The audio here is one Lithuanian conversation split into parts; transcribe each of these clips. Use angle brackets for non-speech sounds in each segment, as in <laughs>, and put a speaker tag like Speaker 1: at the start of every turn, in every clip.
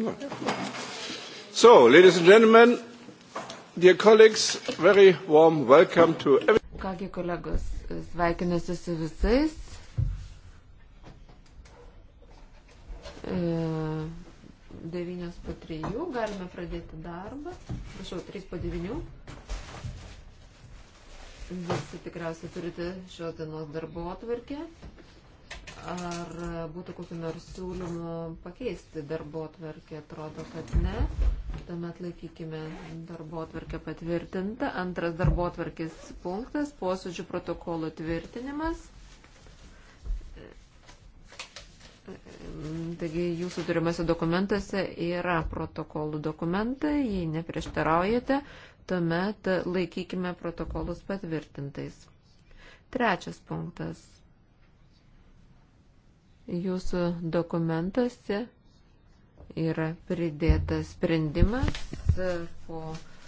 Speaker 1: Good.
Speaker 2: So, ladies and gentlemen, dear colleagues, very warm welcome to
Speaker 1: everyone. Kągi kolegos, sveikinuosi su visais. E, devynios po trijų, galime pradėti darbą. Prašau, trys po devynių. Visi tikriausiai turite šios dienos darbo atvarkę. Ar būtų kokiu nors siūlymu pakeisti darbo atverkę? Atrodo, kad ne. Tuomet laikykime darbo atverkę patvirtintą. Antras darbo atverkės punktas - posėdžių protokolų tvirtinimas. Taigi jūsų turimuose dokumentuose yra protokolų dokumentai, jei neprieštaraujate, tuomet laikykime protokolus patvirtintais. Trečias punktas Jūsų dokumentuose yra pridėtas sprendimas, po,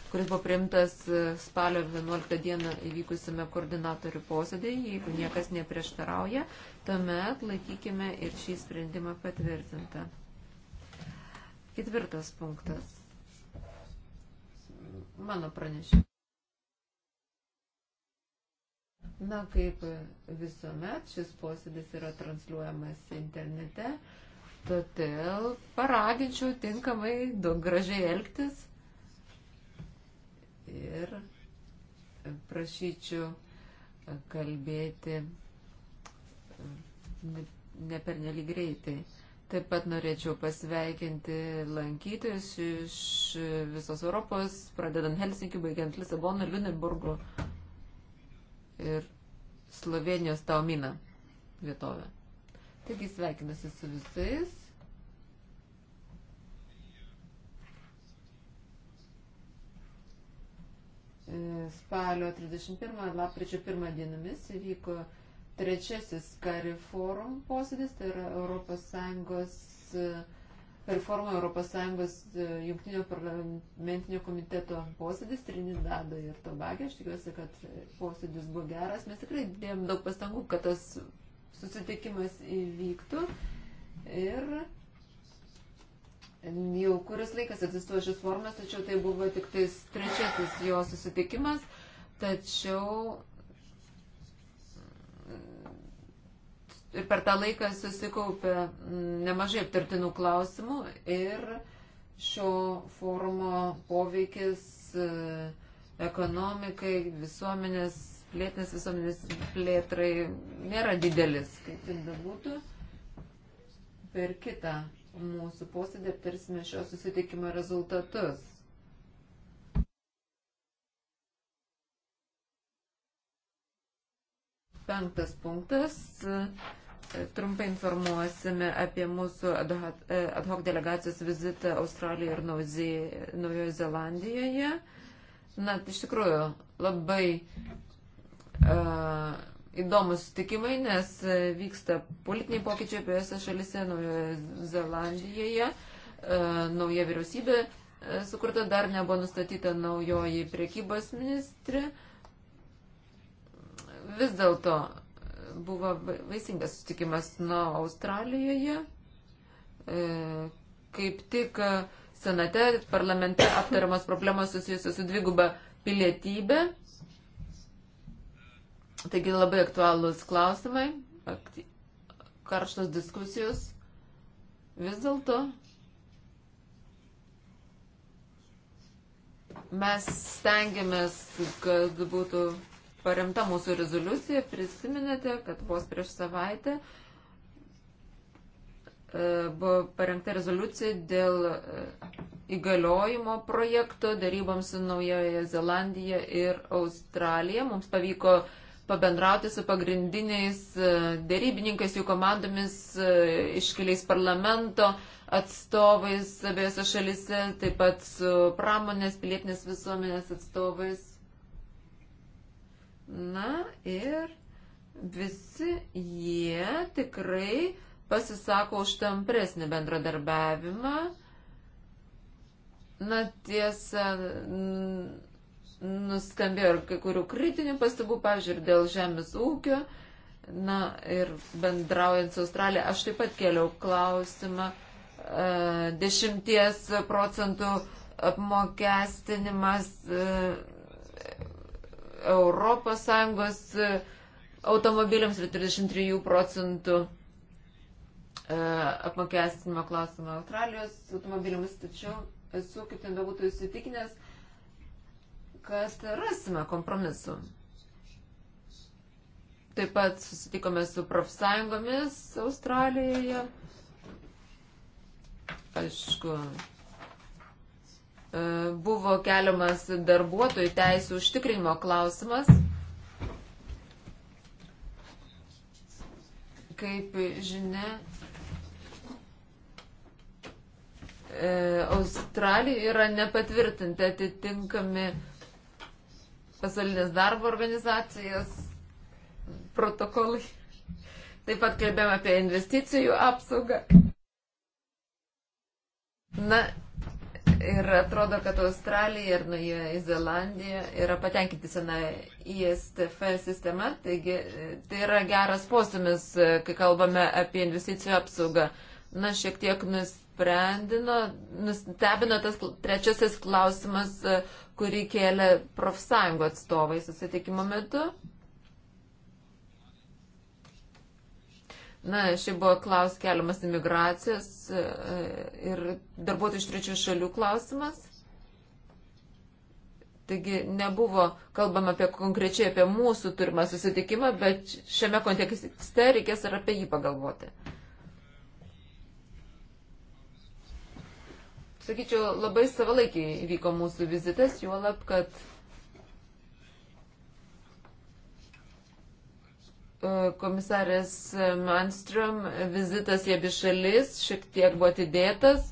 Speaker 1: kuris buvo priimtas spalio 11 dieną įvykusime koordinatorių posėdėje. Jeigu niekas neprieštarauja, tuomet laikykime ir šį sprendimą patvirtintą. Ketvirtas punktas. Mano pranešimas. Na, kaip visuomet, šis posėdis yra transliuojamas internete, todėl paraginčiau tinkamai, daug gražiai elgtis ir prašyčiau kalbėti ne per nelik greitai. Taip pat norėčiau pasveikinti lankytojus iš visos Europos, pradedant Helsinkių, baigiant Lisaboną, Lüneburgo, ir Slovenijos Taumina vietovę. Taigi sveikinusi su visais. E, spalio 31 lapkričio 1 dienomis įvyko trečiasis Kari forum posėdis, tai yra ES reformą ES e, jungtinio parlamentinio komiteto posėdis Trinidado ir Tobagė. Aš tikiuosi, kad posėdis buvo geras. Mes tikrai dėjom daug pastangų, kad tas susitikimas įvyktų. Ir jau kuris laikas egzistuoja šis formas, tačiau tai buvo tik tais trečiasis jo susitikimas. Tačiau ir per tą laiką susikaupė mm, nemažai aptartinų klausimų ir šio forumo poveikis e, ekonomikai, visuomenės, plėtinės visuomenės plėtrai nėra didelis, kaip ten bebūtų. Per kitą mūsų posėdį aptarsime šio susitikimo rezultatus. Penktas punktas trumpai informuosime apie mūsų ad hoc e, delegacijos vizitą Australijoje ir Naujoje Zelandijoje. Na, tai iš tikrųjų labai uh, e, įdomus sutikimai, nes vyksta politiniai pokyčiai abiejose šalise, Naujoje Zelandijoje, uh, nauja vyriausybė uh, sukurta, dar nebuvo nustatyta naujoji priekybos ministri. Vis dėlto buvo vaisingas sustikimas nuo Australijoje. E, kaip tik e, senate parlamente aptariamos problemos susijusios su dviguba pilietybė. Taigi labai aktualūs klausimai, karštos diskusijos. Vis dėlto mes stengiamės, kad būtų paremta mūsų rezoliucija. Prisiminėte, kad vos prieš savaitę e, buvo parengta rezoliucija dėl e, įgaliojimo projekto daryboms su Naujoje Zelandija ir Australija. Mums pavyko pabendrauti su pagrindiniais e, dėrybininkais, jų komandomis, iškeliais parlamento atstovais abiejose šalise, taip pat su pramonės, pilietinės visuomenės atstovais Na ir visi jie tikrai pasisako už tampresnį bendradarbiavimą. Na tiesa, nuskambėjo ir kai kurių kritinių pastabų, pavyzdžiui, ir dėl žemės ūkio. Na ir bendraujant su Australija, aš taip pat kėliau klausimą e, dešimties procentų apmokestinimas e, ES e, automobiliams ir 33 procentų e, apmokestinimo klausimą Australijos automobiliams, tačiau esu, kaip ten bebūtų įsitikinęs, kad rasime kompromisu. Taip pat susitikome su profsąjungomis Australijoje. Aišku, buvo keliamas darbuotojų teisų užtikrinimo klausimas. Kaip žinia, e, Australijoje yra nepatvirtinti atitinkami pasaulinės darbo organizacijos protokolai. Taip pat kalbėjome apie investicijų apsaugą. Na Ir atrodo, kad Australija ir Naujoje Zelandija yra patenkinti sena ISTF sistema, taigi e, tai yra geras postumis, e, kai kalbame apie investicijų apsaugą. Na, šiek tiek nusprendino, nustebino tas trečiasis klausimas, e, kurį kėlė profsąjungo atstovai susitikimo metu. Na, šiaip buvo klaus keliamas imigracijos e, e, ir darbuotojų iš trečių šalių klausimas. Taigi nebuvo kalbama apie konkrečiai apie mūsų turimą susitikimą, bet šiame kontekste reikės ir apie jį pagalvoti. Sakyčiau, labai savalaikiai vyko mūsų vizitas, juolab, kad komisarės Manstrom vizitas į abi šalis šiek tiek buvo atidėtas.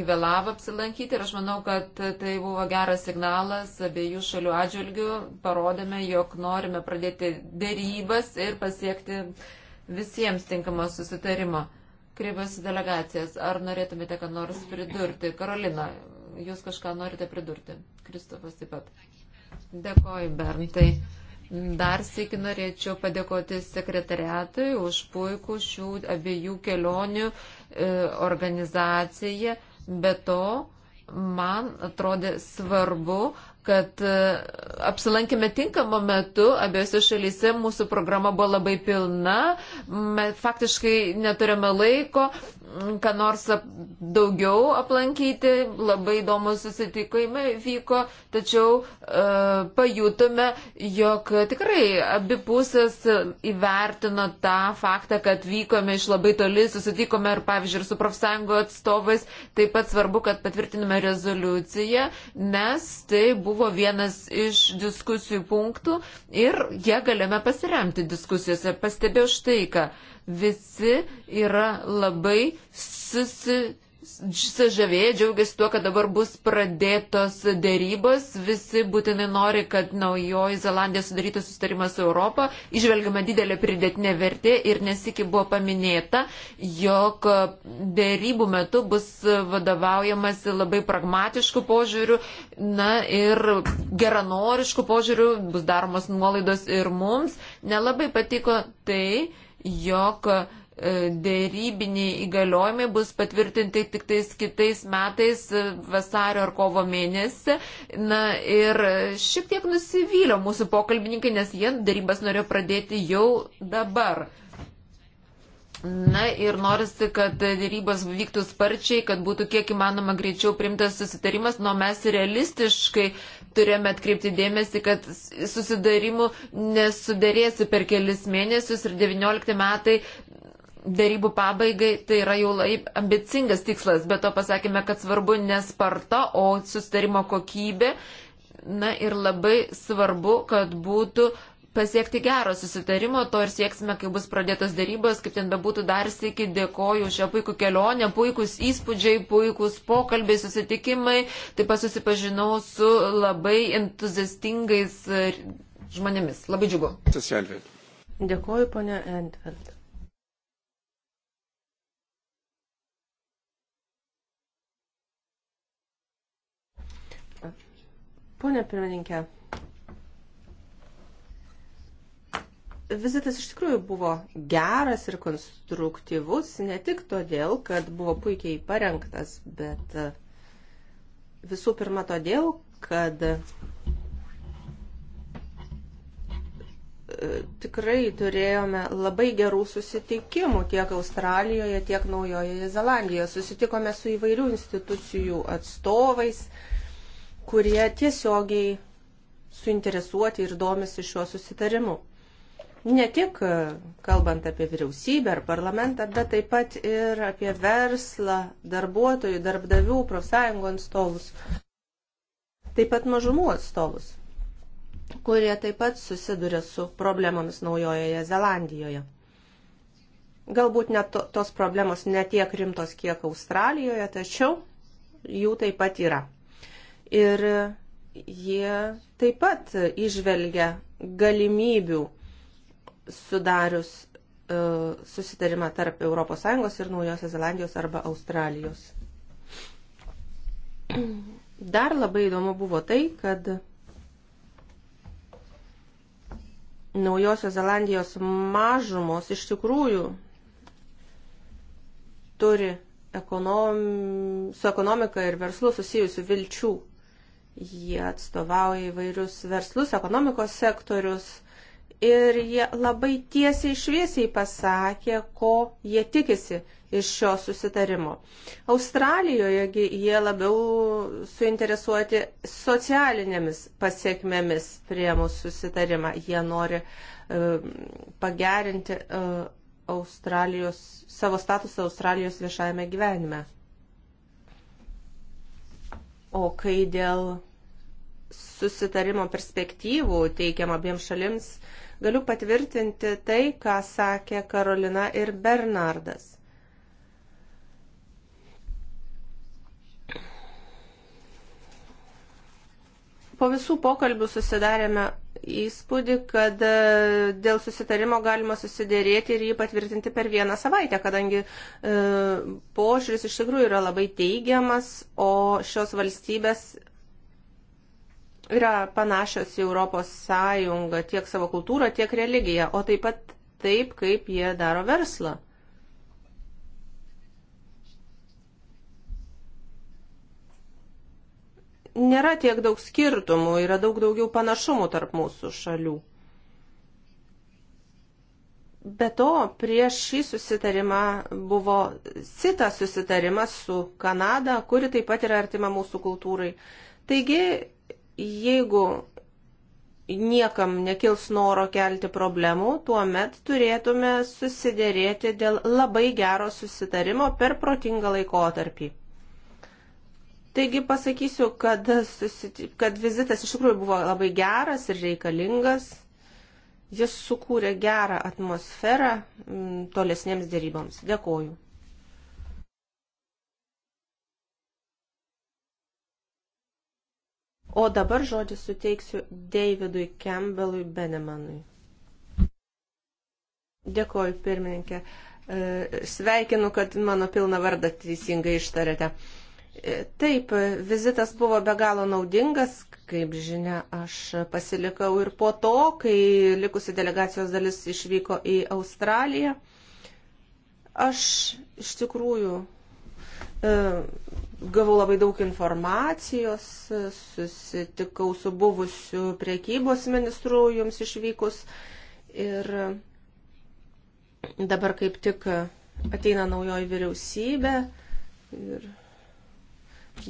Speaker 1: Įvėlavo apsilankyti ir aš manau, kad tai buvo geras signalas abiejų šalių atžvilgių. Parodėme, jog norime pradėti dėrybas ir pasiekti visiems tinkamo susitarimo. Kreipiuosi delegacijas. Ar norėtumėte ką nors pridurti? Karolina, jūs kažką norite pridurti? Kristofas taip pat. Dėkoju, Berntai. Dar sėki norėčiau padėkoti sekretariatui už puikų šių abiejų kelionių e, organizaciją. Be to, man atrodė svarbu, kad e, apsilankėme tinkamu metu, abiejose šalyse mūsų programa buvo labai pilna, faktiškai neturėjome laiko, ką nors daugiau aplankyti, labai įdomus susitikimai vyko, tačiau e, pajutome, jog tikrai abi pusės įvertino tą faktą, kad vykome iš labai toli, susitikome ir, pavyzdžiui, ir su profsąjungo atstovais, taip pat svarbu, kad patvirtiname rezoliuciją, nes tai buvo vienas iš diskusijų punktų ir jie galime pasiremti diskusijose. Pastebėjau štai ką. E, visi yra labai susi sažavėję, džiaugiasi tuo, kad dabar bus pradėtos dėrybos, visi būtinai nori, kad naujoji Zelandija sudarytų sustarimą su Europą, išvelgiama didelė pridėtinė vertė ir nesikį buvo paminėta, jog dėrybų metu bus vadovaujamasi labai pragmatiškų požiūrių, na ir geranoriškų požiūrių, bus daromos nuolaidos ir mums. Nelabai patiko tai, jog e, dėrybiniai įgaliojimai bus patvirtinti tik tais kitais metais e, vasario ar kovo mėnesį. Na ir šiek tiek nusivylė mūsų pokalbininkai, nes jie dėrybas norėjo pradėti jau dabar. Na ir norisi, kad dėrybos vyktų sparčiai, kad būtų kiek įmanoma greičiau primtas susitarimas, nuo mes realistiškai turėjome atkreipti dėmesį, kad susidarimų nesudarėsi per kelis mėnesius ir 19 metai darybų pabaigai tai yra jau laip ambicingas tikslas, bet to pasakėme, kad svarbu ne sparta, o susitarimo kokybė. Na ir labai svarbu, kad būtų uh, pasiekti gero susitarimo, to ir sieksime, kai bus pradėtos darybos, kaip ten bebūtų dar sėki, dėkoju šią puikų kelionę, puikus įspūdžiai, puikus pokalbiai, susitikimai, taip pat susipažinau su labai entuziastingais e, žmonėmis.
Speaker 2: Labai džiugu. Dėkoju, ponia Entveld. Pone pirmininkė, vizitas iš tikrųjų buvo geras ir konstruktyvus, ne tik todėl, kad buvo puikiai parengtas, bet e, visų pirma todėl, kad e, tikrai turėjome labai gerų susitikimų tiek Australijoje, tiek Naujojoje Zelandijoje. Susitikome su įvairių institucijų atstovais, kurie tiesiogiai suinteresuoti ir domisi šiuo susitarimu ne tik e, kalbant apie vyriausybę ar parlamentą, bet taip pat ir apie verslą, darbuotojų, darbdavių, profsąjungų atstovus, taip pat mažumų atstovus, kurie taip pat susiduria su problemomis Naujojoje Zelandijoje. Galbūt net to, tos problemos netiek rimtos, kiek Australijoje, tačiau jų taip pat yra. Ir jie taip pat išvelgia galimybių sudarius uh, susitarimą tarp ES ir Naujosios Zelandijos arba Australijos. Dar labai įdomu buvo tai, kad Naujosios Zelandijos mažumos iš tikrųjų turi ekonom, su ekonomika ir verslu susijusių vilčių. Jie atstovauja įvairius verslus, ekonomikos sektorius – ir jie labai tiesiai šviesiai pasakė, ko jie tikisi iš šio susitarimo. Australijoje jie labiau suinteresuoti socialinėmis pasiekmėmis prie mūsų susitarimą. Jie nori uh, pagerinti uh, Australijos, savo statusą Australijos viešajame gyvenime. O kai dėl susitarimo perspektyvų teikiam abiems šalims, uh, Galiu patvirtinti tai, ką sakė Karolina ir Bernardas. Po visų pokalbių susidarėme įspūdį, kad e, dėl susitarimo galima susidėrėti ir jį patvirtinti per vieną savaitę, kadangi e, požiūris iš tikrųjų yra labai teigiamas, o šios valstybės yra panašios į Europos Sąjungą tiek savo kultūrą, tiek religiją, o taip pat taip, kaip jie daro verslą. Nėra tiek daug skirtumų, yra daug daugiau panašumų tarp mūsų šalių. Be to, prieš šį susitarimą buvo sita susitarimas su Kanada, kuri taip pat yra artima mūsų kultūrai. Taigi jeigu niekam nekils noro kelti problemų, tuomet turėtume susidėrėti dėl labai gero susitarimo per protingą laikotarpį. Taigi pasakysiu, kad, susiti... kad vizitas iš tikrųjų buvo labai geras ir reikalingas. Jis sukūrė gerą atmosferą mm, tolesniems dėryboms. Dėkoju. O dabar žodį suteiksiu Davidui Campbellui Benemanui. Dėkoju, pirmininkė. E, sveikinu, kad mano pilną vardą teisingai ištarėte. E, taip, vizitas buvo be galo naudingas, kaip žinia, aš pasilikau ir po to, kai likusi delegacijos dalis išvyko į Australiją. Aš iš tikrųjų E, gavau labai daug informacijos, e, susitikau su buvusiu priekybos ministru jums išvykus ir e, dabar kaip tik ateina naujoji vyriausybė ir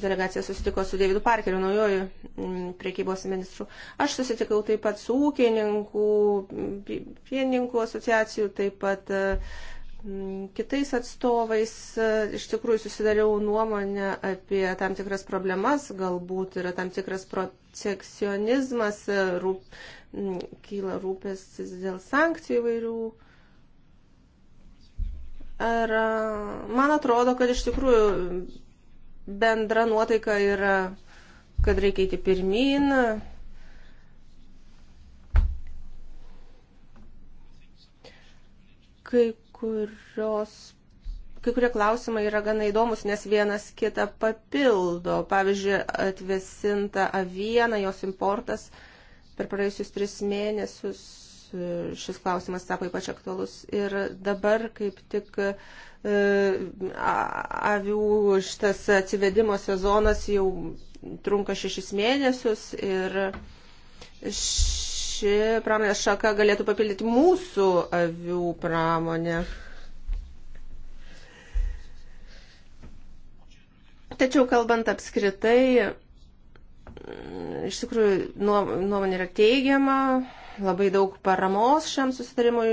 Speaker 2: delegacija susitiko su Davidu Parkeriu, naujoju priekybos ministru. Aš susitikau taip pat su ūkininkų, pienininkų asociacijų, taip pat uh, Mm, kitais atstovais e, iš tikrųjų susidariau nuomonę apie tam tikras problemas, galbūt yra tam tikras protekcionizmas, e, rūp, mm, kyla rūpestis dėl sankcijų įvairių. Ar e, man atrodo, kad iš tikrųjų bendra nuotaika yra, kad reikia eiti pirmin, kai kurios kai kurie klausimai yra gana įdomus, nes vienas kitą papildo. Pavyzdžiui, atvesinta aviena, jos importas per praėjusius tris mėnesius. Šis klausimas tapo ypač aktualus. Ir dabar kaip tik e, avių šitas atsivedimo sezonas jau trunka šešis mėnesius ir š, ši pramonės šaka galėtų papildyti mūsų avių pramonę. Tačiau kalbant apskritai, iš tikrųjų nuomonė yra teigiama, labai daug paramos šiam susitarimui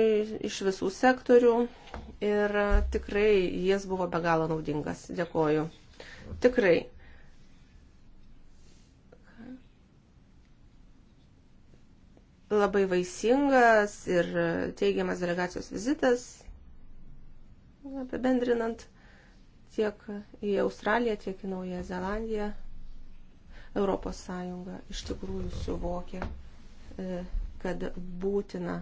Speaker 2: iš visų sektorių ir tikrai jis buvo be galo naudingas. Dėkoju. Tikrai. labai vaisingas ir teigiamas delegacijos vizitas, apibendrinant tiek į Australiją, tiek į Naują Zelandiją. Europos Sąjunga iš tikrųjų suvokė, e, kad būtina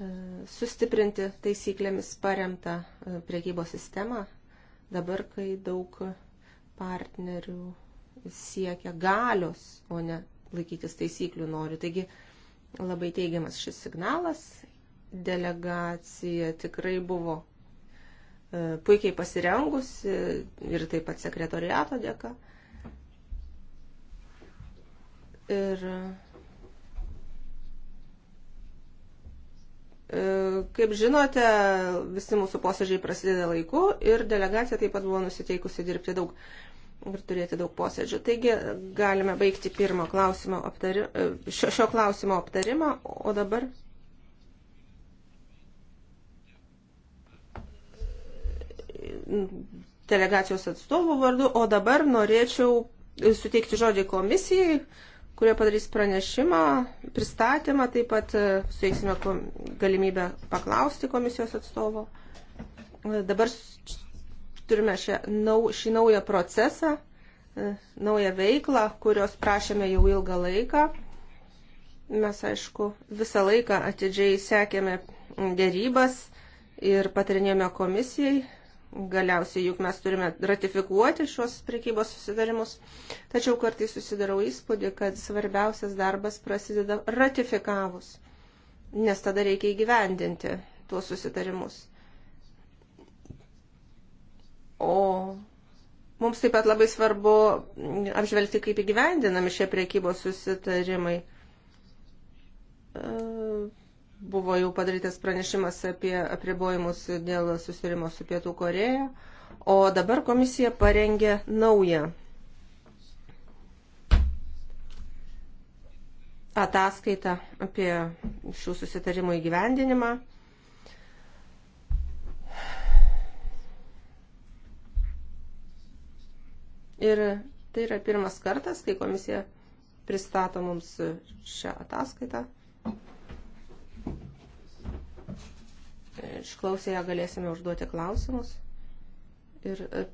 Speaker 2: e, sustiprinti taisyklėmis paremtą e, priekybos sistemą, dabar, kai daug partnerių siekia galios, o ne laikytis taisyklių nori. Taigi labai teigiamas šis signalas. Delegacija tikrai buvo e, puikiai pasirengusi ir taip pat sekretoriato dėka. Ir e, Kaip žinote, visi mūsų posėdžiai prasideda laiku ir delegacija taip pat buvo nusiteikusi dirbti daug ir turėti daug posėdžių. Taigi galime baigti pirmo klausimo aptari, šio, šio klausimo aptarimą, o dabar. delegacijos atstovų vardu, o dabar norėčiau suteikti žodį komisijai, kurie padarys pranešimą, pristatymą, taip pat e, suteiksime galimybę paklausti komisijos atstovo. E, dabar turime šią, nau, šį naują procesą, e, naują veiklą, kurios prašėme jau ilgą laiką. Mes, aišku, visą laiką atidžiai sekėme dėrybas ir patarinėjome komisijai. Galiausiai juk mes turime ratifikuoti šios priekybos susidarimus. Tačiau kartai susidarau įspūdį, kad svarbiausias darbas prasideda ratifikavus, nes tada reikia įgyvendinti tuos susitarimus. O mums taip pat labai svarbu apžvelgti, kaip įgyvendinami šie priekybos susitarimai. E, buvo jau padarytas pranešimas apie apribojimus dėl susirimo su Pietų Koreja, o dabar komisija parengė naują ataskaitą apie šių susitarimų įgyvendinimą. Ir tai yra pirmas kartas, kai komisija pristato mums šią ataskaitą. Išklausę ją galėsime užduoti klausimus. Ir e,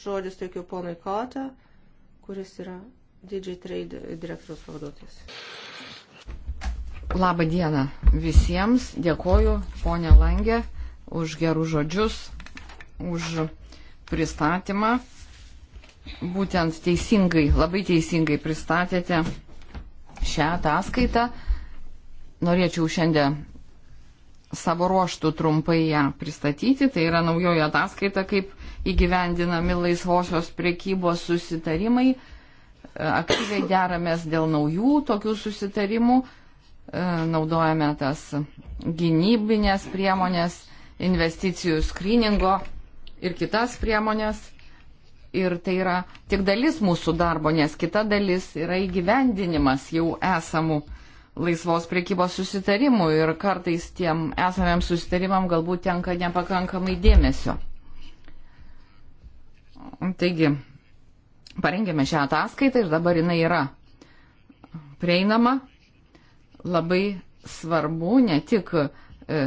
Speaker 2: žodis teikiu ponui Kota, kuris yra didžiai trade direktorius pavaduotojas.
Speaker 3: Labą dieną visiems. Dėkoju, ponė Langė, už gerus žodžius už pristatymą. Būtent teisingai, labai teisingai pristatėte šią ataskaitą. Norėčiau šiandien savo ruoštų trumpai ją pristatyti. Tai yra naujoji ataskaita, kaip įgyvendinami laisvosios priekybos susitarimai. Aktyviai deramės dėl naujų tokių susitarimų. E, naudojame tas gynybinės priemonės, investicijų skriningo ir kitas priemonės. Ir tai yra tik dalis mūsų darbo, nes kita dalis yra įgyvendinimas jau esamų laisvos priekybos susitarimų ir kartais tiem esamiem susitarimam galbūt tenka nepakankamai dėmesio. Taigi, parengėme šią ataskaitą ir dabar jinai yra prieinama. Labai svarbu ne tik e,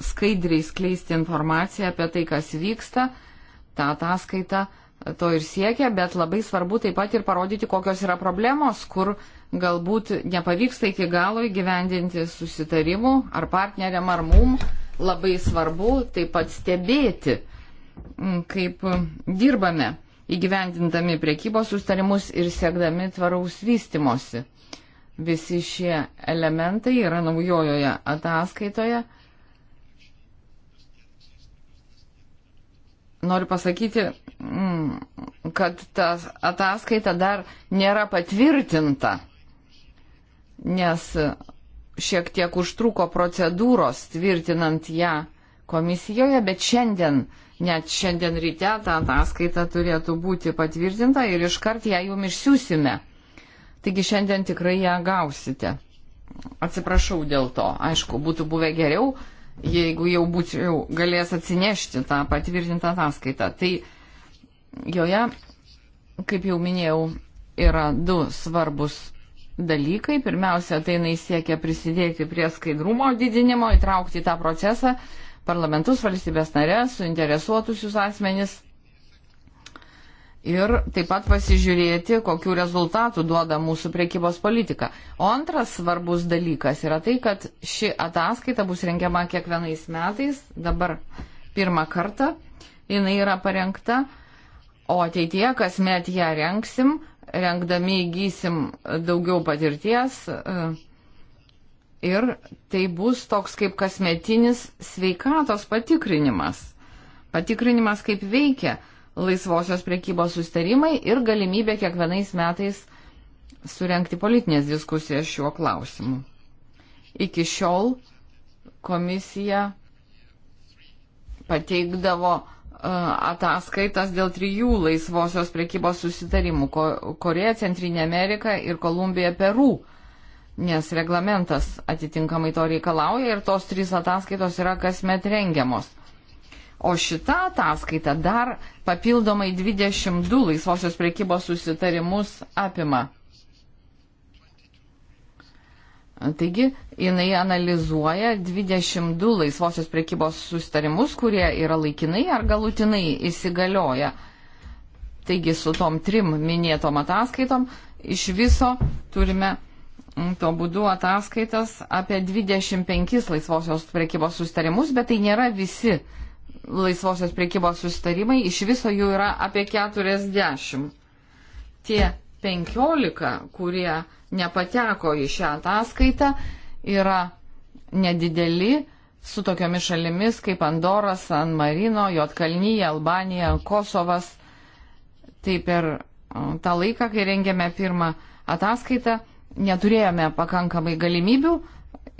Speaker 3: skaidriai skleisti informaciją apie tai, kas vyksta. Ta ataskaita to ir siekia, bet labai svarbu taip pat ir parodyti, kokios yra problemos, kur galbūt nepavyksta iki galo įgyvendinti susitarimų ar partneriam ar mum. Labai svarbu taip pat stebėti, mm, kaip dirbame įgyvendindami priekybos sustarimus ir siekdami tvaraus vystimosi. Visi šie elementai yra naujojoje ataskaitoje noriu pasakyti, mm, kad ta ataskaita dar nėra patvirtinta, nes šiek tiek užtruko procedūros tvirtinant ją komisijoje, bet šiandien, net šiandien ryte ta ataskaita turėtų būti patvirtinta ir iškart ją jum išsiųsime. Taigi šiandien tikrai ją gausite. Atsiprašau dėl to. Aišku, būtų buvę geriau, jeigu jau būčiau galėjęs atsinešti tą patvirtintą ataskaitą. Tai joje, kaip jau minėjau, yra du svarbus dalykai. Pirmiausia, tai jinai siekia prisidėti prie skaidrumo didinimo, įtraukti į tą procesą parlamentus, valstybės narės, suinteresuotusius asmenis ir taip pat pasižiūrėti, kokiu rezultatu duoda mūsų priekybos politika. O antras svarbus dalykas yra tai, kad ši ataskaita bus rengiama kiekvienais metais, dabar pirmą kartą jinai yra parengta, o ateitie kasmet ją renksim, rengdami įgysim daugiau patirties. E, ir tai bus toks kaip kasmetinis sveikatos patikrinimas. Patikrinimas, kaip veikia laisvosios priekybos sustarimai ir galimybė kiekvienais metais surenkti politinės diskusijas šiuo klausimu. Iki šiol komisija pateikdavo e, ataskaitas dėl trijų laisvosios priekybos susitarimų - Koreja, Centrinė Amerika ir Kolumbija Peru, nes reglamentas atitinkamai to reikalauja ir tos trys ataskaitos yra kasmet rengiamos. O šita ataskaita dar papildomai 22 laisvosios priekybos susitarimus apima. Taigi, jinai analizuoja 22 laisvosios priekybos susitarimus, kurie yra laikinai ar galutinai įsigalioja. Taigi, su tom trim minėtom ataskaitom iš viso turime mm, to būdu ataskaitas apie 25 laisvosios priekybos susitarimus, bet tai nėra visi laisvosios priekybos sustarimai, iš viso jų yra apie 40. Tie 15, kurie nepateko į šią ataskaitą, yra nedideli su tokiomis šalimis kaip Andora, San Marino, Jotkalnyje, Albanija, Kosovas. Taip ir tą laiką, kai rengėme pirmą ataskaitą, neturėjome pakankamai galimybių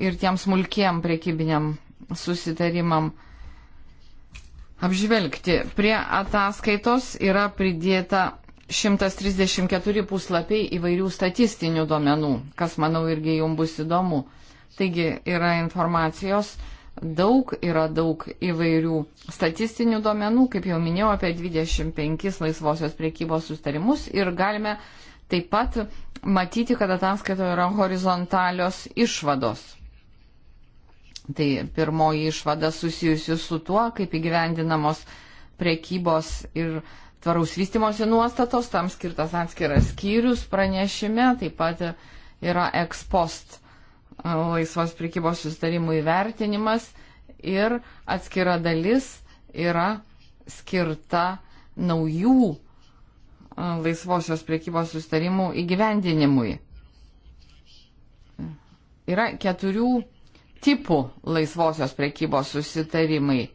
Speaker 3: ir tiem smulkiem priekybiniam susitarimam apžvelgti. Prie ataskaitos yra pridėta 134 puslapiai įvairių statistinių duomenų, kas, manau, irgi jums bus įdomu. Taigi yra informacijos daug, yra daug įvairių statistinių duomenų, kaip jau minėjau, apie 25 laisvosios priekybos sustarimus ir galime taip pat matyti, kad ataskaitoje yra horizontalios išvados. Tai pirmoji išvada susijusi su tuo, kaip įgyvendinamos prekybos ir tvaraus vystimosi nuostatos, tam skirtas atskiras skyrius pranešime, taip pat yra ekspost e, laisvos prekybos sustarimų įvertinimas ir atskira dalis yra skirta naujų e, laisvosios priekybos sustarimų įgyvendinimui. Yra keturių tipų laisvosios prekybos susitarimai.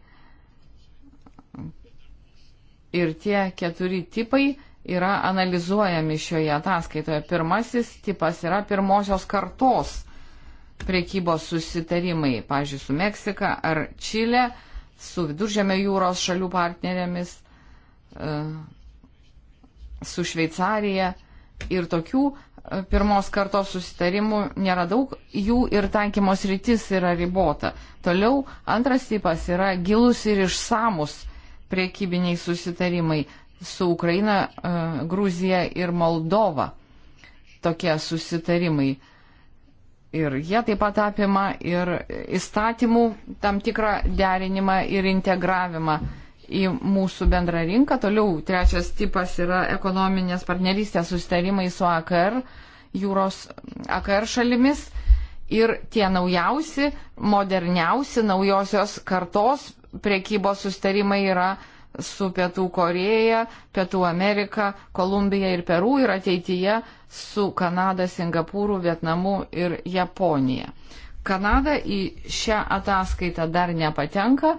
Speaker 3: Ir tie keturi tipai yra analizuojami šioje ataskaitoje. Pirmasis tipas yra pirmosios kartos prekybos susitarimai, pavyzdžiui, su Meksika ar Čilė, su viduržėmio jūros šalių partnerėmis, e, su Šveicarija. Ir tokių pirmos kartos susitarimų nėra daug, jų ir tankymos rytis yra ribota. Toliau antras tipas yra gilus ir išsamus priekybiniai susitarimai su Ukraina, e, Gruzija ir Moldova. Tokie susitarimai. Ir jie taip pat apima ir įstatymų tam tikrą derinimą ir integravimą į mūsų bendrą rinką. Toliau trečias tipas yra ekonominės partnerystės sustarimai su AKR, jūros AKR šalimis. Ir tie naujausi, moderniausi, naujosios kartos priekybos sustarimai yra su Pietų Koreja, Pietų Amerika, Kolumbija ir Peru ir ateityje su Kanada, Singapūru, Vietnamu ir Japonija. Kanada į šią ataskaitą dar nepatenka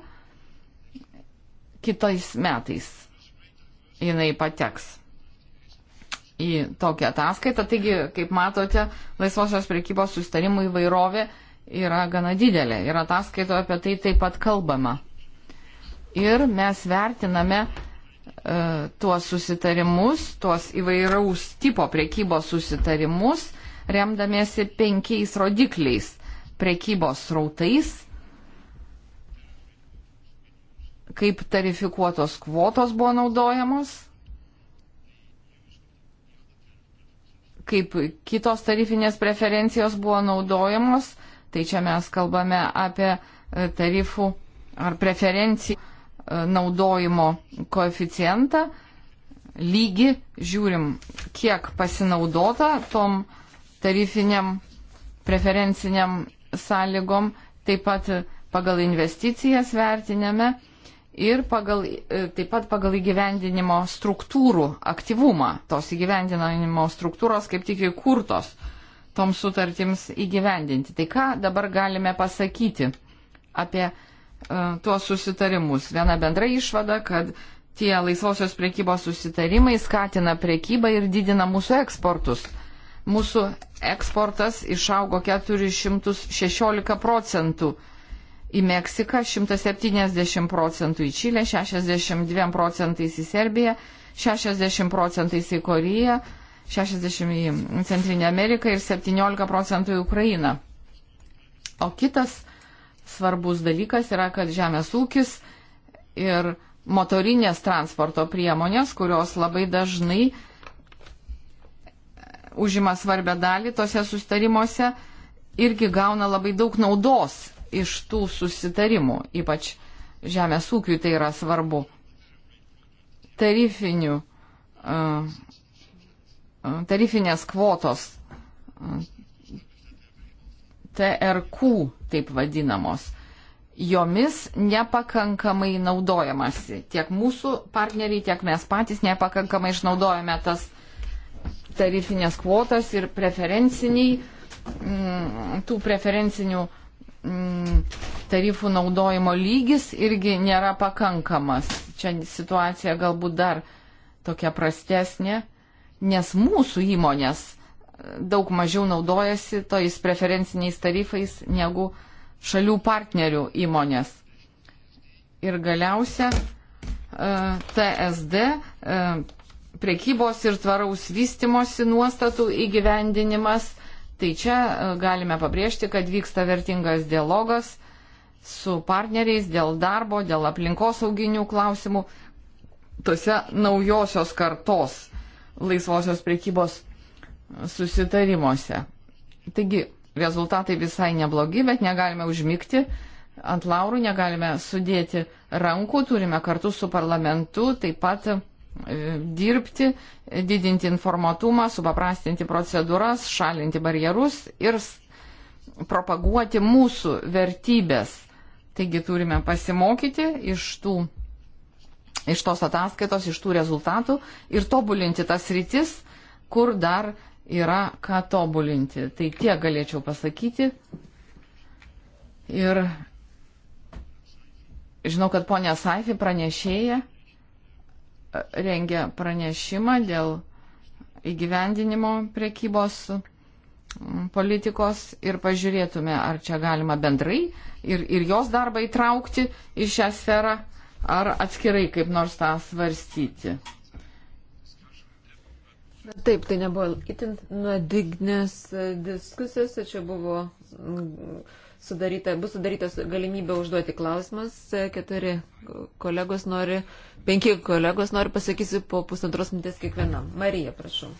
Speaker 3: kitais metais jinai pateks į tokią ataskaitą. Taigi, kaip matote, laisvosios prekybos sustarimų įvairovė yra gana didelė ir ataskaitoje apie tai taip pat kalbama. Ir mes vertiname e, tuos susitarimus, tuos įvairaus tipo prekybos susitarimus, remdamiesi penkiais rodikliais - prekybos rautais, kaip tarifikuotos kvotos buvo naudojamos, kaip kitos tarifinės preferencijos buvo naudojamos, tai čia mes kalbame apie e, tarifų ar preferencijų e, naudojimo koeficientą, lygį, žiūrim, kiek pasinaudota tom tarifiniam preferenciniam sąlygom, taip pat pagal investicijas vertiname ir pagal, e, taip pat pagal įgyvendinimo struktūrų aktyvumą. Tos įgyvendinimo struktūros kaip tik įkurtos toms sutartims įgyvendinti. Tai ką dabar galime pasakyti apie uh, tuos susitarimus? Viena bendra išvada, kad tie laisvosios priekybos susitarimai skatina priekybą ir didina mūsų eksportus. Mūsų eksportas išaugo 416 procentų į Meksiką, 170 procentų į Čilę, 62 procentais į Serbiją, 60 procentais į Koreją, 60 į Centrinę Ameriką ir 17 procentų į Ukrainą. O kitas svarbus dalykas yra, kad žemės ūkis ir motorinės transporto priemonės, kurios labai dažnai užima svarbę dalį tose sustarimuose, irgi gauna labai daug naudos iš tų susitarimų, ypač žemės ūkiui tai yra svarbu. Tarifinių, tarifinės kvotos, TRQ taip vadinamos, jomis nepakankamai naudojamasi. Tiek mūsų partneriai, tiek mes patys nepakankamai išnaudojame tas tarifinės kvotas ir preferenciniai, tų preferencinių uh, Mm, tarifų naudojimo lygis irgi nėra pakankamas. Čia situacija galbūt dar tokia prastesnė, nes mūsų įmonės e, daug mažiau naudojasi tojais preferenciniais tarifais negu šalių partnerių įmonės. Ir galiausia, e, TSD e, priekybos ir tvaraus vystimosi nuostatų įgyvendinimas Tai čia e, galime pabrėžti, kad vyksta vertingas dialogas su partneriais dėl darbo, dėl aplinkosauginių klausimų, tose naujosios kartos laisvosios priekybos susitarimuose. Taigi, rezultatai visai neblogi, bet negalime užmygti ant laurų, negalime sudėti rankų, turime kartu su parlamentu taip pat E, dirbti, didinti informatumą, supaprastinti procedūras, šalinti barjerus ir propaguoti mūsų vertybės. Taigi turime pasimokyti iš, tų, iš tos ataskaitos, iš tų rezultatų ir tobulinti tas rytis, kur dar yra ką tobulinti. Tai tiek galėčiau pasakyti. Ir žinau, kad ponia Saifi pranešėja rengia pranešimą dėl įgyvendinimo prekybos mm, politikos ir pažiūrėtume, ar čia galima bendrai ir, ir jos darbą įtraukti į šią sferą, ar atskirai kaip nors tą svarstyti.
Speaker 1: Taip, tai nebuvo itin nuodignės diskusijos, čia buvo mm, sudaryta, bus sudarytas galimybė užduoti klausimas. Keturi kolegos nori, penki kolegos nori pasakysi po pusantros minutės kiekvienam. Marija, prašau.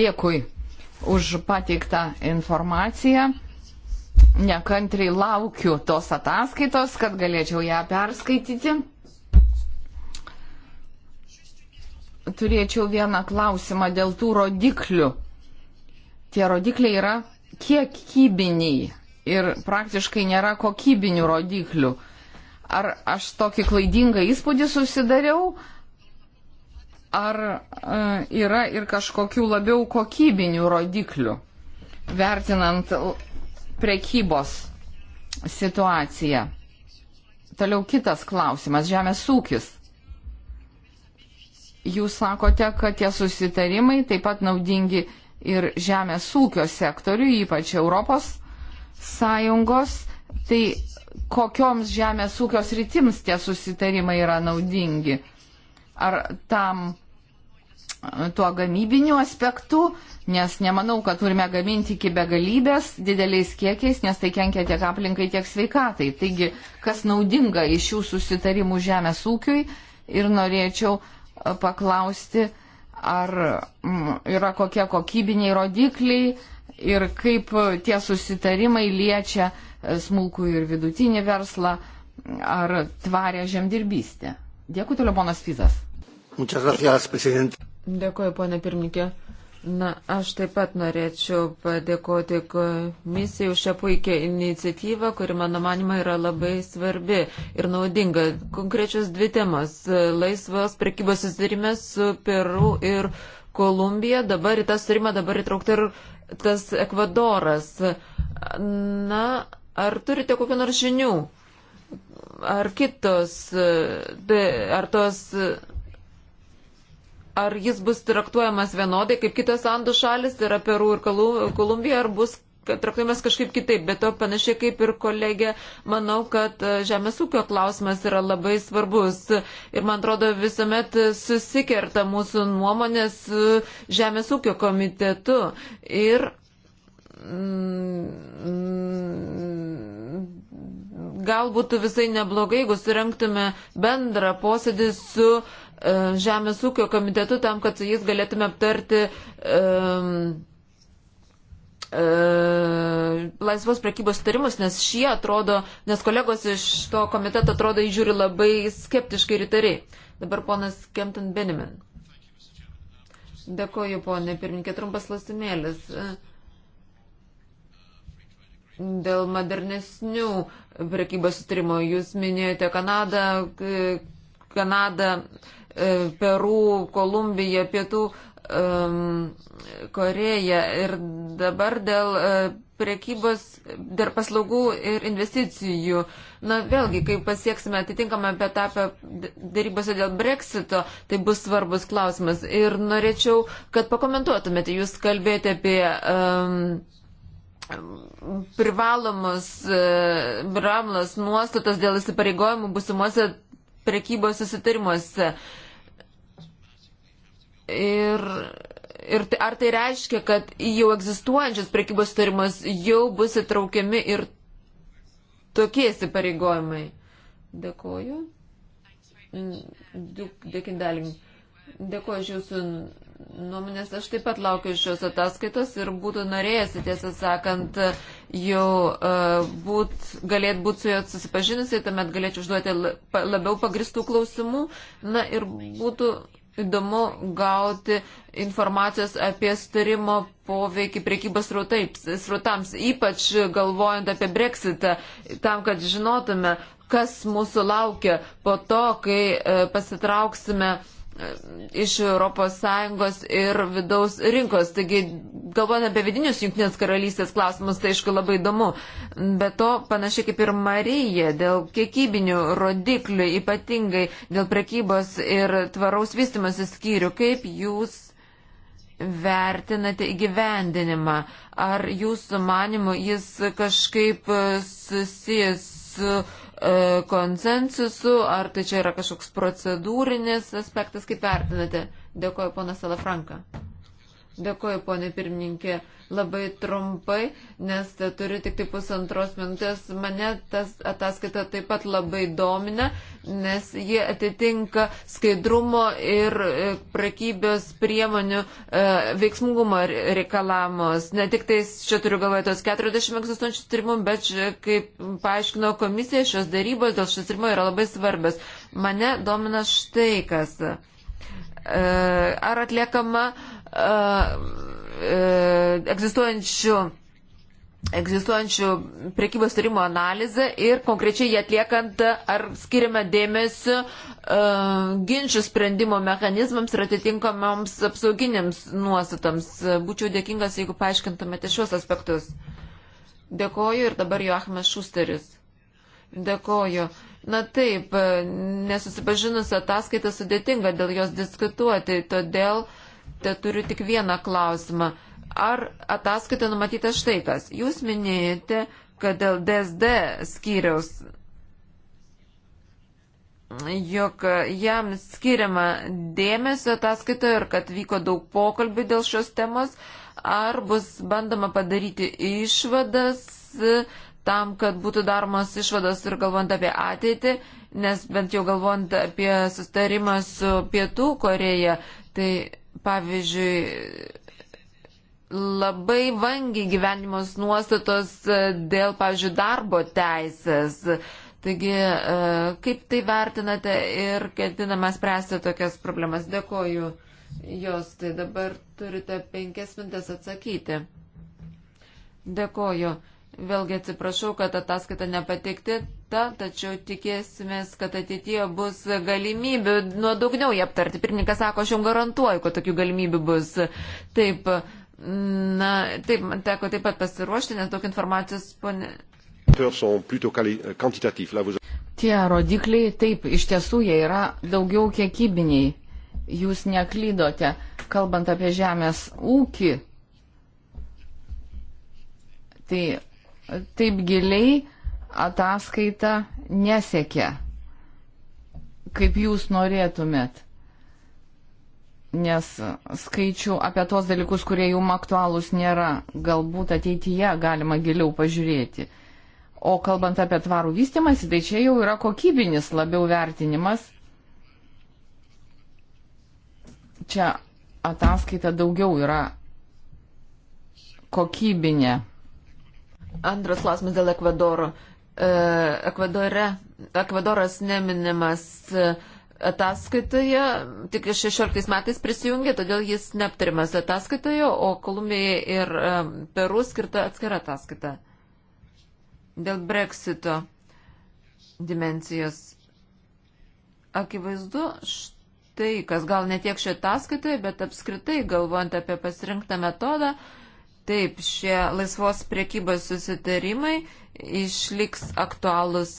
Speaker 3: Dėkui už pateiktą informaciją. Nekantriai laukiu tos ataskaitos, kad galėčiau ją perskaityti. turėčiau vieną klausimą dėl tų rodiklių. Tie rodikliai yra kiekybiniai ir praktiškai nėra kokybinių rodiklių. Ar aš tokį klaidingą įspūdį susidariau, ar e, yra ir kažkokių labiau kokybinių rodiklių, vertinant prekybos situaciją. Toliau kitas klausimas - žemės ūkis Jūs sakote, kad tie susitarimai taip pat naudingi ir žemės ūkio sektoriui, ypač Europos Sąjungos. Tai kokioms žemės ūkio sritims tie susitarimai yra naudingi? Ar tam e, tuo gamybiniu aspektu, nes nemanau, kad turime gaminti iki begalybės dideliais kiekiais, nes tai kenkia tiek aplinkai, tiek sveikatai. Taigi, kas naudinga iš šių susitarimų žemės ūkiui ir norėčiau uh, paklausti, ar mm, yra kokie kokybiniai rodikliai ir kaip tie susitarimai liečia e, smulkų ir vidutinį verslą ar tvarę žemdirbystę. Dėkui, telefonas Fizas. Dėkuoju, ponė pirmininkė. Na, aš taip pat norėčiau
Speaker 1: padėkoti komisijai už šią puikią iniciatyvą, kuri, mano manima, yra labai svarbi ir naudinga. Konkrečios dvi temos - laisvos prekybos susitarime su Peru ir Kolumbija. Dabar į tą sutarimą dabar įtraukta ir tas Ekvadoras. Na, ar turite kokiu nors žinių? Ar kitos, tai, ar tos ar jis bus traktuojamas vienodai kaip kitos Andų šalis, tai yra Peru ir Kolumbija, ar bus traktuojamas kažkaip kitaip. Bet to panašiai kaip ir kolegė, manau, kad e, žemės ūkio klausimas yra labai svarbus. Ir man atrodo, visuomet susikerta mūsų nuomonės e, žemės ūkio komitetu. Ir mm, gal būtų visai neblogai, jeigu surenktume bendrą posėdį su uh, E, Žemės ūkio komitetu tam, kad su jais galėtume aptarti um, laisvos prekybos sutarimus, nes šie atrodo, nes kolegos iš to komiteto atrodo įžiūri labai skeptiškai ir įtariai. Dabar ponas Kempton Benimin. Dėkoju, ponė pirmininkė, trumpas lasimėlis. E, dėl modernesnių prekybos sutarimo jūs minėjote Kanadą, Kanadą, E, Peru, Kolumbija, Pietų um, Koreja ir dabar dėl uh, prekybos, dėl paslaugų ir investicijų. Na vėlgi, kai pasieksime atitinkamą etapą darybose dėl breksito, tai bus svarbus klausimas. Ir norėčiau, kad pakomentuotumėte, jūs kalbėjote apie. Um, privalomus e, bramlas nuostatas dėl įsipareigojimų busimuose prekybos susitarimuose. Uh, Ir, ir tai, ar tai reiškia, kad į jau egzistuojančius prekybos tarimus jau bus įtraukiami ir tokie įsipareigojimai? Dėkoju. Dėkindalim. Dėkoju iš jūsų nuomonės. Aš taip pat laukiu šios ataskaitos ir būtų norėjęs, tiesą sakant, jau uh, būt, galėt būti su juo susipažinusi, tuomet galėčiau užduoti labiau pagristų klausimų. Na ir būtų įdomu gauti informacijos apie starimo poveikį priekybos srautams, ypač galvojant apie breksitą, tam, kad žinotume, kas mūsų laukia po to, kai e, pasitrauksime uh, iš ES ir vidaus rinkos. Taigi, galvojant apie vidinius Junktinės karalystės klausimus, tai aišku labai įdomu. Be to, panašiai kaip ir Marija, dėl kiekybinių rodiklių, ypatingai dėl prekybos ir tvaraus vystimosi skyrių, kaip jūs vertinate įgyvendinimą? Ar jūsų manimu jis kažkaip e, susijęs su E, konsensusu, ar tai čia yra kažkoks procedūrinis aspektas, kaip vertinate? Dėkuoju, ponas Salafranka. Dėkuoju, ponė pirmininkė, labai trumpai, nes turiu tik tai pusantros minutės. Mane tas ataskaita taip pat labai domina, nes jie atitinka skaidrumo ir e, prekybės priemonių e, veiksmungumo reikalamus. Ne tik tai čia turiu galvoje tos 40 egzistuojančių tyrimų, bet kaip paaiškino komisija, šios darybos dėl šios tyrimo yra labai svarbios. Mane domina štai kas. E, ar atliekama uh, E, egzistuojančių egzistuojančių prekybos turimo analizę ir konkrečiai jį atliekant, ar skiriame dėmesį uh, ginčių sprendimo mechanizmams ir atitinkamams apsauginiams nuostatams. Būčiau dėkingas, jeigu paaiškintumėte šios aspektus. Dėkoju ir dabar Joachimas Šusteris. Dėkoju. Na taip, nesusipažinus ataskaitą sudėtinga dėl jos diskutuoti, todėl uh, te turiu tik vieną klausimą. Ar ataskaita numatyta štai kas? Jūs minėjote, kad dėl DSD skyriaus, jog jam skiriama dėmesio ataskaitoje ir kad vyko daug pokalbių dėl šios temos, ar bus bandoma padaryti išvadas tam, kad būtų daromas išvados ir galvojant apie ateitį, nes bent jau galvojant apie sustarimą su Pietų Koreja, tai pavyzdžiui, labai vangiai gyvenimos nuostatos e, dėl, pavyzdžiui, darbo teisės. Taigi, e, kaip tai vertinate ir ketinama spręsti tokias problemas? Dėkoju jos, tai dabar turite penkias mintes atsakyti. Dėkoju. Vėlgi atsiprašau, kad ataskaita nepateikti, ta, tačiau tikėsimės, kad ateityje bus galimybių nuodugniau ją aptarti. Pirmininkas sako, aš jums garantuoju, kad tokių galimybių bus. Taip, na, taip, man teko taip pat pasiruošti, nes
Speaker 3: daug informacijos, ponė. Tie rodikliai, taip, iš tiesų jie yra daugiau kiekybiniai. Jūs neklydote, kalbant apie žemės ūkį. Tai taip giliai ataskaita nesiekia, kaip jūs norėtumėt. Nes skaičių apie tos dalykus, kurie jum aktualūs nėra, galbūt ateityje galima giliau pažiūrėti. O kalbant apie tvarų vystimąsi, tai čia jau yra kokybinis labiau vertinimas. Čia ataskaita daugiau yra kokybinė. Antras klausimas dėl Ekvadoro. E, Ekvadore,
Speaker 1: Ekvadoras neminimas ataskaitoje, tik 16 metais prisijungė, todėl jis neaptarimas ataskaitoje, o Kolumbijai ir e, Peru skirta atskira ataskaita. Dėl Brexito dimensijos. Akivaizdu, štai kas gal ne tiek šioje ataskaitoje, bet apskritai galvojant apie pasirinktą metodą, uh, Taip, šie laisvos priekybos susitarimai išliks aktualus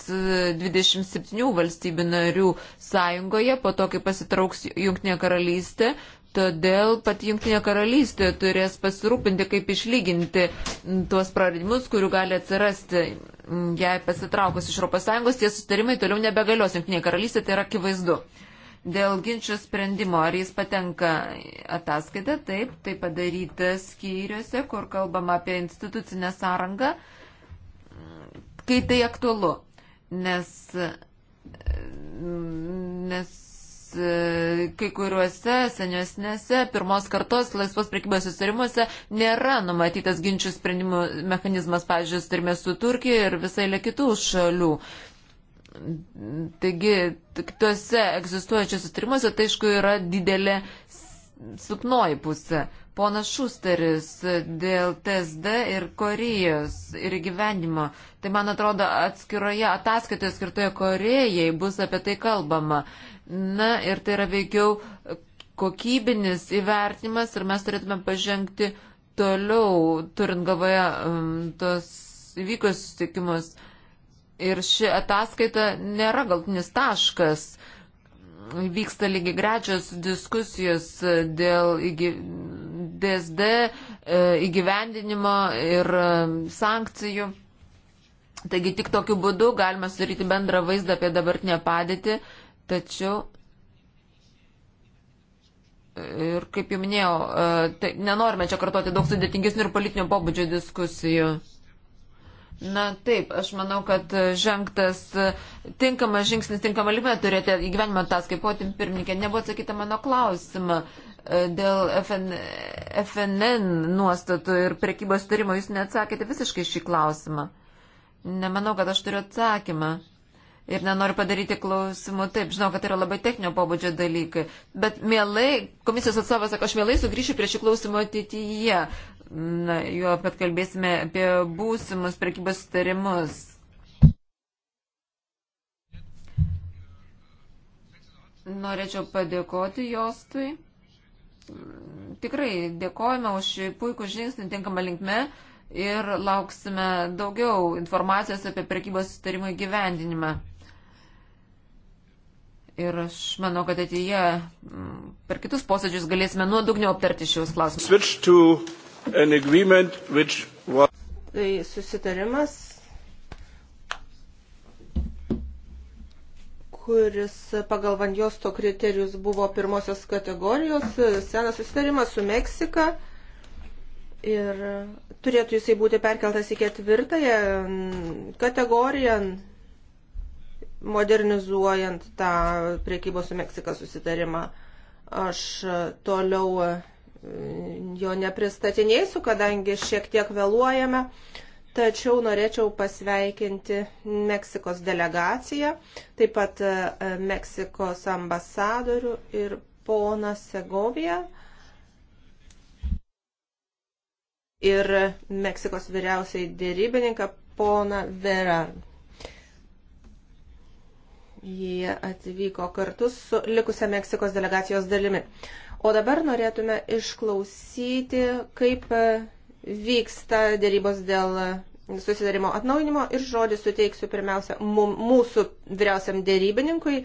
Speaker 1: 27 e, valstybių narių sąjungoje, po to, kai pasitrauks Junktinė karalystė. Todėl pati Junktinė karalystė turės pasirūpinti, kaip išlyginti tuos praradimus, kurių gali atsirasti, jei pasitraukus iš ES, tie susitarimai toliau nebegalios Junktinė karalystė, tai yra akivaizdu. Dėl ginčių sprendimo, ar jis patenka ataskaita, taip, tai padaryta skyriuose, kur kalbama apie institucinę sąrangą, kai tai aktualu. Nes, nes kai kuriuose senesnėse pirmos kartos laisvos prekybos susitarimuose nėra numatytas ginčių sprendimų mechanizmas, pavyzdžiui, sutarime su Turkija ir visai lė kitų šalių. Uh, Taigi, tuose egzistuojančiuose tyrimuose tai aišku yra didelė silpnoji pusė. Ponas Šusteris dėl TSD ir Korejos ir gyvenimo. Tai man atrodo atskiroje ataskaitoje skirtoje Korejai bus apie tai kalbama. Na ir tai yra veikiau kokybinis įvertinimas ir mes turėtume pažengti toliau, turint galvoje um, tos įvykius sutikimus. Uh, Ir ši ataskaita nėra galtinis taškas. Vyksta lygiai grečios diskusijos dėl įgy... DSD e, įgyvendinimo ir e, sankcijų. Taigi tik tokiu būdu galima sudaryti bendrą vaizdą apie dabartinę padėtį, tačiau e, ir kaip jau minėjau, tai nenorime čia kartuoti daug sudėtingesnių ir politinio pobūdžio diskusijų. Na taip, aš manau, kad žengtas tinkamas žingsnis, tinkama linkme turėti įgyvenimą ataskaitą. Potim pirmininkė, nebuvo atsakyta mano klausimą e, dėl FN, FNN nuostatų ir prekybos tarimo. Jūs neatsakėte visiškai šį klausimą. Nemanau, kad aš turiu atsakymą. Ir nenoriu padaryti klausimų taip, žinau, kad tai yra labai techninio pobūdžio dalykai. Bet mielai, komisijos atstovas sako, aš mielai sugrįšiu prie šių klausimų ateityje. Na, jo, kad kalbėsime apie būsimus prekybos sutarimus. Norėčiau padėkoti Jostui. Tikrai dėkojame už puikų žingsnį tinkamą linkme ir lauksime daugiau informacijos apie prekybos sutarimų įgyvendinimą. Ir aš manau, kad ateityje mm, per kitus posėdžius galėsime nuodugniau aptarti šios
Speaker 2: klausimus was... Tai susitarimas, kuris pagal Vandjosto kriterijus buvo pirmosios kategorijos, senas susitarimas su Meksika ir turėtų jisai būti perkeltas į ketvirtąją kategoriją, modernizuojant tą priekybos su Meksika susitarimą. Aš toliau jo nepristatinėsiu, kadangi šiek tiek vėluojame, tačiau norėčiau pasveikinti Meksikos delegaciją, taip pat e, Meksikos ambasadorių ir poną Segoviją ir Meksikos vyriausiai dėrybininką poną Veran. Jie atvyko kartu su likusia Meksikos delegacijos dalimi. Uh, O dabar norėtume išklausyti, kaip vyksta dėrybos dėl susidarimo atnaujinimo ir žodį suteiksiu pirmiausia mūsų vyriausiam dėrybininkui,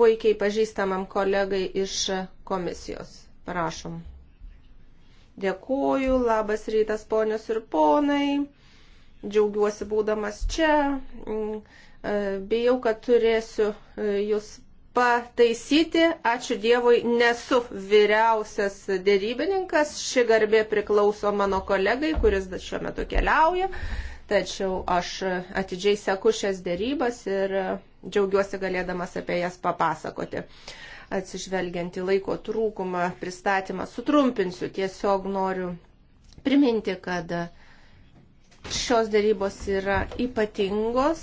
Speaker 2: puikiai pažįstamam kolegai iš komisijos. Prašom. Dėkuoju, labas rytas ponios ir ponai, džiaugiuosi būdamas čia, mm, e, bijau, kad turėsiu e, jūs pataisyti. Ačiū Dievui, nesu vyriausias dėrybininkas. Ši garbė priklauso mano kolegai, kuris šiuo metu keliauja. Tačiau aš atidžiai seku šias dėrybas ir džiaugiuosi galėdamas apie jas papasakoti. Atsižvelgiant į laiko trūkumą, pristatymą sutrumpinsiu. Tiesiog noriu priminti, kad uh, Šios darybos yra ypatingos,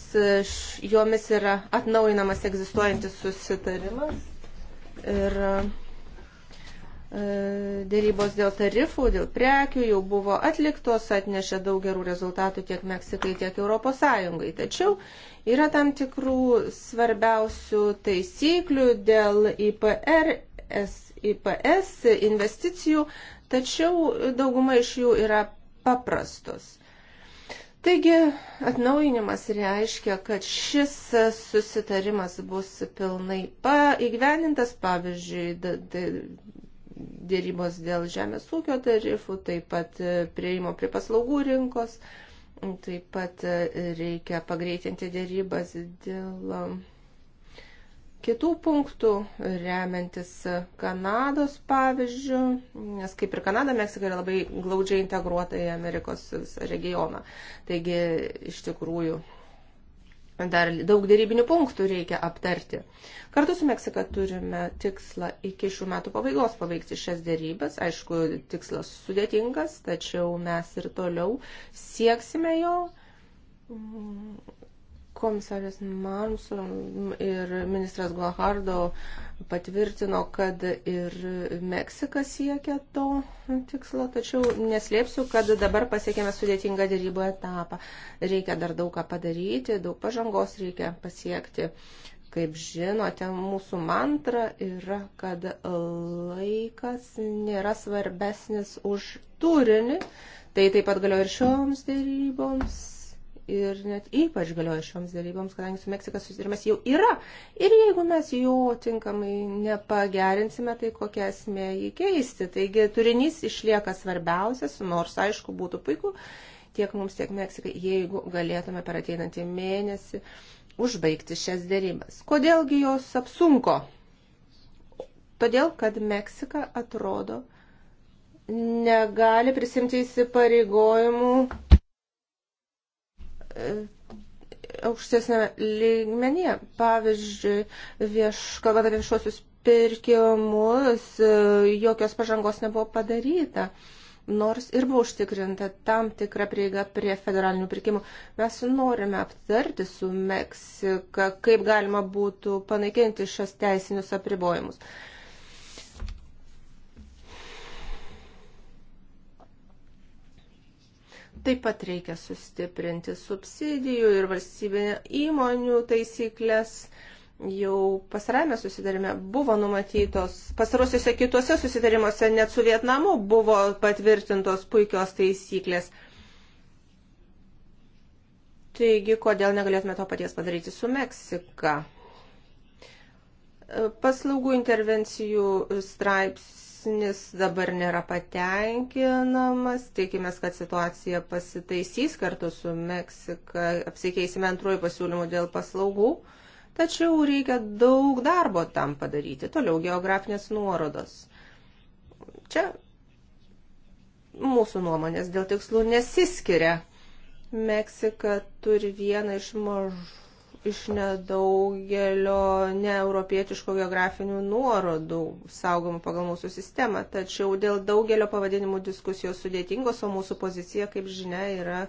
Speaker 2: jomis yra atnaujinamas egzistuojantis susitarimas ir e, dėrybos dėl tarifų, dėl prekių jau buvo atliktos, atnešė daug gerų rezultatų tiek Meksikai, tiek Europos Sąjungai. Tačiau yra tam tikrų svarbiausių taisyklių dėl IPR, IPS investicijų, tačiau dauguma iš jų yra paprastos. Taigi atnaujinimas reiškia, kad šis susitarimas bus pilnai įgyvenintas, pavyzdžiui, dėrybos dėl žemės ūkio tarifų, taip pat prieimo prie paslaugų rinkos, taip pat reikia pagreitinti dėrybas dėl kitų punktų, remiantis Kanados pavyzdžių, nes kaip ir Kanada, Meksika yra labai glaudžiai integruota į Amerikos regioną. Taigi, iš tikrųjų, dar daug dėrybinių punktų reikia aptarti. Kartu su Meksika turime tikslą iki šių metų pabaigos paveikti šias dėrybas. Aišku, tikslas sudėtingas, tačiau mes ir toliau sieksime jo Komisarės Marmson ir ministras Glahardo patvirtino, kad ir Meksika siekia to tikslo, tačiau neslėpsiu, kad dabar pasiekėme sudėtingą dėrybų etapą. Reikia dar daug ką padaryti, daug pažangos reikia pasiekti. Kaip žinote, mūsų mantra yra, kad laikas nėra svarbesnis už turinį. Tai taip pat galioja ir šioms dėryboms ir net ypač galioja šioms dėryboms, kadangi su Meksika susitarimas jau yra. Ir jeigu mes jo tinkamai nepagerinsime, tai kokia esmė jį keisti. Taigi turinys išlieka svarbiausias, nors aišku būtų puiku tiek mums, tiek Meksikai, jeigu galėtume per ateinantį mėnesį užbaigti šias dėrybas. Kodėlgi jos apsunko? Todėl, kad Meksika atrodo negali prisimti įsipareigojimų aukštesnėme lygmenyje. Pavyzdžiui, vieš, kalbant apie viešuosius pirkimus, jokios pažangos nebuvo padaryta. Nors ir buvo užtikrinta tam tikra prieiga prie federalinių pirkimų, mes norime aptarti su Meksika, kaip galima būtų panaikinti šios teisinius apribojimus. Uh, Taip pat reikia sustiprinti subsidijų ir valstybinio įmonių taisyklės. Jau pasarame susidarime buvo numatytos, pasarosiuose kituose susidarimuose net su Vietnamu buvo patvirtintos puikios taisyklės. Taigi, kodėl negalėtume to paties padaryti su Meksika? Paslaugų intervencijų straips straipsnis dabar nėra patenkinamas. Tikimės, kad situacija pasitaisys kartu su Meksika. Apsikeisime antrųjų pasiūlymų dėl paslaugų. Tačiau reikia daug darbo tam padaryti. Toliau geografinės nuorodos. Čia mūsų nuomonės dėl tikslų nesiskiria. Meksika turi vieną iš mažų iš nedaugelio neeuropietiškų geografinių nuorodų saugomų pagal mūsų sistemą. Tačiau dėl daugelio pavadinimų diskusijos sudėtingos, o mūsų pozicija, kaip žinia, yra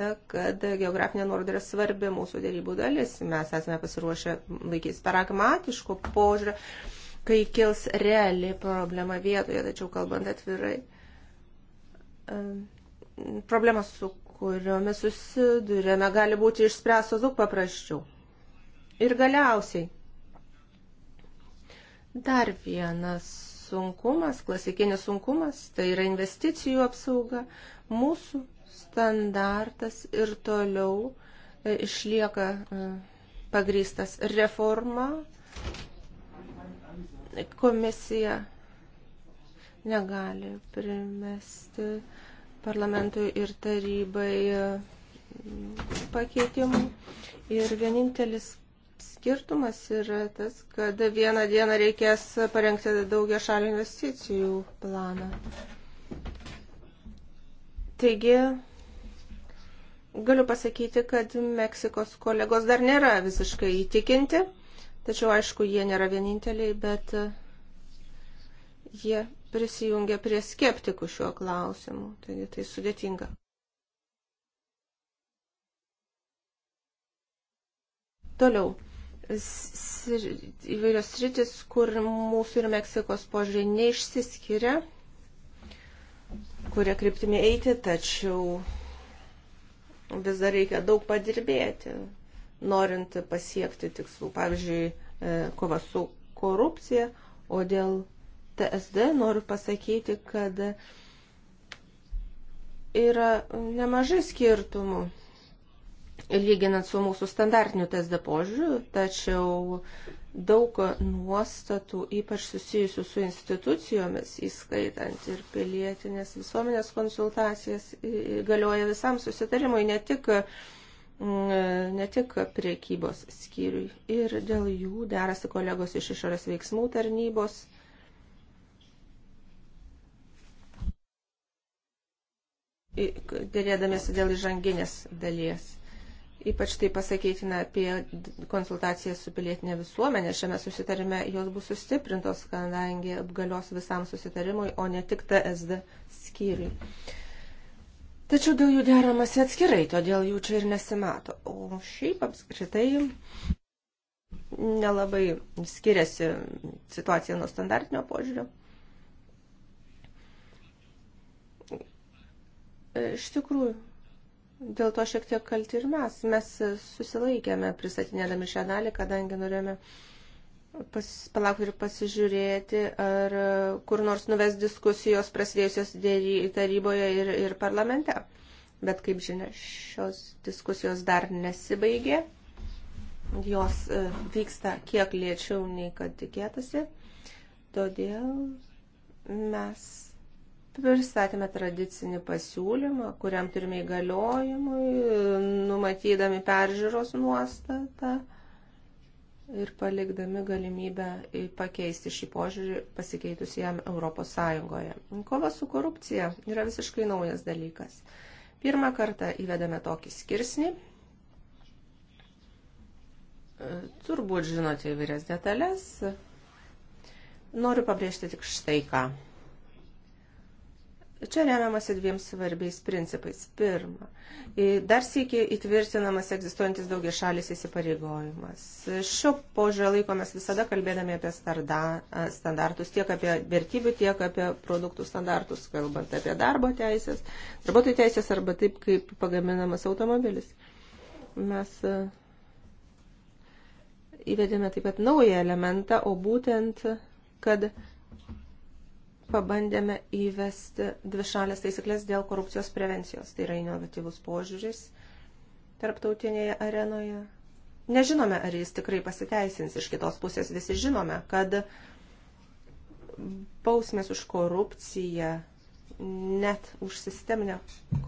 Speaker 2: ta, kad geografinė nuoroda yra svarbi mūsų dėrybų dalis. Mes esame pasiruošę laikytis pragmatiško požiūrio, kai kils reali problema vietoje, tačiau kalbant atvirai. Problema su kuriomis susidurėme, gali būti išspręstos daug paprasčiau. Ir galiausiai dar vienas sunkumas, klasikinis sunkumas, tai yra investicijų apsauga. Mūsų standartas ir toliau e, išlieka e, pagrystas reforma. Komisija negali primesti parlamentui ir tarybai e, pakeitimų. Ir vienintelis Skirtumas yra tas, kad vieną dieną reikės parengti daugia šalių investicijų planą. Taigi, galiu pasakyti, kad Meksikos kolegos dar nėra visiškai įtikinti, tačiau aišku, jie nėra vieninteliai, bet jie prisijungia prie skeptikų šiuo klausimu. Taigi tai sudėtinga. Toliau įvairios sritis, kur mūsų ir Meksikos požiūrė neišsiskiria, kurie kryptimi eiti, tačiau vis dar reikia daug padirbėti, norint pasiekti tikslų. Pavyzdžiui, e, kova su korupcija, o dėl TSD noriu pasakyti, kad yra nemažai skirtumų lyginant su mūsų standartiniu TSD požiūriu, tačiau daug nuostatų, ypač susijusių su institucijomis, įskaitant ir pilietinės visuomenės konsultacijas, galioja visam susitarimui, ne tik, mm, ne tik priekybos skyriui. Ir dėl jų derasi kolegos iš išorės veiksmų tarnybos. Dėrėdamėsi dėl įžanginės dalies. Ypač tai pasakytina apie konsultacijas su pilietinė visuomenė. Šiame susitarime jos bus sustiprintos, kadangi apgalios visam susitarimui, o ne tik TSD skyriui. Tačiau dėl jų deramasi atskirai, todėl jų čia ir nesimato. O šiaip apskritai nelabai skiriasi situacija nuo standartinio požiūrio. Iš tikrųjų, Dėl to šiek tiek kalti ir mes. Mes susilaikėme pristatinėdami šią dalį, kadangi norėjome pas, palaukti ir pasižiūrėti, ar kur nors nuves diskusijos prasidėjusios taryboje ir, ir parlamente. Bet kaip žinia, šios diskusijos dar nesibaigė. Jos e, vyksta kiek lėčiau nei kad tikėtasi. Todėl mes pristatėme tradicinį pasiūlymą, kuriam turime įgaliojimui, numatydami peržiūros nuostatą ir palikdami galimybę pakeisti šį požiūrį pasikeitus jam Europos Sąjungoje. Kova su korupcija yra visiškai naujas dalykas. Pirmą kartą įvedame tokį skirsnį. Turbūt žinote įvairias detalės. Noriu pabrėžti tik štai ką. Čia remiamasi dviem svarbiais principais. Pirma, dar sėkiai įtvirtinamas egzistuojantis daugia šalis įsipareigojimas. Šio požiūrio laikomės visada kalbėdami apie standartus, tiek apie vertybių, tiek apie produktų standartus, kalbant apie darbo teisės, darbuotojų teisės arba taip, kaip pagaminamas automobilis. Mes e, įvedėme taip pat naują elementą, o būtent, kad pabandėme įvesti dvišalės taisyklės dėl korupcijos prevencijos. Tai yra inovatyvus požiūris tarptautinėje arenoje. Nežinome, ar jis tikrai pasiteisins. Iš kitos pusės visi žinome, kad bausmės už korupciją, net už sisteminę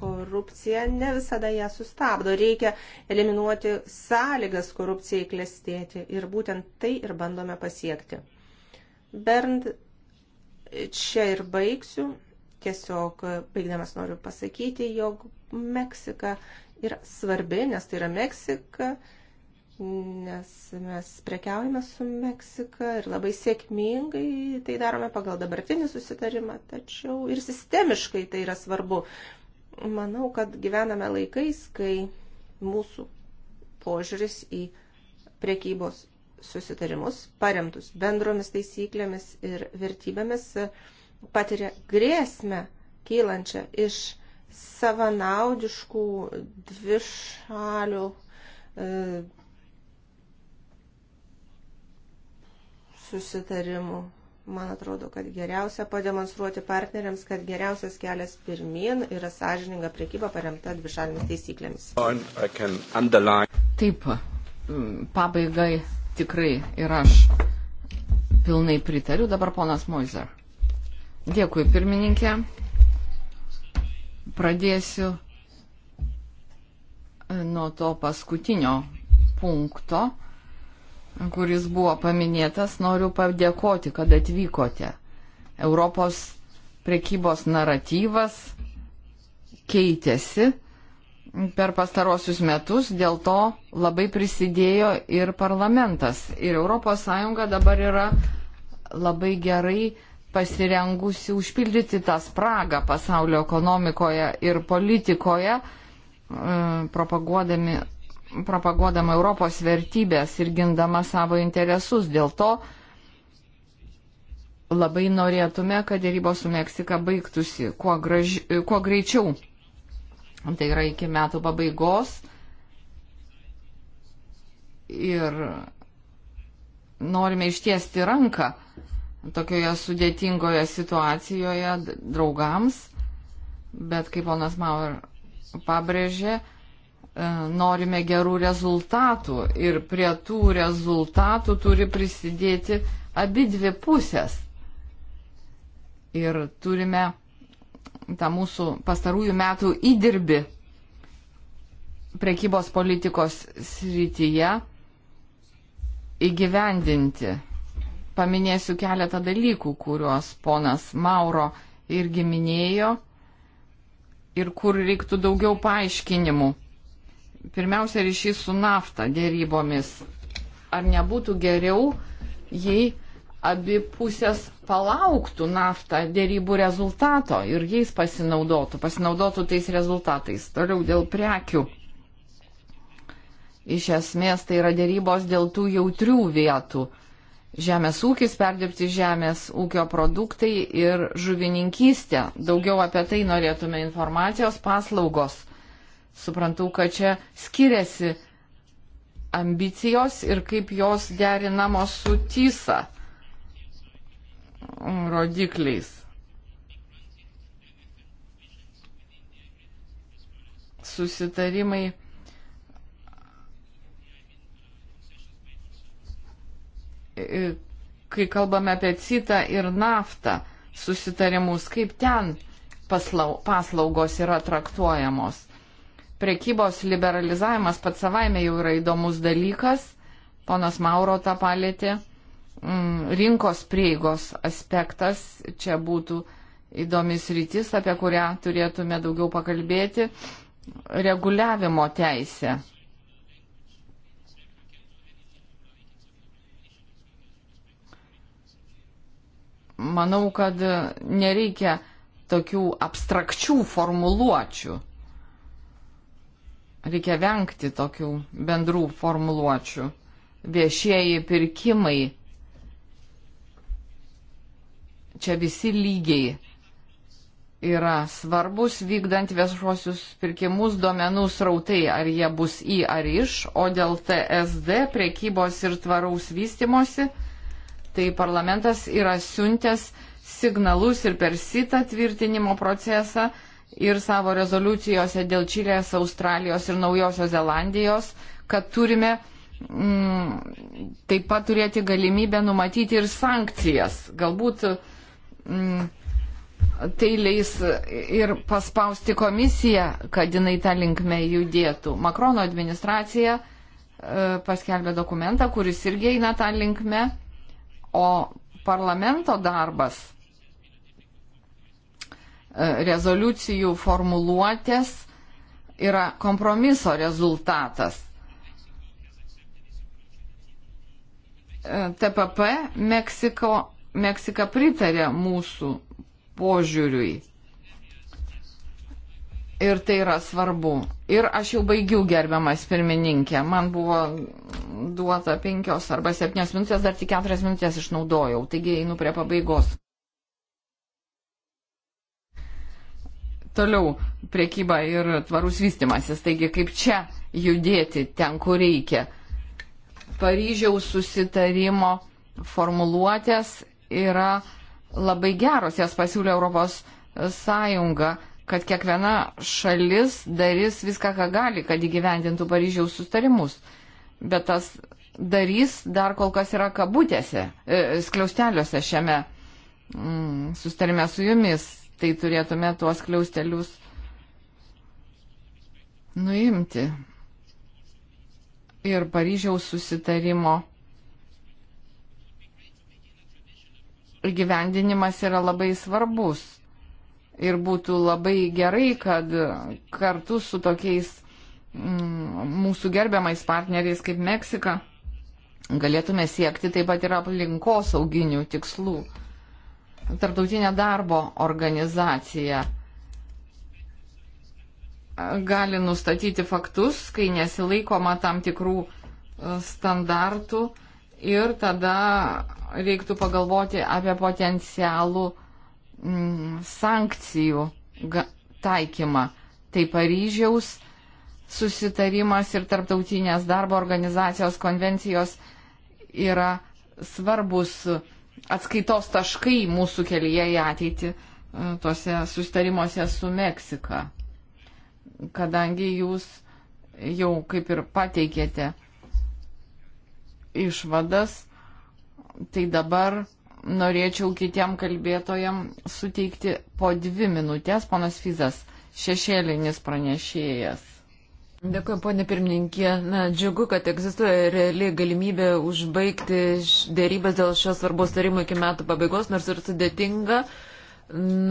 Speaker 2: korupciją, ne visada ją sustabdo. Reikia eliminuoti sąlygas korupcijai klestėti ir būtent tai ir bandome pasiekti. Bernd čia ir baigsiu. Tiesiog baigdamas noriu pasakyti, jog Meksika yra svarbi, nes tai yra Meksika, nes mes prekiaujame su Meksika ir labai sėkmingai tai darome pagal dabartinį susitarimą, tačiau ir sistemiškai tai yra svarbu. Manau, kad gyvename laikais, kai mūsų požiūris į prekybos susitarimus, paremtus bendromis taisyklėmis ir vertybėmis, patiria grėsmę kylančią iš savanaudiškų dvišalių e, susitarimų. Man atrodo, kad geriausia pademonstruoti partneriams, kad geriausias kelias pirmin yra sąžininga priekyba paremta dvišalėmis taisyklėmis.
Speaker 3: Taip, pabaigai tikrai ir aš pilnai pritariu. Dabar ponas Moizer. Dėkui, pirmininkė. Pradėsiu e, nuo to paskutinio punkto, kuris buvo paminėtas. Noriu padėkoti, kad atvykote. Europos prekybos naratyvas keitėsi per pastarosius metus, dėl to labai prisidėjo ir parlamentas. Ir ES dabar yra labai gerai pasirengusi užpildyti tą spragą pasaulio ekonomikoje ir politikoje, e, propaguodami, propaguodama Europos vertybės ir gindama savo interesus. Dėl to labai norėtume, kad dėrybos su Meksika baigtųsi kuo, graž, kuo greičiau tai yra iki metų pabaigos. Ir norime ištiesti ranką tokioje sudėtingoje situacijoje draugams, bet kaip ponas Mauer pabrėžė, e, norime gerų rezultatų ir prie tų rezultatų turi prisidėti abi dvi pusės. Ir turime tą mūsų pastarųjų metų įdirbi prekybos politikos srityje įgyvendinti. Paminėsiu keletą dalykų, kuriuos ponas Mauro irgi minėjo ir kur reiktų daugiau paaiškinimų. Pirmiausia, ryšys su nafta dėrybomis. Ar nebūtų geriau, jei abi pusės palauktų naftą dėrybų rezultato ir jais pasinaudotų, pasinaudotų tais rezultatais. Toliau dėl prekių. Iš esmės tai yra dėrybos dėl tų jautrių vietų. Žemės ūkis, perdirbti žemės ūkio produktai ir žuvininkystė. Daugiau apie tai norėtume informacijos paslaugos. Suprantu, kad čia skiriasi ambicijos ir kaip jos derinamos su TISA rodikliais. Susitarimai e, kai kalbame apie citą ir naftą susitarimus, kaip ten paslaugos yra traktuojamos. Prekybos liberalizavimas pats savaime jau yra įdomus dalykas, ponas Mauro tą palėtė. Mm, rinkos prieigos aspektas čia būtų įdomis rytis, apie kurią turėtume daugiau pakalbėti - reguliavimo teisė. Manau, kad nereikia tokių abstrakčių formuluočių. Reikia vengti tokių bendrų formuluočių. Viešieji pirkimai čia visi lygiai yra svarbus vykdant viešuosius pirkimus duomenų srautai, ar jie bus į ar iš, o dėl TSD priekybos ir tvaraus vystimosi, tai parlamentas yra siuntęs signalus ir per sitą tvirtinimo procesą ir savo rezoliucijose dėl Čilės, Australijos ir Naujosios Zelandijos, kad turime mm, taip pat turėti galimybę numatyti ir sankcijas. Galbūt uh, Mm, tai leis ir paspausti komisiją, kad jinai tą linkmę judėtų. Makrono administracija e, paskelbė dokumentą, kuris irgi eina tą linkmę, o parlamento darbas, e, rezoliucijų formuluotės yra kompromiso rezultatas. E, TPP Meksiko Meksika pritarė mūsų požiūriui. Ir tai yra svarbu. Ir aš jau baigiau gerbiamas pirmininkė. Man buvo duota penkios arba septynios minutės, dar tik keturias minutės išnaudojau. Taigi einu prie pabaigos. Toliau priekyba ir tvarus vystimasis. Taigi kaip čia judėti ten, kur reikia. Paryžiaus susitarimo formuluotės yra labai geros, jas pasiūlė Europos Sąjunga, kad kiekviena šalis darys viską, ką gali, kad įgyvendintų Paryžiaus sustarimus. Bet tas darys dar kol kas yra kabutėse, e, skliausteliuose šiame mm, sustarime su jumis. Tai turėtume tuos kliaustelius nuimti. Ir Paryžiaus susitarimo įgyvendinimas yra labai svarbus. Ir būtų labai gerai, kad kartu su tokiais mm, mūsų gerbiamais partneriais kaip Meksika galėtume siekti taip pat ir aplinkos auginių tikslų. Tartautinė darbo organizacija gali nustatyti faktus, kai nesilaikoma tam tikrų e, standartų ir tada reiktų pagalvoti apie potencialų mm, sankcijų taikymą. Tai Paryžiaus susitarimas ir tarptautinės darbo organizacijos konvencijos yra svarbus atskaitos taškai mūsų kelyje į ateitį e, tuose sustarimuose su Meksika, kadangi jūs jau kaip ir pateikėte išvadas, tai dabar norėčiau kitiem kalbėtojam suteikti po dvi minutės, ponas Fizas, šešėlinis pranešėjas. Dėkuoju, ponė pirmininkė. Na, džiugu, kad egzistuoja reali galimybė užbaigti
Speaker 1: dėrybas dėl šios svarbos tarimo iki metų pabaigos, nors ir sudėtinga.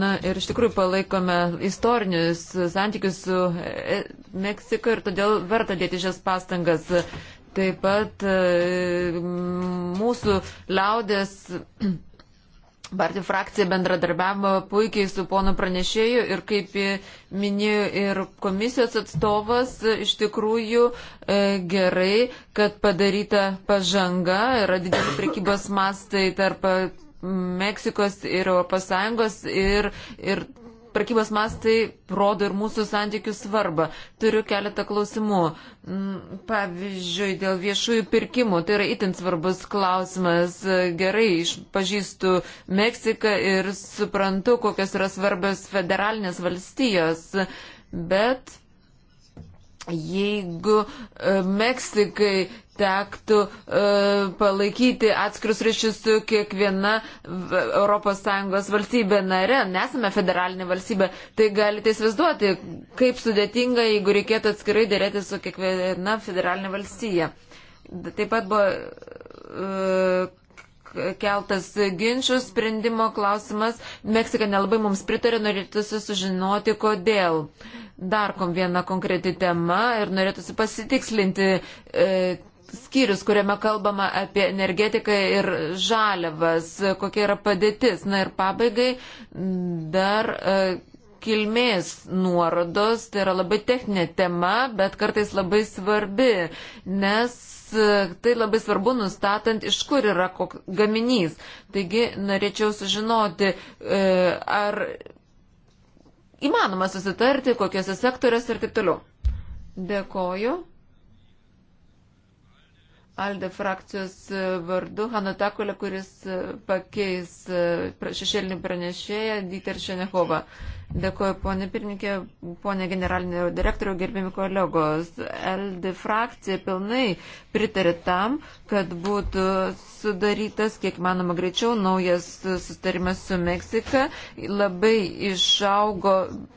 Speaker 1: Na ir iš tikrųjų palaikome istorinius santykius su e, Meksika ir todėl verta dėti šias pastangas. Taip pat e, mūsų liaudės <clears throat> partijų frakcija bendradarbiavo puikiai su ponu pranešėju ir kaip minėjo ir komisijos atstovas, iš tikrųjų e, gerai, kad padaryta pažanga, yra dideli prekybos mastai tarp Meksikos ir ES ir, ir prekybos mastai rodo ir mūsų santykių svarbą. Turiu keletą klausimų. Mm, pavyzdžiui, dėl viešųjų pirkimų. Tai yra itin svarbus klausimas. Gerai, pažįstu Meksiką ir suprantu, kokios yra svarbios federalinės valstijos. Bet jeigu e, Meksikai tektų e, palaikyti atskirus ryšius su kiekviena ES valstybė nare, nesame federalinė valstybė, tai galite įsivaizduoti, kaip sudėtinga, jeigu reikėtų atskirai dėrėti su kiekviena federalinė valstybė. Taip pat buvo e, keltas ginčių sprendimo klausimas. Meksika nelabai mums pritarė, norėtųsi sužinoti, kodėl. Uh, dar kom viena konkreti tema ir norėtųsi pasitikslinti e, skyrius, kuriame kalbama apie energetiką ir žaliavas, kokia yra padėtis. Na ir pabaigai dar. E, kilmės nuorodos, tai yra labai techninė tema, bet kartais labai svarbi, nes e, tai labai svarbu nustatant, iš kur yra gaminys. Taigi norėčiau sužinoti, e, ar įmanoma susitarti, kokiuose sektoriuose ir taip toliau. Dėkoju. Alde frakcijos vardu Hanatakulė, kuris pakeis e, šešėlinį pranešėją Dieter Šenehovą. Dėkuoju, ponė pirmininkė, ponė generalinio direktorių, gerbimi kolegos. LD frakcija pilnai pritarė tam, kad būtų sudarytas, kiek manoma greičiau, naujas sustarimas su Meksika. Labai išaugo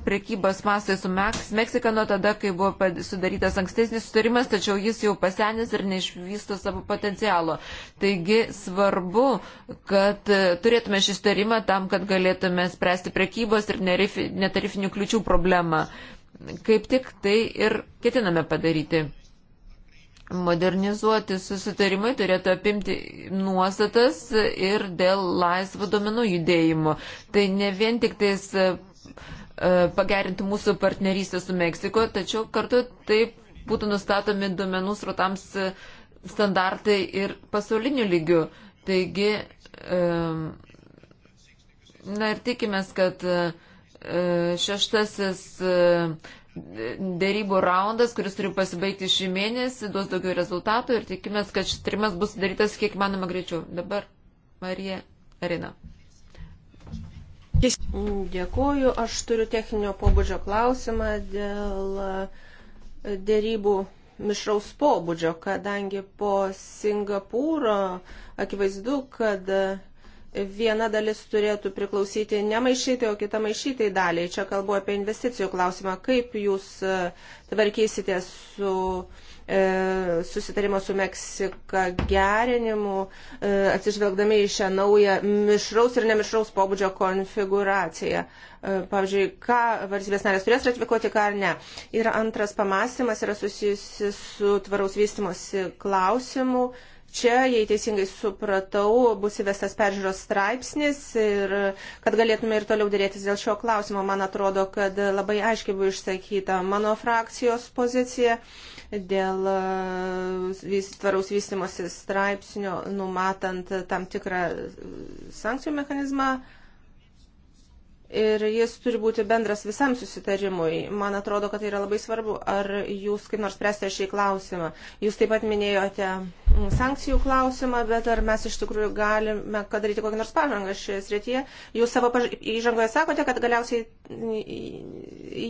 Speaker 1: prekybos mastai su Meksika nuo tada, kai buvo sudarytas ankstesnis sustarimas, tačiau jis jau pasenęs ir neišvysto savo potencialo. Taigi svarbu, kad turėtume šį sustarimą tam, kad galėtume spręsti prekybos ir nerifi netarifinių kliučių problemą. Kaip tik tai ir ketiname padaryti. Modernizuoti susitarimai turėtų apimti nuostatas ir dėl laisvo domenų judėjimo. Tai ne vien tik tais e, e, pagerinti mūsų partnerystę su Meksiko, tačiau kartu taip būtų nustatomi duomenų srautams e, standartai ir pasauliniu lygiu. Taigi, na ir tikimės, kad uh, E, šeštasis e, dėrybų raundas, kuris turi pasibaigti šį mėnesį, duos daugiau rezultatų ir tikimės, kad šis trimas bus darytas kiek
Speaker 2: manoma greičiau. Dabar Marija Arina. Dėkuoju, aš turiu techninio pobūdžio klausimą dėl e, dėrybų mišraus pobūdžio, kadangi po Singapūro akivaizdu, kad viena dalis turėtų priklausyti ne maišytai, o kita maišytai daliai. Čia kalbu apie investicijų klausimą. Kaip jūs e, tvarkysite su e, susitarimo su Meksika gerinimu, e, atsižvelgdami į šią naują mišraus ir nemišraus pobūdžio konfiguraciją. E, pavyzdžiui, ką valstybės narės turės ratifikuoti, ką ar ne. Ir antras pamastymas yra susijusi su tvaraus vystimosi klausimu čia, jei teisingai supratau, bus įvestas peržiūros straipsnis ir kad galėtume ir toliau dėrėtis dėl šio klausimo, man atrodo, kad labai aiškiai buvo išsakyta mano frakcijos pozicija dėl uh, tvaraus vystimosi straipsnio, numatant tam tikrą uh, sankcijų mechanizmą ir jis turi būti bendras visam susitarimui. Man atrodo, kad tai yra labai svarbu. Ar jūs kaip nors spręsite šį klausimą? Jūs taip pat minėjote sankcijų klausimą, bet ar mes iš tikrųjų galime padaryti kokią nors pažangą šioje srityje? Jūs savo paž... įžangoje sakote, kad galiausiai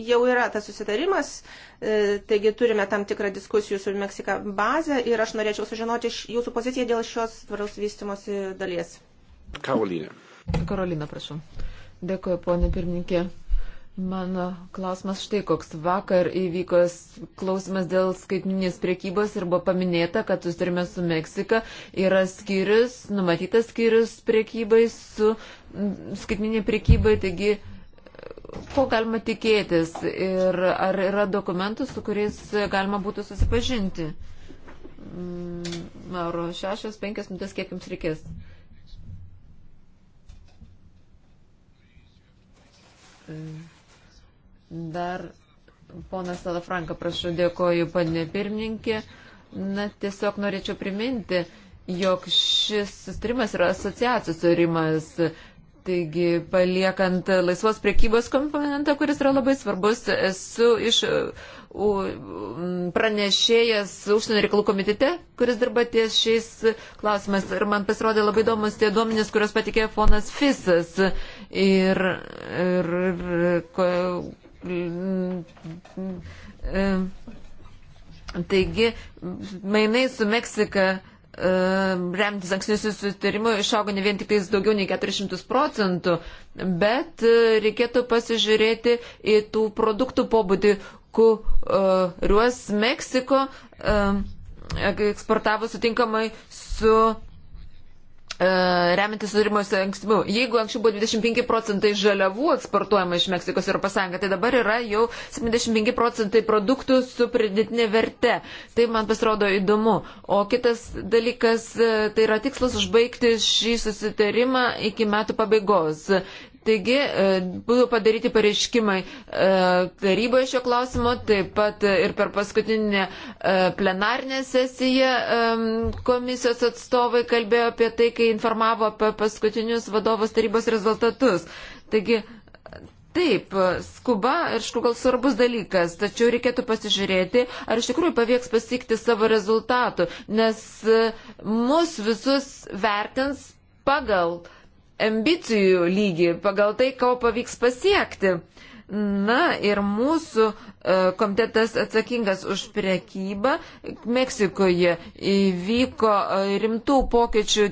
Speaker 2: jau yra tas susitarimas, e, taigi turime tam tikrą diskusijų su Meksika bazę ir aš norėčiau sužinoti jūsų poziciją dėl šios tvaraus vystimosi dalies. Karolina.
Speaker 1: Karolina, prašau. Dėkuoju, ponė pirmininkė. Mano klausimas štai koks. Vakar įvyko klausimas dėl skaitminės priekybos ir buvo paminėta, kad susitarime su Meksika. Yra skyrius, numatytas skyrius priekybai su skaitminė priekybai, taigi ko galima tikėtis ir ar yra dokumentų, su kuriais galima būtų susipažinti. Mm, Mauro, šešios, penkias minutės, kiek jums reikės. Dar ponas Salafranka, prašau, dėkoju, panė pirmininkė. Na, tiesiog norėčiau priminti, jog šis sustarimas yra asociacijos sustarimas. Taigi, paliekant laisvos priekybos komponentą, kuris yra labai svarbus, esu iš u, pranešėjas užsienio reikalų komitete, kuris dirba ties šiais klausimais. Ir man pasirodė labai įdomus tie duomenys, kuriuos patikėjo fonas Fisas. Ir, ir, ir ko, Taigi, mainai su Meksika E, remtis ankstiniu susitarimu išaugo ne vien tik tais daugiau nei 400 procentų, bet e, reikėtų pasižiūrėti į tų produktų pobūdį, kuriuos e, Meksiko eksportavo sutinkamai su E, remiantis sudarimus ankstyviau. Jeigu anksčiau buvo 25 procentai žaliavų eksportuojama iš Meksikos ir pasąjungą, tai dabar yra jau 75 procentai produktų su pridėtinė verte. Tai man pasirodo įdomu. O kitas dalykas, e, tai yra tikslas užbaigti šį susitarimą iki metų pabaigos. Taigi e, buvo padaryti pareiškimai e, taryboje šio klausimo, taip pat ir per paskutinę e, plenarinę sesiją komisijos atstovai kalbėjo apie tai, kai informavo apie paskutinius vadovos tarybos rezultatus. Taigi Taip, skuba, aišku, gal svarbus dalykas, tačiau reikėtų pasižiūrėti, ar iš tikrųjų pavyks pasiekti savo rezultatų, nes mus visus vertins pagal uh, ambicijų lygį, pagal tai, ko pavyks pasiekti. Na ir mūsų e, komitetas atsakingas už priekybą. Meksikoje įvyko e, rimtų pokyčių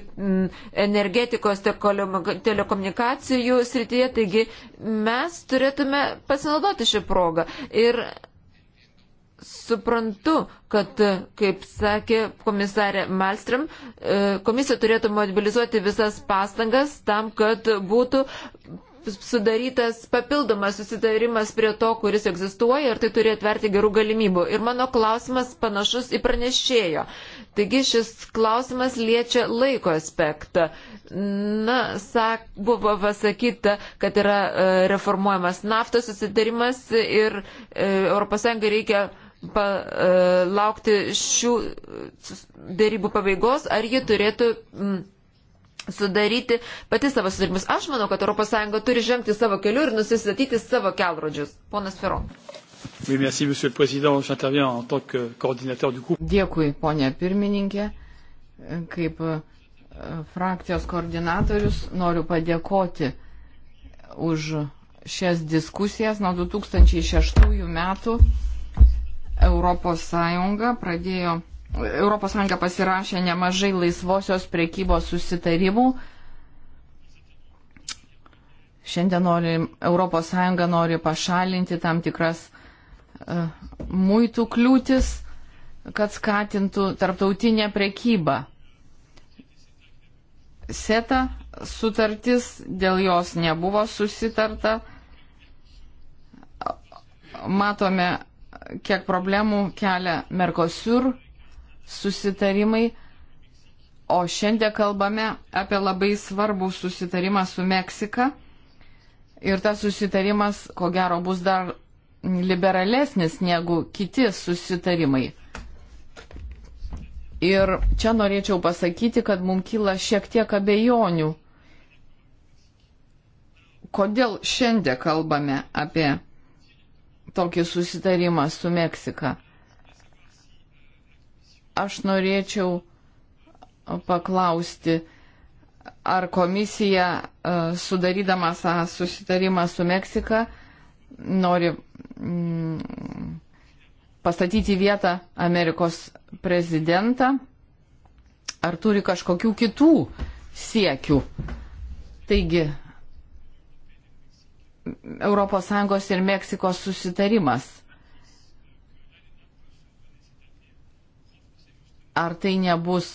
Speaker 1: energetikos telekomunikacijų srityje, taigi mes turėtume pasinaudoti šią progą. Ir suprantu, kad, kaip sakė komisarė Malstrom, e, komisija turėtų mobilizuoti visas pastangas tam, kad būtų sudarytas papildomas susitarimas prie to, kuris egzistuoja ir tai turi atverti gerų galimybių. Ir mano klausimas panašus į pranešėjo. Taigi šis klausimas liečia laiko aspektą. Na, sak, buvo pasakyta, kad yra e, reformuojamas naftos susitarimas ir ES reikia E, laukti šių dėrybų pabaigos, ar ji turėtų sudaryti pati savo susidarimus. Aš manau, kad ES turi žengti savo keliu ir nusistatyti savo kelrodžius. Ponas Firo.
Speaker 3: Oui, merci, Monsieur le Président. J'interviens en tant que coordinateur du groupe. Dėkui, ponė pirmininkė. Kaip e, frakcijos koordinatorius noriu padėkoti už šias diskusijas nuo 2006 metų Europos Sąjunga pradėjo, Europos Sąjunga pasirašė nemažai laisvosios priekybos susitarimų. Šiandien nori, Europos Sąjunga nori pašalinti tam tikras uh, muitų kliūtis, kad skatintų tarptautinę priekybą. Seta sutartis, dėl jos nebuvo susitarta. Matome kiek problemų kelia Merkosur susitarimai. O šiandien kalbame apie labai svarbų susitarimą su Meksika. Ir tas susitarimas, ko gero, bus dar liberalesnis negu kiti susitarimai. Ir čia norėčiau pasakyti, kad mums kyla šiek tiek abejonių. Kodėl šiandien kalbame apie tokį susitarimą su Meksika. Aš norėčiau paklausti, ar komisija sudarydama susitarimą su Meksika nori mm, pastatyti vietą Amerikos prezidentą, ar turi kažkokių kitų siekių. Taigi, ES ir Meksikos susitarimas. Ar tai nebus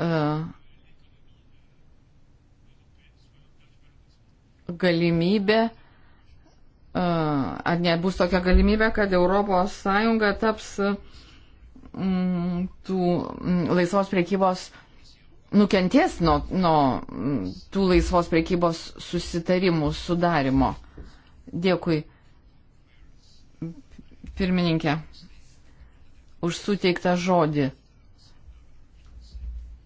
Speaker 3: uh, galimybė, uh, ar nebus tokia galimybė, kad ES taps uh, tų mm, laisvos priekybos nukentės nuo, nuo mm, tų laisvos priekybos susitarimų sudarimo. Dėkui, pirmininkė, už suteiktą žodį.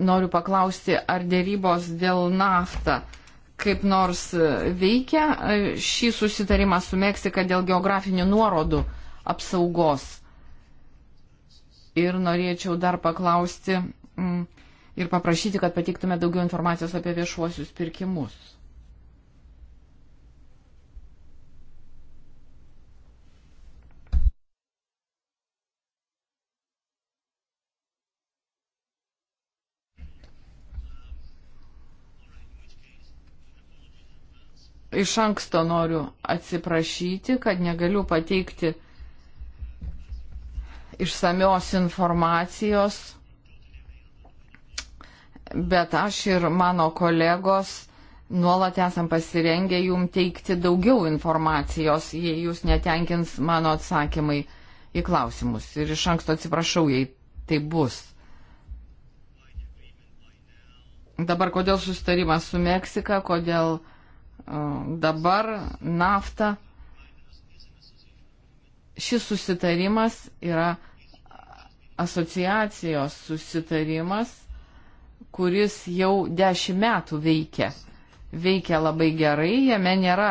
Speaker 3: Noriu paklausti, ar dėrybos dėl naftą kaip nors veikia e, šį susitarimą su Meksika dėl geografinių nuorodų apsaugos. Ir norėčiau dar paklausti, mm, ir paprašyti, kad patiktume daugiau informacijos apie viešuosius pirkimus. iš anksto noriu atsiprašyti, kad negaliu pateikti išsamios informacijos bet aš ir mano kolegos nuolat esam pasirengę jum teikti daugiau informacijos, jei jūs netenkins mano atsakymai į klausimus. Ir iš anksto atsiprašau, jei tai bus. Dabar kodėl sustarimas su Meksika, kodėl uh, dabar nafta. Šis susitarimas yra asociacijos susitarimas kuris jau dešimt metų veikia. Veikia labai gerai, jame nėra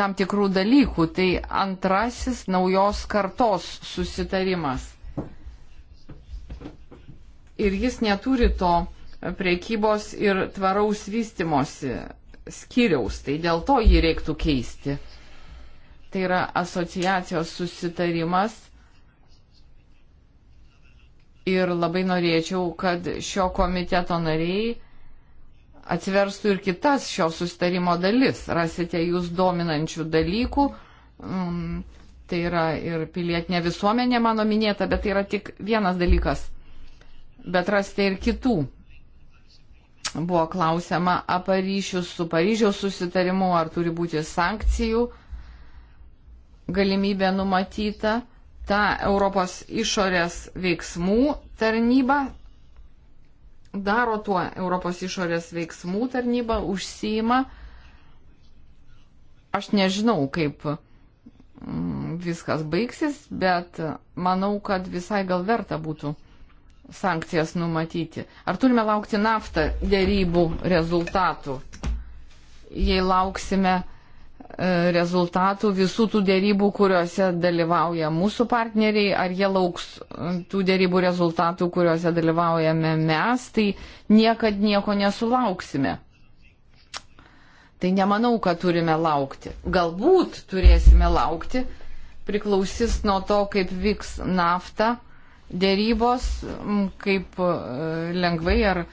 Speaker 3: tam tikrų dalykų. Tai antrasis naujos kartos susitarimas. Ir jis neturi to priekybos ir tvaraus vystimosi skyriaus, tai dėl to jį reiktų keisti. Tai yra asociacijos susitarimas ir labai norėčiau, kad šio komiteto nariai atsiverstų ir kitas šio sustarimo dalis. Rasite jūs dominančių dalykų. Mm, tai yra ir pilietinė visuomenė mano minėta, bet tai yra tik vienas dalykas. Bet rasite ir kitų. Buvo klausima apie ryšius su Paryžiaus susitarimu, ar turi būti sankcijų galimybė numatyta ta Europos išorės veiksmų tarnyba daro tuo Europos išorės veiksmų tarnyba, užsima. Aš nežinau, kaip mm, viskas baigsis, bet manau, kad visai gal verta būtų sankcijas numatyti. Ar turime laukti naftą dėrybų rezultatų? Jei lauksime E, rezultatų visų tų dėrybų, kuriuose dalyvauja mūsų partneriai, ar jie lauks e, tų dėrybų rezultatų, kuriuose dalyvaujame mes, tai niekad nieko nesulauksime. Tai nemanau, kad turime laukti. Galbūt turėsime laukti, priklausys nuo to, kaip vyks nafta dėrybos, kaip e, lengvai ar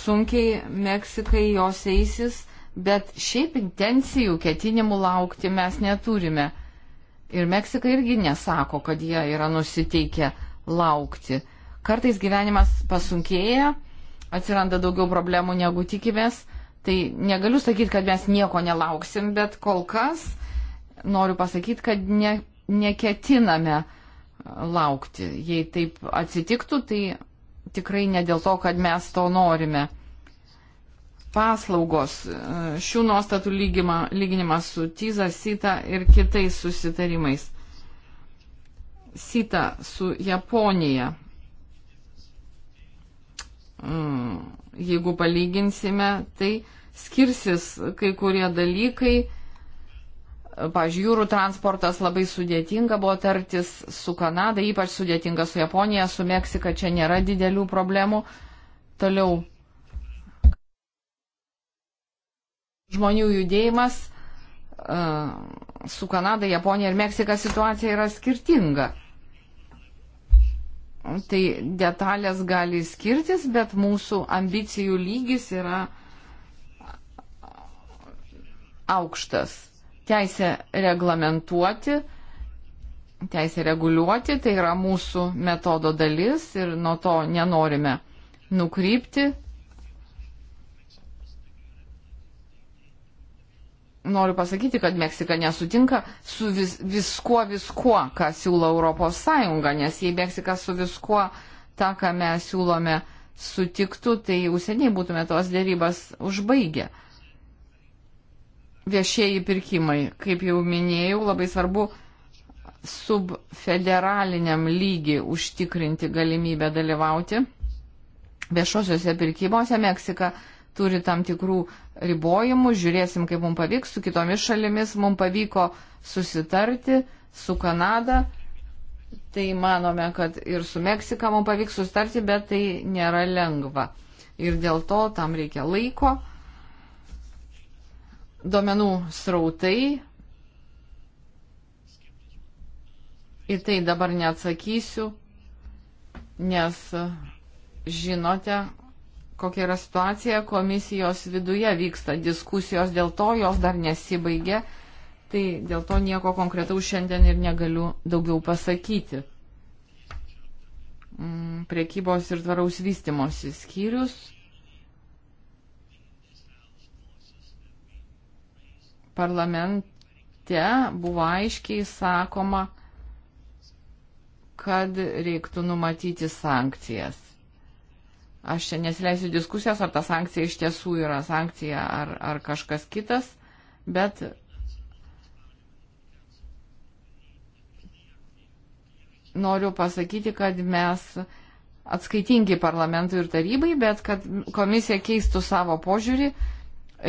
Speaker 3: sunkiai Meksikai jos eisis bet šiaip intencijų, ketinimų laukti mes neturime. Ir Meksika irgi nesako, kad jie yra nusiteikę laukti. Kartais gyvenimas pasunkėja, atsiranda daugiau problemų negu tikimės. Tai negaliu sakyti, kad mes nieko nelauksim, bet kol kas noriu pasakyti, kad ne, neketiname laukti. Jei taip atsitiktų, tai tikrai ne dėl to, kad mes to norime paslaugos, e, šių nuostatų lygima, lyginimas su TISA, SITA ir kitais susitarimais. SITA su Japonija. E, jeigu palyginsime, tai skirsis kai kurie dalykai. Pavyzdžiui, jūrų transportas labai sudėtinga buvo tartis su Kanada, ypač sudėtinga su Japonija, su Meksika čia nėra didelių problemų. Toliau žmonių judėjimas e, su Kanada, Japonija ir Meksika situacija yra skirtinga. Tai detalės gali skirtis, bet mūsų ambicijų lygis yra aukštas. Teisė reglamentuoti, teisė reguliuoti, tai yra mūsų metodo dalis ir nuo to nenorime nukrypti, noriu pasakyti, kad Meksika nesutinka su vis, viskuo, viskuo, ką siūlo Europos Sąjunga, nes jei Meksika su viskuo tą, ką mes siūlome, sutiktų, tai jau seniai būtume tos dėrybas užbaigę. Viešieji pirkimai, kaip jau minėjau, labai svarbu subfederaliniam lygį užtikrinti galimybę dalyvauti viešosiuose pirkimuose Meksika turi tam tikrų ribojimų, žiūrėsim, kaip mums pavyks, su kitomis šalimis mums pavyko susitarti, su Kanada, tai manome, kad ir su Meksika mums pavyks susitarti, bet tai nėra lengva. Ir dėl to tam reikia laiko, duomenų srautai. Į tai dabar neatsakysiu, nes žinote, kokia yra situacija, komisijos viduje vyksta diskusijos, dėl to jos dar nesibaigė, tai dėl to nieko konkretaus šiandien ir negaliu daugiau pasakyti. Mm, priekybos ir tvaraus vystimosi skyrius. Parlamente buvo aiškiai sakoma, kad reiktų numatyti sankcijas Aš čia nesileisiu diskusijos, ar ta sankcija iš tiesų yra sankcija ar, ar kažkas kitas, bet noriu pasakyti, kad mes atskaitingi parlamentui ir tarybai, bet kad komisija keistų savo požiūrį,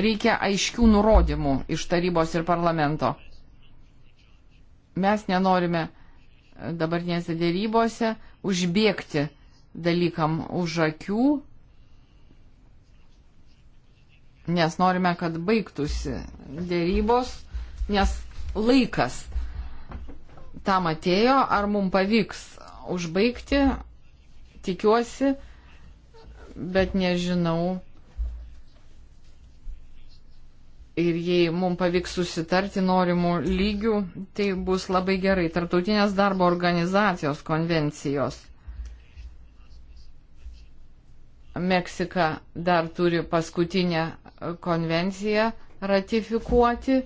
Speaker 3: reikia aiškių nurodymų iš tarybos ir parlamento. Mes nenorime dabartinėse dėrybose užbėgti dalykam už akių, nes norime, kad baigtųsi dėrybos, nes laikas tam atėjo, ar mums pavyks užbaigti, tikiuosi, bet nežinau. Ir jei mums pavyks susitarti norimų lygių, tai bus labai gerai. Tartautinės darbo organizacijos konvencijos Meksika dar turi paskutinę konvenciją ratifikuoti.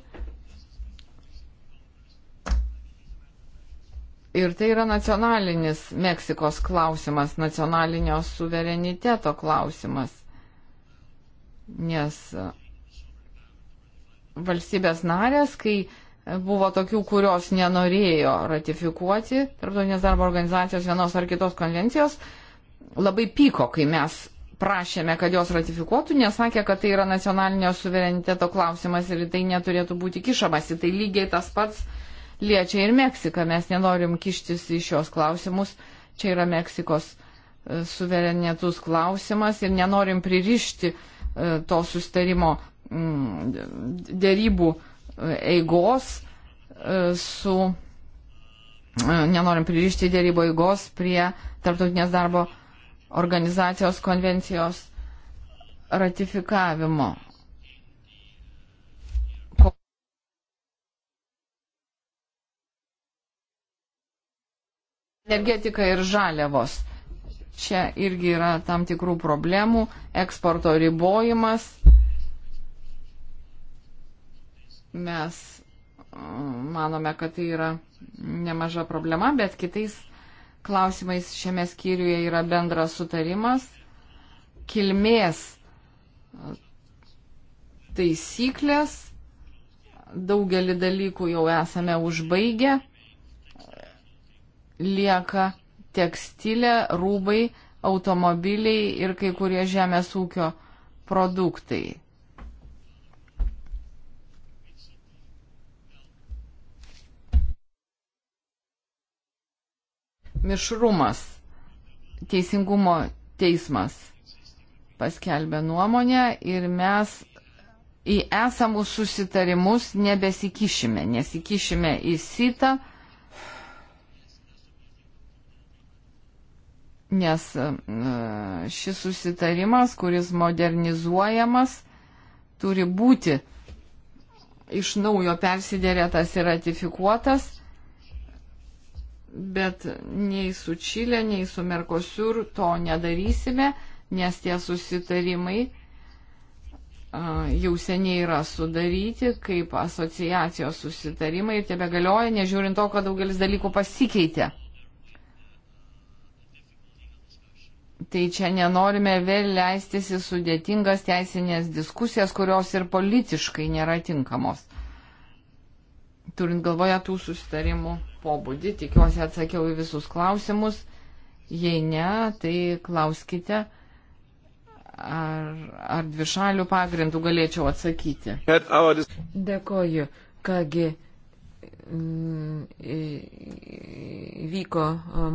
Speaker 3: Ir tai yra nacionalinis Meksikos klausimas, nacionalinio suvereniteto klausimas. Nes e, valstybės narės, kai buvo tokių, kurios nenorėjo ratifikuoti Tarptautinės darbo organizacijos vienos ar kitos konvencijos, labai pyko, kai mes prašėme, kad jos ratifikuotų, nes sakė, kad tai yra nacionalinio suvereniteto klausimas ir tai neturėtų būti kišamasi. Tai lygiai tas pats liečia ir Meksiką. Mes nenorim kištis į šios klausimus. Čia yra Meksikos e, suverenėtus klausimas ir nenorim pririšti e, to sustarimo mm, dėrybų e, eigos su, nenorim pririšti dėrybo eigos prie tarptautinės darbo organizacijos konvencijos ratifikavimo. Energetika ir žaliavos. Čia irgi yra tam tikrų problemų. Eksporto ribojimas. Mes mm, manome, kad tai yra nemaža problema, bet kitais klausimais šiame skyriuje yra bendras sutarimas. Kilmės taisyklės, daugelį dalykų jau esame užbaigę, lieka tekstilė, rūbai, automobiliai ir kai kurie žemės ūkio produktai. mišrumas. Teisingumo teismas paskelbė nuomonę ir mes į esamus susitarimus nebesikišime, nesikišime į sitą, nes e, šis susitarimas, kuris modernizuojamas, turi būti iš naujo persiderėtas ir ratifikuotas bet nei su Čilė, nei su Merkosiur to nedarysime, nes tie susitarimai jau seniai yra sudaryti kaip asociacijos susitarimai ir tebe galioja, nežiūrint to, kad daugelis dalykų pasikeitė. Tai čia nenorime vėl leistis į sudėtingas teisinės diskusijas, kurios ir politiškai nėra tinkamos, turint galvoje tų susitarimų pobūdį. Tikiuosi atsakiau į visus klausimus. Jei ne, tai klauskite, ar, ar dvišalių pagrindų galėčiau atsakyti. Dėkoju. Kągi, vyko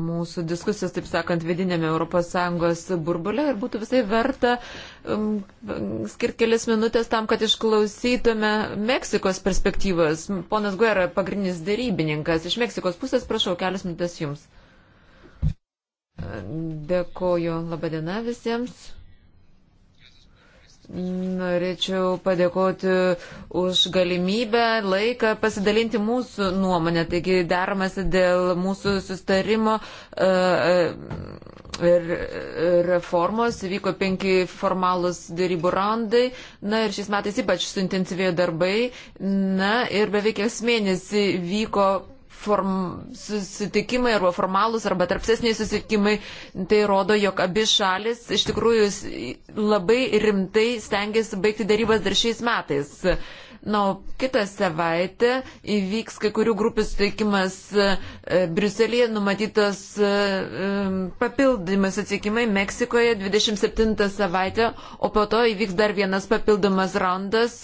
Speaker 3: mūsų diskusijos,
Speaker 1: taip sakant, vidinėme ES burbule ir būtų visai verta skirti kelias minutės tam, kad išklausytume Meksikos perspektyvas. Ponas Guerra, pagrindinis dėrybininkas iš Meksikos pusės, prašau, kelias minutės jums. Dėkoju, labadiena visiems. Norėčiau padėkoti už galimybę, laiką pasidalinti mūsų nuomonę. Taigi daromasi dėl mūsų sustarimo e, e, ir e, reformos. Vyko penki formalus dėrybų randai. Na ir šiais metais ypač suintensyvėjo darbai. Na ir beveik kas mėnesį vyko form, susitikimai arba formalūs arba tarpsesniai susitikimai, tai rodo, jog abi šalis iš tikrųjų labai rimtai stengiasi baigti darybas dar šiais metais. Na, nu, kitą savaitę įvyks kai kurių grupių suteikimas e, Briuselėje, numatytas e, e, papildymas atsiekimai Meksikoje 27 savaitę, o po to įvyks dar vienas papildomas raundas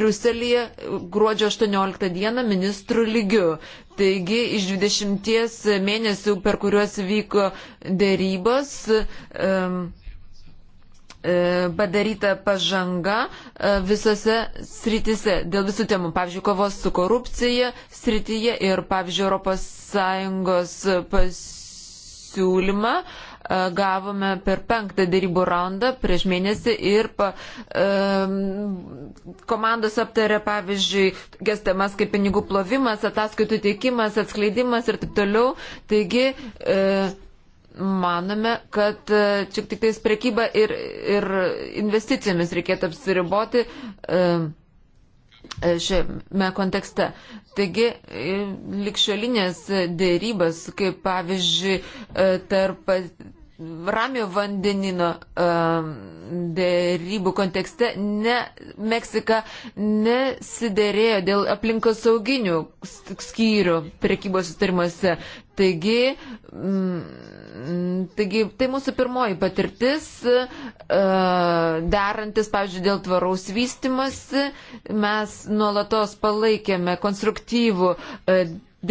Speaker 1: Briuselėje gruodžio 18 dieną ministrų lygių. Taigi iš 20 mėnesių, per kuriuos vyko dėrybos, um, E, padaryta pažanga e, visose sritise dėl visų temų, pavyzdžiui, kovos su korupcija srityje ir, pavyzdžiui, ES pasiūlymą e, gavome per penktą dėrybų raundą prieš mėnesį ir pa, um, komandos aptarė, pavyzdžiui, tokias temas kaip pinigų plovimas, ataskaitų teikimas, atskleidimas ir taip toliau. Taigi, uh, manome, kad e, čia tik tais prekyba ir, ir investicijomis reikėtų apsiriboti e, e, šiame kontekste. Taigi, likščiolinės dėrybas, kaip pavyzdžiui, tarp Ramio vandenino dėrybų kontekste ne, Meksika nesiderėjo dėl aplinkos sauginių skyrių prekybos sustarimuose. Taigi, mm, Mm, taigi, tai mūsų pirmoji patirtis, e, derantis, pavyzdžiui, dėl tvaraus vystimasi, mes nuolatos palaikėme konstruktyvų e,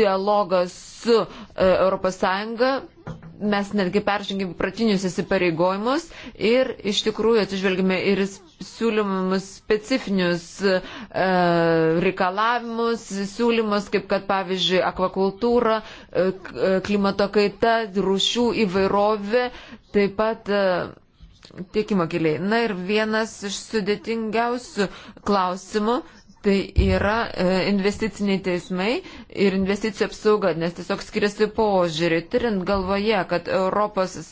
Speaker 1: dialogą su ES, mes netgi peržengėme pratinius įsipareigojimus ir iš tikrųjų atsižvelgime ir siūlymus specifinius e, reikalavimus, siūlymus, kaip kad pavyzdžiui akvakultūra, e, e, klimato kaita, rūšių įvairovė, taip pat. E, Tiekimo keliai. Na ir vienas iš sudėtingiausių klausimų tai yra e, investiciniai teismai ir investicijų apsauga, nes tiesiog skiriasi požiūrį. Turint galvoje, kad ES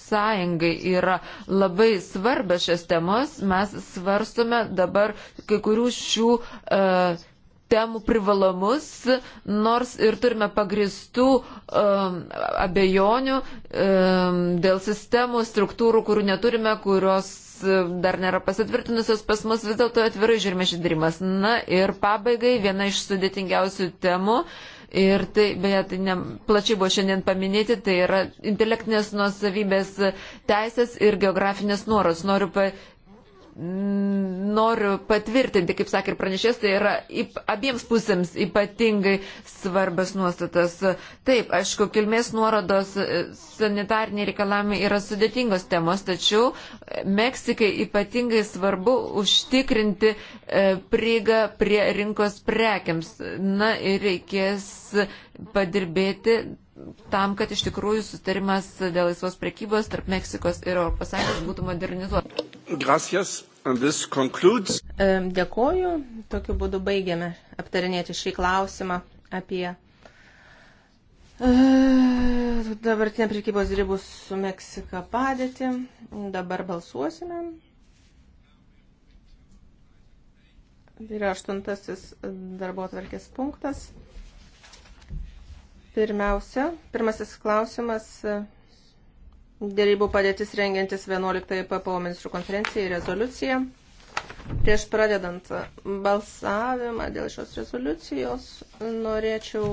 Speaker 1: yra labai svarbios šios temos, mes svarstome dabar kai kurių šių. Uh, temų privalumus, nors ir turime pagristų um, abejonių um, dėl sistemų, struktūrų, kurių neturime, kurios dar nėra pasitvirtinusios, pas mus vis dėlto atvirai žiūrime šį darimas. Na ir pabaigai viena iš sudėtingiausių temų. Ir tai, beje, tai ne, plačiai buvo šiandien paminėti, tai yra intelektinės nuosavybės teisės ir geografinės nuoros. Noriu pa, noriu patvirtinti, kaip sakė ir pranešės, tai yra abiems pusėms ypatingai svarbios nuostatas. Taip, aišku, kilmės nuorodos e, sanitariniai reikalavimai yra sudėtingos temos, tačiau Meksikai ypatingai svarbu užtikrinti e, prieigą prie rinkos prekiams. Na ir reikės padirbėti tam, kad iš tikrųjų sutarimas dėl
Speaker 2: laisvos prekybos tarp Meksikos ir ES būtų modernizuotas.
Speaker 1: Gracias. Concludes...
Speaker 2: E, dėkoju. Tokiu būdu baigiame aptarinėti šį klausimą apie e, dabartinę prekybos ribų su Meksika padėtį. Dabar balsuosime. Tai yra aštuntasis darbo atvarkės punktas. Pirmiausia, pirmasis klausimas e, Dėrybų padėtis rengiantis 11 PPO ministrų konferencijai rezoliuciją. Prieš pradedant e, balsavimą dėl šios rezoliucijos norėčiau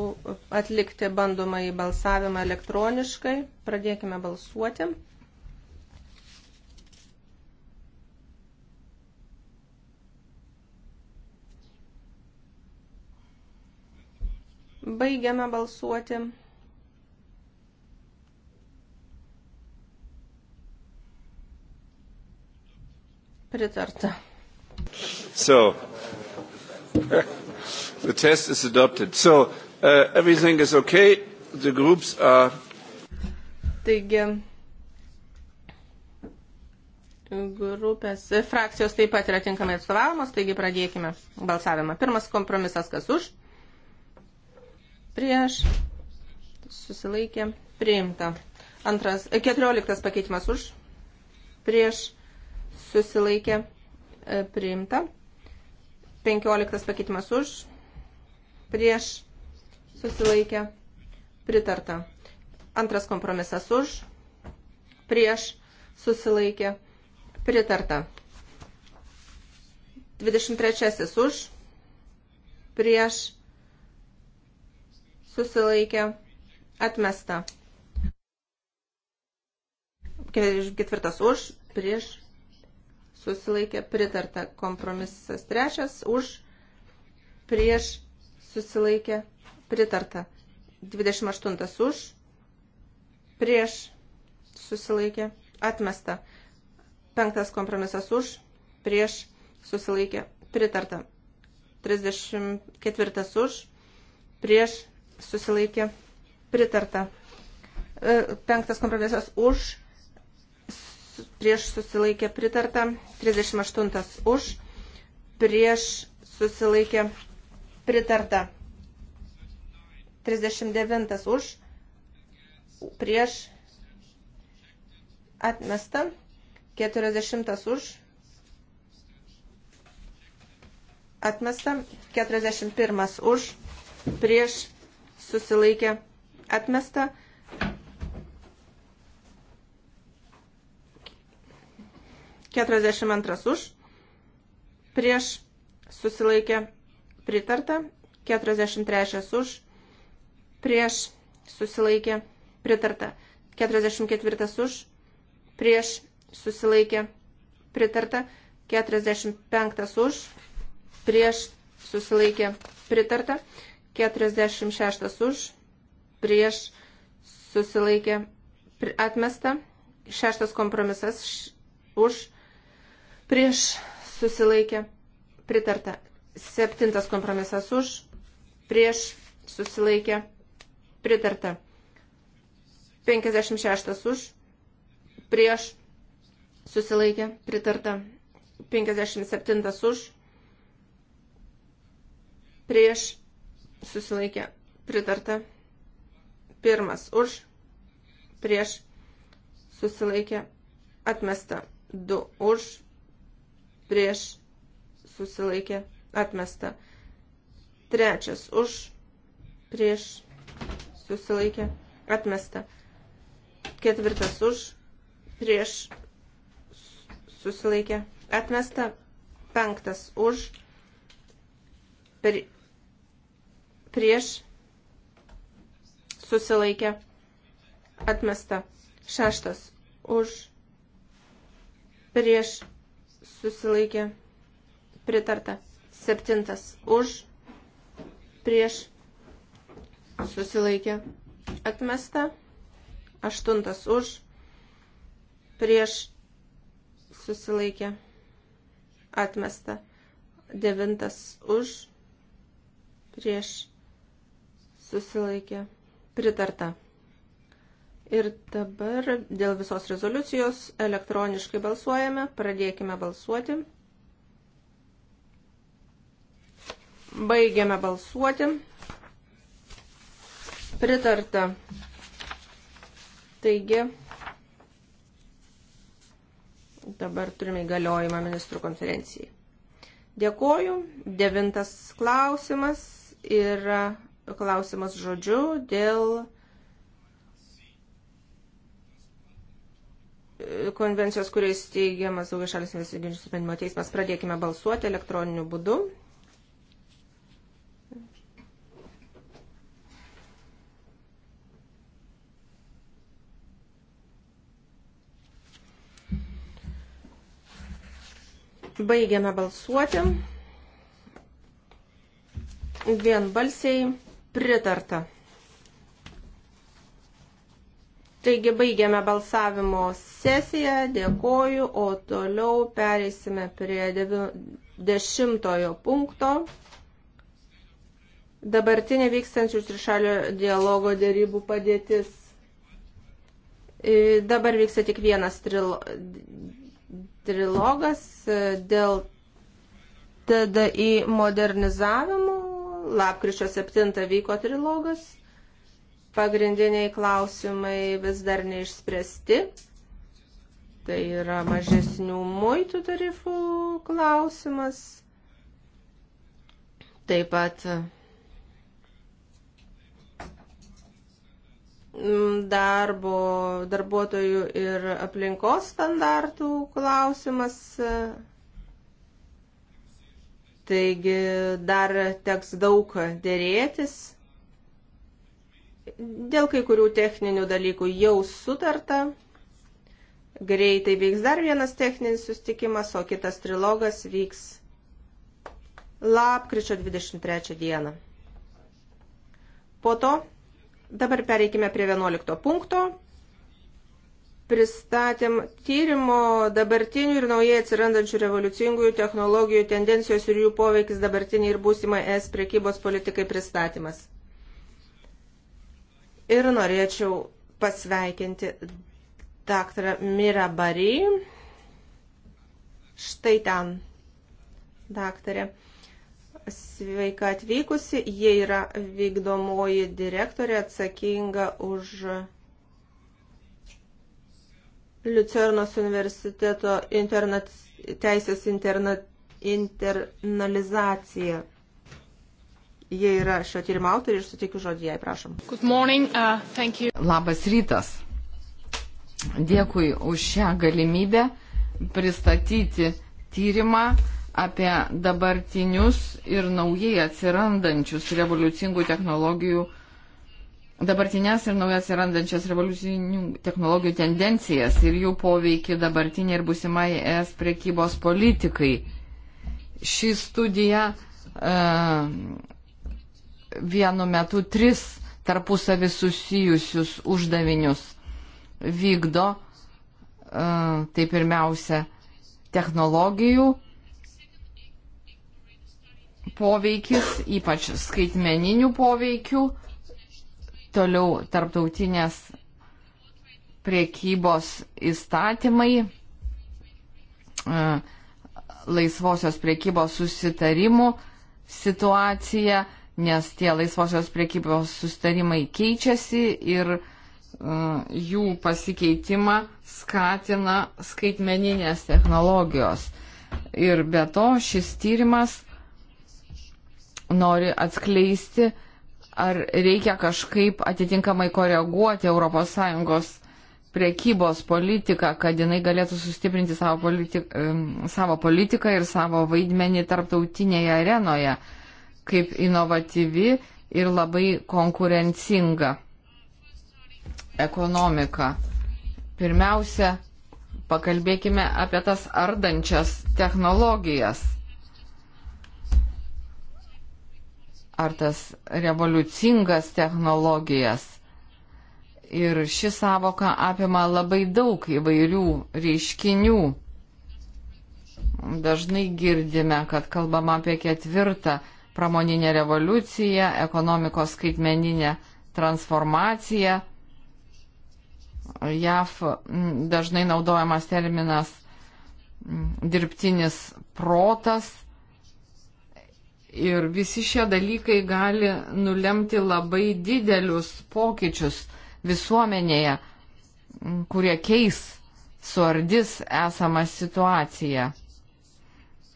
Speaker 2: atlikti bandomąjį balsavimą elektroniškai. Pradėkime balsuoti. Baigiame balsuoti. Pritarta. So, <laughs> the test is adopted. So, uh, everything is okay. The groups are. Taigi, grupės, e, frakcijos taip pat yra tinkamai atstovavamos, taigi pradėkime balsavimą. Pirmas kompromisas, kas už? prieš, susilaikė, priimta. Antras, e, keturioliktas pakeitimas už, prieš, susilaikė, e, priimta. Penkioliktas pakeitimas už, prieš, susilaikė, pritarta. Antras kompromisas už, prieš, susilaikė, pritarta. 23 už, prieš, susilaikė, atmesta. Ketvirtas už, prieš, susilaikė, pritarta. Kompromisas trečias, už, prieš, susilaikė, pritarta. 28 už, prieš, susilaikė, atmesta. Penktas kompromisas už, prieš, susilaikė, pritarta. 34 už, prieš, susilaikė pritarta. E, penktas kompromisas už, prieš susilaikė pritarta, 38 už, prieš susilaikė pritarta, 39 už, prieš atmesta, 40 už, atmesta, 41 už, prieš susilaikė atmesta. Keturiasdešimt antras už, prieš susilaikė pritarta, keturiasdešimt trečias už, prieš susilaikė pritarta, keturiasdešimt ketvirtas už, prieš susilaikė pritarta, keturiasdešimt penktas už, prieš susilaikė pritarta, 46 už, prieš susilaikė atmesta, 6 kompromisas už, prieš susilaikė pritarta, 7 kompromisas už, prieš susilaikė pritarta, 56 už, prieš susilaikė pritarta, 57 už, prieš susilaikė pritarta. Pirmas už, prieš susilaikė atmesta. Du už, prieš susilaikė atmesta. Trečias už, prieš susilaikė atmesta. Ketvirtas už, prieš susilaikė atmesta. Penktas už, prieš prieš susilaikė atmesta. Šeštas už prieš susilaikė pritarta. Septintas už prieš susilaikė atmesta. Aštuntas už prieš susilaikė atmesta. Devintas už prieš susilaikė, pritarta. Ir dabar dėl visos rezoliucijos elektroniškai balsuojame, pradėkime balsuoti. Baigiame balsuoti. Pritarta. Taigi, dabar turime įgaliojimą ministrų konferencijai. Dėkoju. Devintas klausimas yra klausimas žodžiu dėl e, konvencijos, kuriais teigiamas daugia šalis investicijų ginčių sprendimo teismas. Pradėkime balsuoti elektroniniu būdu. Baigiame balsuoti. Vien balsiai. Pritarta. Taigi baigiame balsavimo sesiją, dėkoju, o toliau pereisime prie dešimtojo punkto. Dabartinė vykstančių trišalio dialogo dėrybų padėtis. E, dabar vyksta tik vienas trilo, trilogas e, dėl TDI modernizavimo. Lapkričio 7 vyko trilogas, pagrindiniai klausimai vis dar neišspręsti. Tai yra mažesnių muitų tarifų klausimas. Taip pat mm, darbo, darbuotojų ir aplinkos standartų klausimas Taigi dar teks daug dėrėtis. Dėl kai kurių techninių dalykų jau sutarta. Greitai vyks dar vienas techninis sustikimas, o kitas trilogas vyks lapkričio 23 dieną. Po to dabar pereikime prie 11 punkto pristatėm tyrimo dabartinių ir naujai atsirandančių revoliucingųjų technologijų tendencijos ir jų poveikis dabartiniai ir būsimai es priekybos politikai pristatymas. Ir norėčiau pasveikinti daktarą Mira Bary. Štai ten, daktarė. Sveika atvykusi, jie yra vykdomoji direktorė atsakinga už Liucernos universiteto internet, teisės internet, internalizacija. Jie yra šio tyrimo autoriai ir sutikiu žodį jai, prašom.
Speaker 3: Good morning, uh, thank you. Labas rytas. Dėkui už šią galimybę pristatyti tyrimą apie dabartinius ir naujai atsirandančius revoliucingų technologijų uh, dabartinės ir naujas atsirandančias revoliucinių technologijų tendencijas ir jų poveikį dabartiniai ir busimai ES priekybos politikai. Ši studija uh, vienu metu tris tarpusavį susijusius uždavinius vykdo. Uh, tai pirmiausia, technologijų poveikis, ypač skaitmeninių poveikių Toliau tarptautinės priekybos įstatymai, e, laisvosios priekybos susitarimų situacija, nes tie laisvosios priekybos susitarimai keičiasi ir e, jų pasikeitimą skatina skaitmeninės technologijos. Ir be to šis tyrimas nori atskleisti, ar reikia kažkaip atitinkamai koreguoti ES priekybos politiką, kad jinai galėtų sustiprinti savo, politi savo politiką ir savo vaidmenį tarptautinėje arenoje kaip inovatyvi ir labai konkurencinga ekonomika. Pirmiausia, pakalbėkime apie tas ardančias technologijas. ar tas revoliucingas technologijas. Ir ši savoka apima labai daug įvairių reiškinių. Dažnai girdime, kad kalbama apie ketvirtą pramoninę revoliuciją, ekonomikos skaitmeninę transformaciją. JAF dažnai naudojamas terminas dirbtinis protas Ir visi šie dalykai gali nulemti labai didelius pokyčius visuomenėje, kurie keis, suardys esamą situaciją.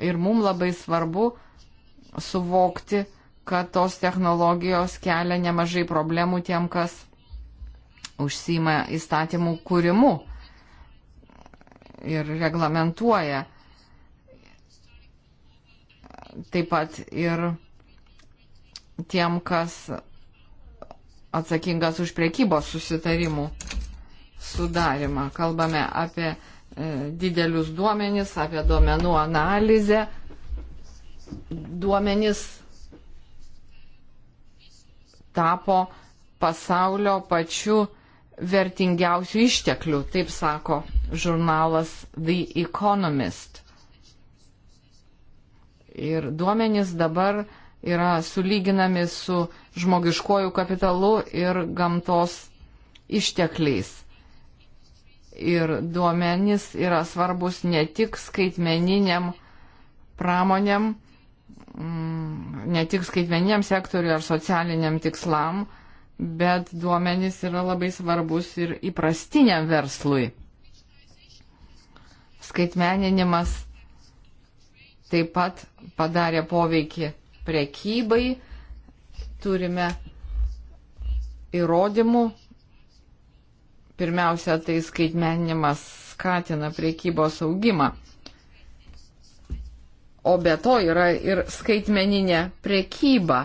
Speaker 3: Ir mums labai svarbu suvokti, kad tos technologijos kelia nemažai problemų tiem, kas užsima įstatymų kūrimu ir reglamentuoja taip pat ir tiem, kas atsakingas už priekybos susitarimų sudarimą. Kalbame apie e, didelius duomenis, apie duomenų analizę. Duomenis tapo pasaulio pačiu vertingiausių išteklių, taip sako žurnalas The Economist. Ir duomenys dabar yra sulyginami su žmogiškojų kapitalu ir gamtos ištekliais. Ir duomenys yra svarbus ne tik skaitmeniniam pramonėm, mm, ne tik skaitmeniniam sektoriui ar socialiniam tikslam, bet duomenys yra labai svarbus ir įprastiniam verslui. Skaitmeninimas taip pat padarė poveikį prekybai. Turime įrodymų. Pirmiausia, tai skaitmeninimas skatina priekybos augimą. O be to yra ir skaitmeninė priekyba.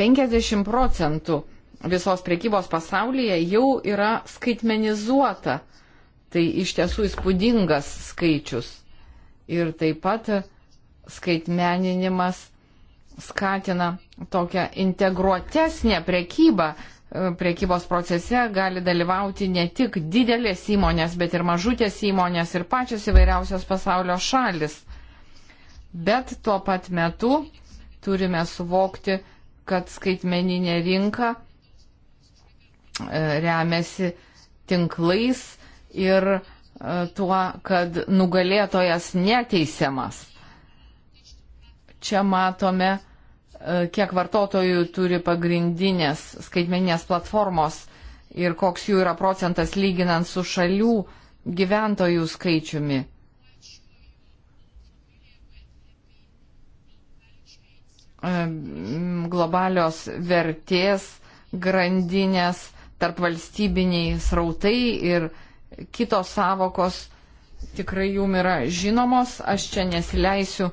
Speaker 3: 50 procentų visos priekybos pasaulyje jau yra skaitmenizuota. Tai iš tiesų įspūdingas skaičius ir taip pat skaitmeninimas skatina tokią integruotesnę prekybą. Prekybos procese gali dalyvauti ne tik didelės įmonės, bet ir mažutės įmonės ir pačios įvairiausios pasaulio šalis. Bet tuo pat metu turime suvokti, kad skaitmeninė rinka e, remiasi tinklais ir tuo, kad nugalėtojas neteisiamas. Čia matome, e, kiek vartotojų turi pagrindinės skaitmeninės platformos ir koks jų yra procentas lyginant su šalių gyventojų skaičiumi. E, globalios vertės grandinės, tarp valstybiniai srautai ir uh, kitos savokos tikrai jum yra žinomos. Aš čia nesileisiu e,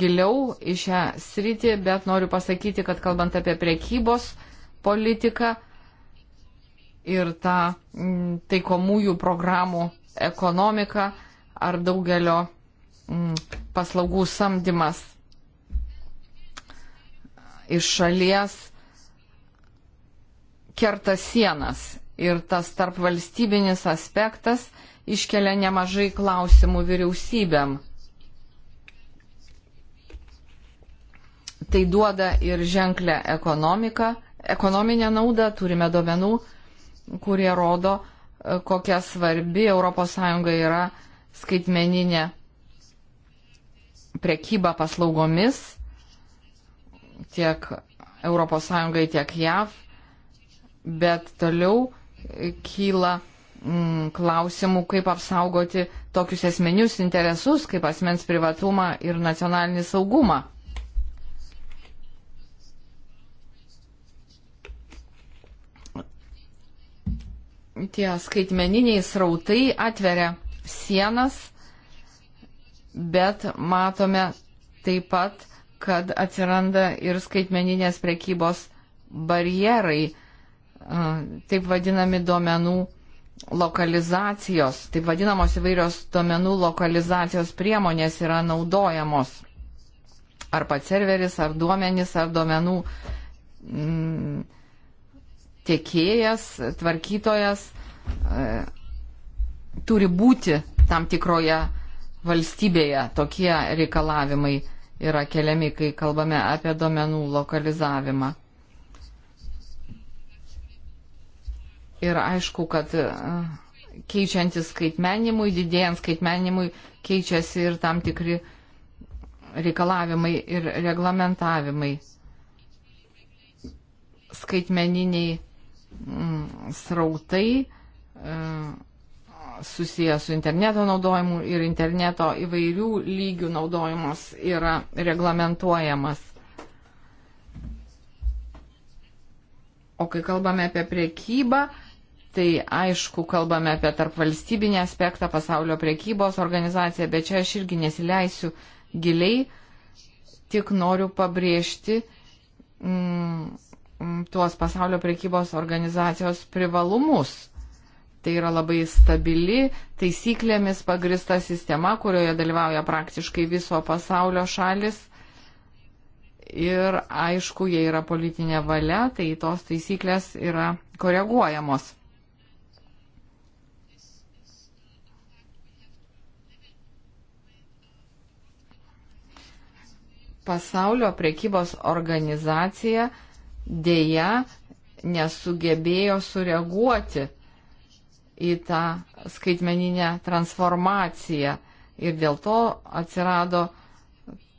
Speaker 3: giliau į šią sritį, bet noriu pasakyti, kad kalbant apie priekybos politiką ir tą taikomųjų programų ekonomiką ar daugelio paslaugų samdymas iš šalies kerta sienas ir tas tarp valstybinis aspektas iškelia nemažai klausimų vyriausybėm. Tai duoda ir ženklę ekonomiką, ekonominę naudą, turime duomenų, kurie rodo, e, kokia svarbi ES yra skaitmeninė prekyba paslaugomis tiek ES, tiek JAV, bet toliau kyla mm, klausimų, kaip apsaugoti tokius esmenius interesus, kaip asmens privatumą ir nacionalinį saugumą. Tie skaitmeniniai srautai atveria sienas, bet matome taip pat, kad atsiranda ir skaitmeninės prekybos barjerai taip vadinami duomenų lokalizacijos, taip vadinamos įvairios duomenų lokalizacijos priemonės yra naudojamos. Ar pats serveris, ar duomenys, ar duomenų m, mm, tiekėjas, tvarkytojas e, turi būti tam tikroje valstybėje. Tokie reikalavimai yra keliami, kai kalbame apie duomenų lokalizavimą. Ir aišku, kad e, keičiantis skaitmenimui, didėjant skaitmenimui, keičiasi ir tam tikri reikalavimai ir reglamentavimai. Skaitmeniniai mm, srautai mm, susiję su interneto naudojimu ir interneto įvairių lygių naudojimas yra reglamentuojamas. O kai kalbame apie priekybą, Tai aišku, kalbame apie tarp valstybinį aspektą, pasaulio priekybos organizaciją, bet čia aš irgi nesileisiu giliai, tik noriu pabrėžti mm, mm, tuos pasaulio priekybos organizacijos privalumus. Tai yra labai stabili, taisyklėmis pagrista sistema, kurioje dalyvauja praktiškai viso pasaulio šalis. Ir aišku, jei yra politinė valia, tai tos taisyklės yra koreguojamos. Pasaulio prekybos organizacija dėja nesugebėjo sureaguoti į tą skaitmeninę transformaciją ir dėl to atsirado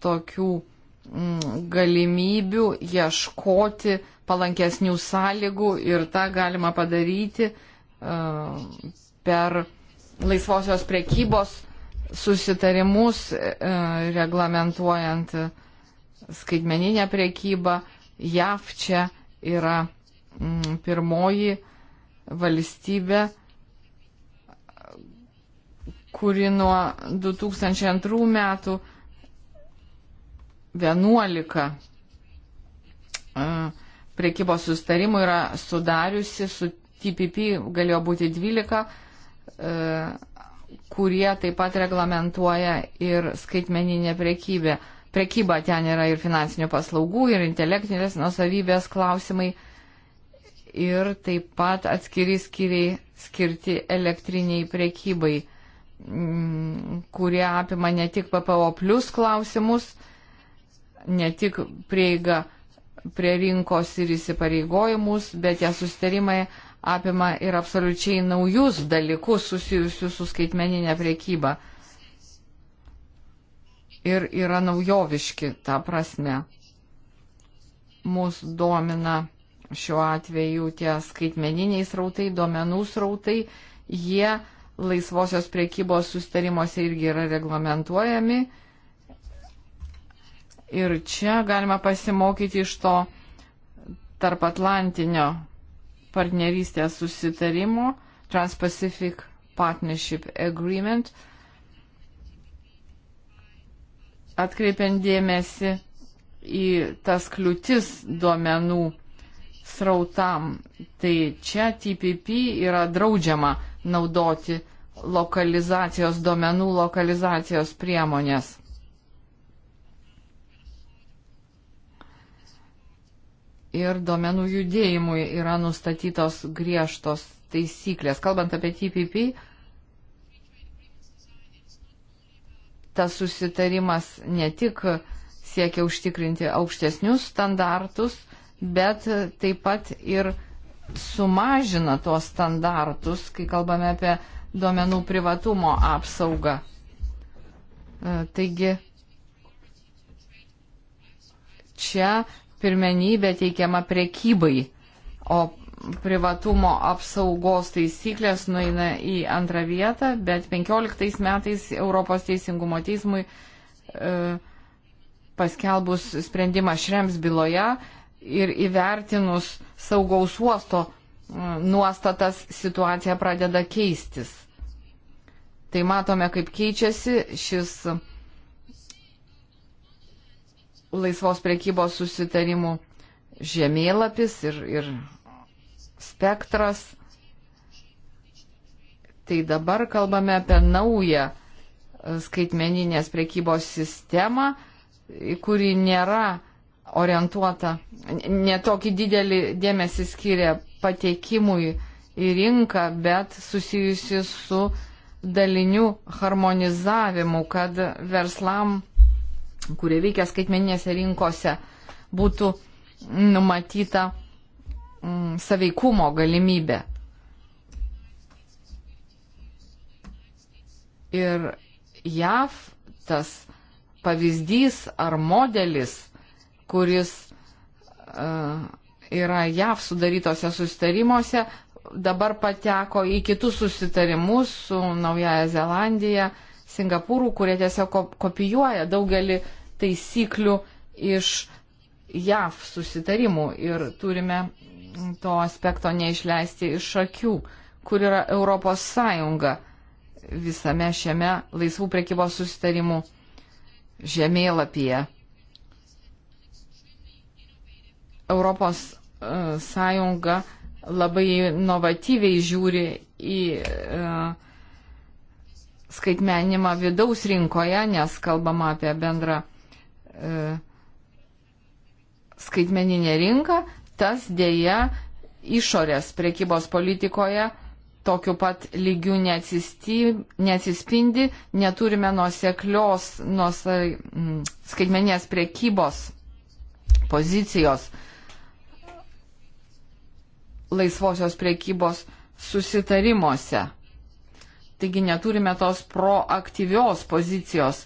Speaker 3: tokių mm, galimybių ieškoti palankesnių sąlygų ir tą galima padaryti uh, per laisvosios prekybos susitarimus uh, reglamentuojant uh, skaitmeninė priekyba. JAV čia yra mm, pirmoji valstybė, kuri nuo 2002 metų 11 e, priekybos sustarimų yra sudariusi, su TPP galėjo būti 12, e, kurie taip pat reglamentuoja ir skaitmeninę priekybę prekyba ten yra ir finansinių paslaugų, ir intelektinės nusavybės klausimai, ir taip pat atskiri skiriai skirti elektriniai prekybai, mm, kurie apima ne tik PPO plus klausimus, ne tik prieiga prie rinkos ir įsipareigojimus, bet tie sustarimai apima ir absoliučiai naujus dalykus susijusius su skaitmeninė priekyba ir yra naujoviški tą prasme. Mūsų domina šiuo atveju tie skaitmeniniai srautai, duomenų srautai, jie laisvosios priekybos sustarimuose irgi yra reglamentuojami. Ir čia galima pasimokyti iš to tarp Atlantinio partnerystės susitarimo, Trans-Pacific Partnership Agreement, atkreipiant dėmesį į tas kliūtis duomenų srautam. Tai čia TPP yra draudžiama naudoti lokalizacijos duomenų lokalizacijos priemonės. Ir duomenų judėjimui yra nustatytos griežtos taisyklės. Kalbant apie TPP, tas susitarimas ne tik siekia užtikrinti aukštesnius standartus, bet taip pat ir sumažina tos standartus, kai kalbame apie duomenų privatumo apsaugą. E, taigi čia pirmenybė teikiama prekybai, o privatumo apsaugos taisyklės nueina į antrą vietą, bet 15 metais Europos teisingumo teismui e, paskelbus sprendimą Šrems byloje ir įvertinus saugaus uosto e, nuostatas situacija pradeda keistis. Tai matome, kaip keičiasi šis laisvos priekybos susitarimų žemėlapis ir, ir spektras. Tai dabar kalbame apie naują skaitmeninės prekybos sistemą, kuri nėra orientuota, netokį didelį dėmesį skiria patekimui į rinką, bet susijusi su daliniu harmonizavimu, kad verslam, kurie veikia skaitmeninėse rinkose, būtų numatyta mm, saveikumo galimybė. Ir JAV tas pavyzdys ar modelis, kuris uh, yra JAV sudarytose sustarimuose, dabar pateko į kitus susitarimus su Naujaja Zelandija, Singapūrų, kurie tiesiog kopijuoja daugelį taisyklių iš JAV susitarimų ir turime to aspekto neišleisti iš akių, kur yra Europos Sąjunga visame šiame laisvų prekybos susitarimų žemėlapyje. Europos e, Sąjunga labai inovatyviai žiūri į e, skaitmenimą vidaus rinkoje, nes kalbama apie bendrą e, skaitmeninę rinką, tas dėja išorės priekybos politikoje tokiu pat lygiu neatsispindi, neturime nuoseklios nuosai, mm, skaitmenės priekybos pozicijos laisvosios priekybos susitarimuose. Taigi neturime tos proaktyvios pozicijos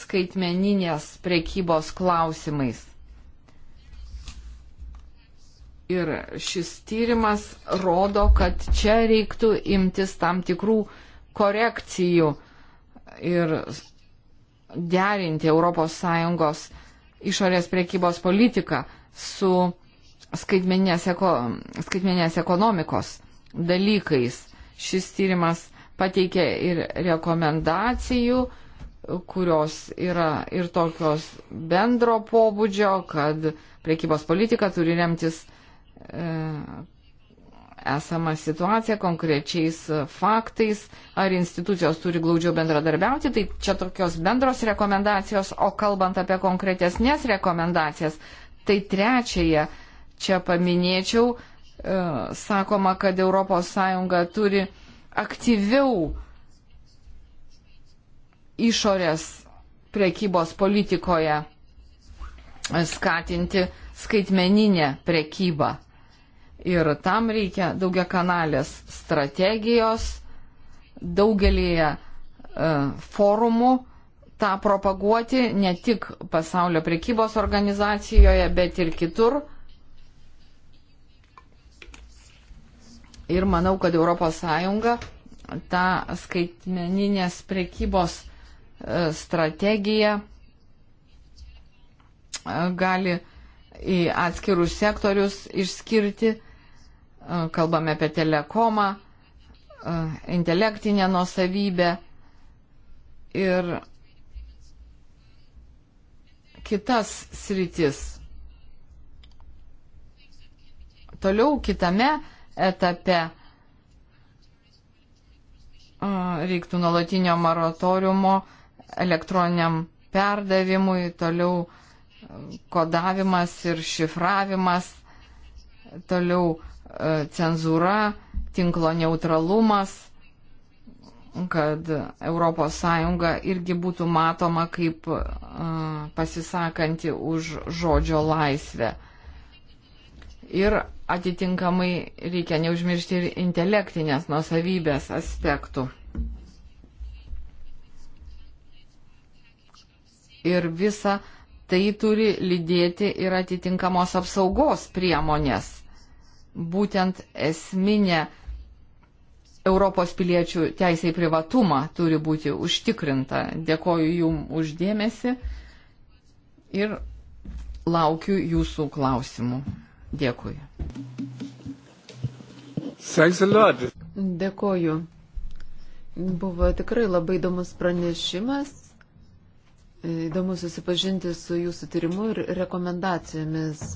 Speaker 3: skaitmeninės priekybos klausimais. Ir šis tyrimas rodo, kad čia reiktų imtis tam tikrų korekcijų ir derinti ES išorės priekybos politiką su skaitmeninės, eko, skaitmeninės ekonomikos dalykais. Šis tyrimas pateikė ir rekomendacijų, kurios yra ir tokios bendro pobūdžio, kad priekybos politika turi remtis esamą situaciją, konkrečiais faktais, ar institucijos turi glaudžiau bendradarbiauti, tai čia tokios bendros rekomendacijos, o kalbant apie konkretesnės rekomendacijas, tai trečiaje čia paminėčiau, e, sakoma, kad ES turi aktyviau išorės prekybos politikoje skatinti skaitmeninę prekybą. Ir tam reikia daugia kanalės strategijos. Daugelėje e, forumų tą propaguoti ne tik pasaulio prekybos organizacijoje, bet ir kitur. Ir manau, kad ES tą skaitmeninės prekybos e, strategiją e, gali į atskirus sektorius išskirti kalbame apie telekomą, e, intelektinę nuosavybę ir kitas sritis. Toliau kitame etape e, reiktų nuolatinio moratoriumo elektroniniam perdavimui, toliau e, kodavimas ir šifravimas, toliau E, cenzūra, tinklo neutralumas, kad ES irgi būtų matoma kaip e, pasisakanti už žodžio laisvę. Ir atitinkamai reikia neužmiršti ir intelektinės nusavybės aspektų. Ir visa tai turi lydėti ir atitinkamos apsaugos priemonės būtent esminė Europos piliečių teisė į privatumą turi būti užtikrinta. Dėkoju Jum uždėmesi ir laukiu Jūsų klausimų. Dėkui.
Speaker 1: Dėkoju. Buvo tikrai labai įdomus pranešimas. Įdomu susipažinti su jūsų tyrimu ir rekomendacijomis.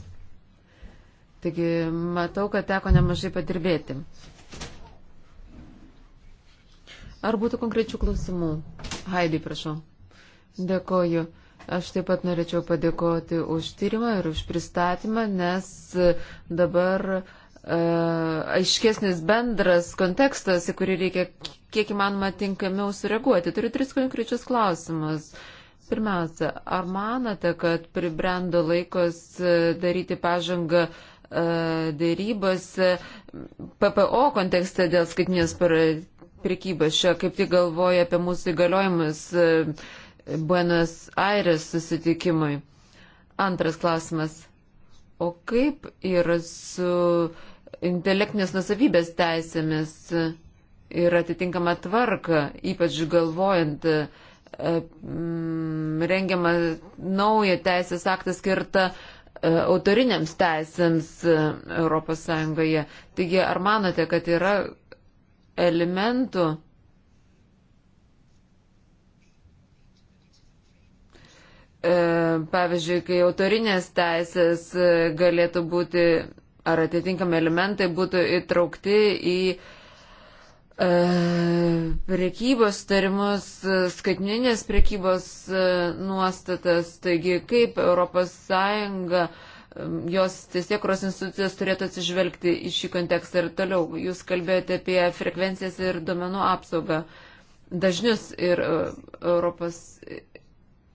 Speaker 1: Taigi matau, kad teko nemažai padirbėti. Ar būtų konkrečių klausimų? Haidai, prašau. Dėkoju. Aš taip pat norėčiau padėkoti už tyrimą ir už pristatymą, nes dabar e, aiškesnis bendras kontekstas, į kurį reikia kiek įmanoma tinkamiau sureaguoti. Turiu tris konkrečius klausimus. Pirmiausia, ar manote, kad pribrendo laikas e, daryti pažangą E, dėrybas e, PPO kontekste dėl skaitinės prekybos. Šia kaip tik galvoja apie mūsų įgaliojimus e, Buenos Aires susitikimui. Antras klausimas. O kaip yra su intelektinės nusavybės teisėmis ir atitinkama tvarka, ypač galvojant rengiamą naują teisės aktą skirtą uh, E, autoriniams teisėms ES. Taigi, ar manote, kad yra elementų, e, pavyzdžiui, kai autorinės teisės galėtų būti, ar atitinkami elementai būtų įtraukti į E, prekybos tarimus, e, skaitminės prekybos e, nuostatas, taigi kaip ES jos tiesiekros institucijos turėtų atsižvelgti į šį kontekstą ir toliau. Jūs kalbėjote apie frekvencijas ir domenų apsaugą, dažnius ir Europos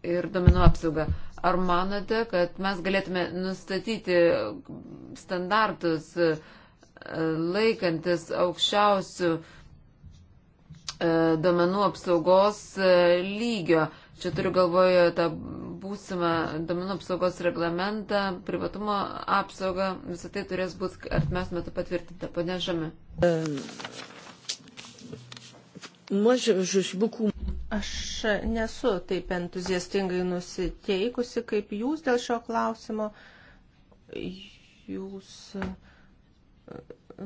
Speaker 1: ir domenų apsaugą. Ar manote, kad mes galėtume nustatyti standartus laikantis aukščiausių uh, E, domenų apsaugos e, lygio. Čia turiu galvoje tą būsimą domenų apsaugos reglamentą, privatumo apsaugą. Visą tai turės būti artimės metu patvirtinta. Pane Žame.
Speaker 2: Aš nesu taip entuziastingai nusiteikusi kaip jūs dėl šio klausimo. Jūs e,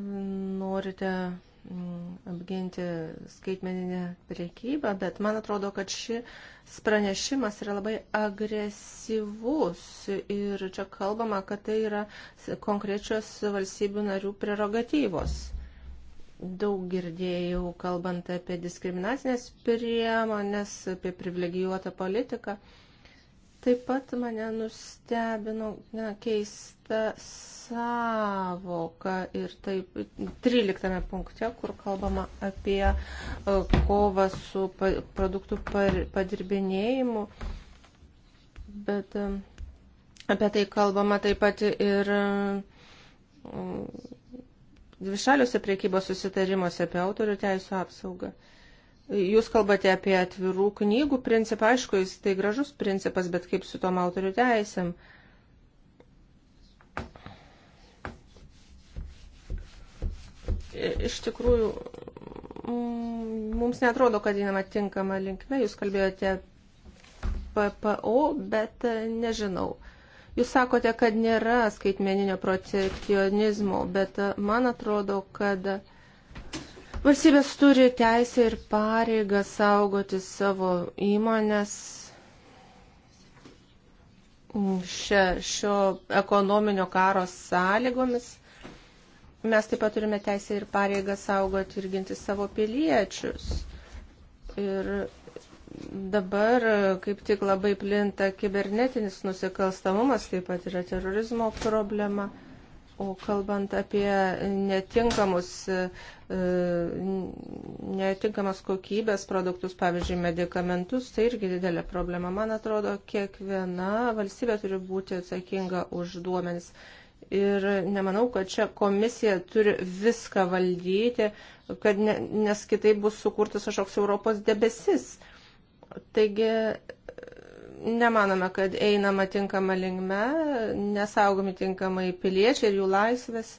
Speaker 2: norite Mm, apginti skaitmeninę priekybą, bet man atrodo, kad šis pranešimas yra labai agresyvus ir čia kalbama, kad tai yra konkrečios valstybių narių prerogatyvos. Daug girdėjau kalbant apie diskriminacinės priemonės, apie privilegijuotą politiką. Taip pat mane nustebino na, keista savoka ir taip 13 punkte, kur kalbama apie e, kovą su produktų padirbinėjimu, bet e, apie tai kalbama taip pat ir e, dvišaliuose priekybos susitarimuose apie autorių teisų apsaugą. Jūs kalbate apie atvirų knygų principą, aišku, jis tai gražus principas, bet kaip su tom autorių teisėm. Iš tikrųjų, mums netrodo, kad einama tinkama linkme. Jūs kalbėjote PPO, bet e, nežinau. Jūs sakote, kad nėra skaitmeninio protekcionizmo, bet e, man atrodo, kad Valstybės turi teisę ir pareigą saugoti savo įmonės šia, šio ekonominio karo sąlygomis. Mes taip pat turime teisę ir pareigą saugoti ir ginti savo piliečius. Ir dabar kaip tik labai plinta kibernetinis nusikalstamumas, taip pat yra terorizmo problema. O kalbant apie netinkamus, e, netinkamas kokybės produktus, pavyzdžiui, medikamentus, tai irgi didelė problema. Man atrodo, kiekviena valstybė turi būti atsakinga už duomenis. Ir nemanau, kad čia komisija turi viską valdyti, kad ne, nes kitaip bus sukurtas kažkoks Europos debesis. Taigi nemanome, kad einama tinkama linkme, nesaugomi tinkamai piliečiai ir jų laisvės.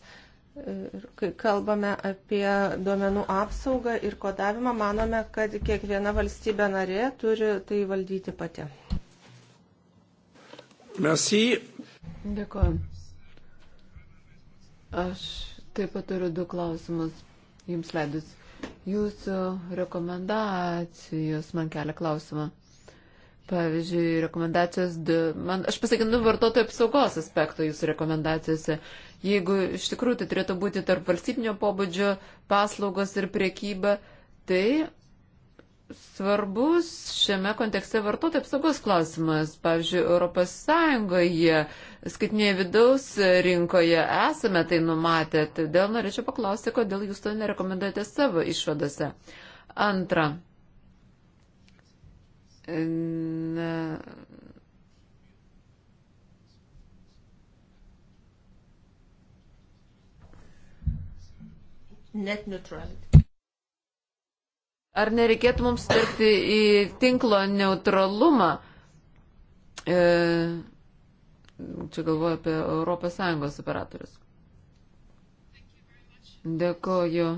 Speaker 2: Ir kai kalbame apie duomenų apsaugą ir kodavimą, manome, kad kiekviena valstybė narė turi tai valdyti pati. Merci. Dėkuoju.
Speaker 1: Aš taip pat turiu du klausimus jums leidus. Jūsų rekomendacijos man kelia klausimą. Pavyzdžiui, rekomendacijos, d... man, aš pasakinu vartotojų apsaugos aspekto jūsų rekomendacijose. Jeigu iš tikrųjų tai turėtų būti tarp valstybinio pobūdžio paslaugos ir priekyba, tai svarbus šiame kontekste vartotojų apsaugos klausimas. Pavyzdžiui, Europos Sąjungoje, skaitinėje vidaus rinkoje esame tai numatę, todėl norėčiau paklausti, kodėl jūs to nerekomenduojate savo išvadose. Antra. Na,
Speaker 2: net neutrality.
Speaker 1: Ar nereikėtų mums tarti į tinklo neutralumą? E, čia galvoju apie ES operatorius. Dėkoju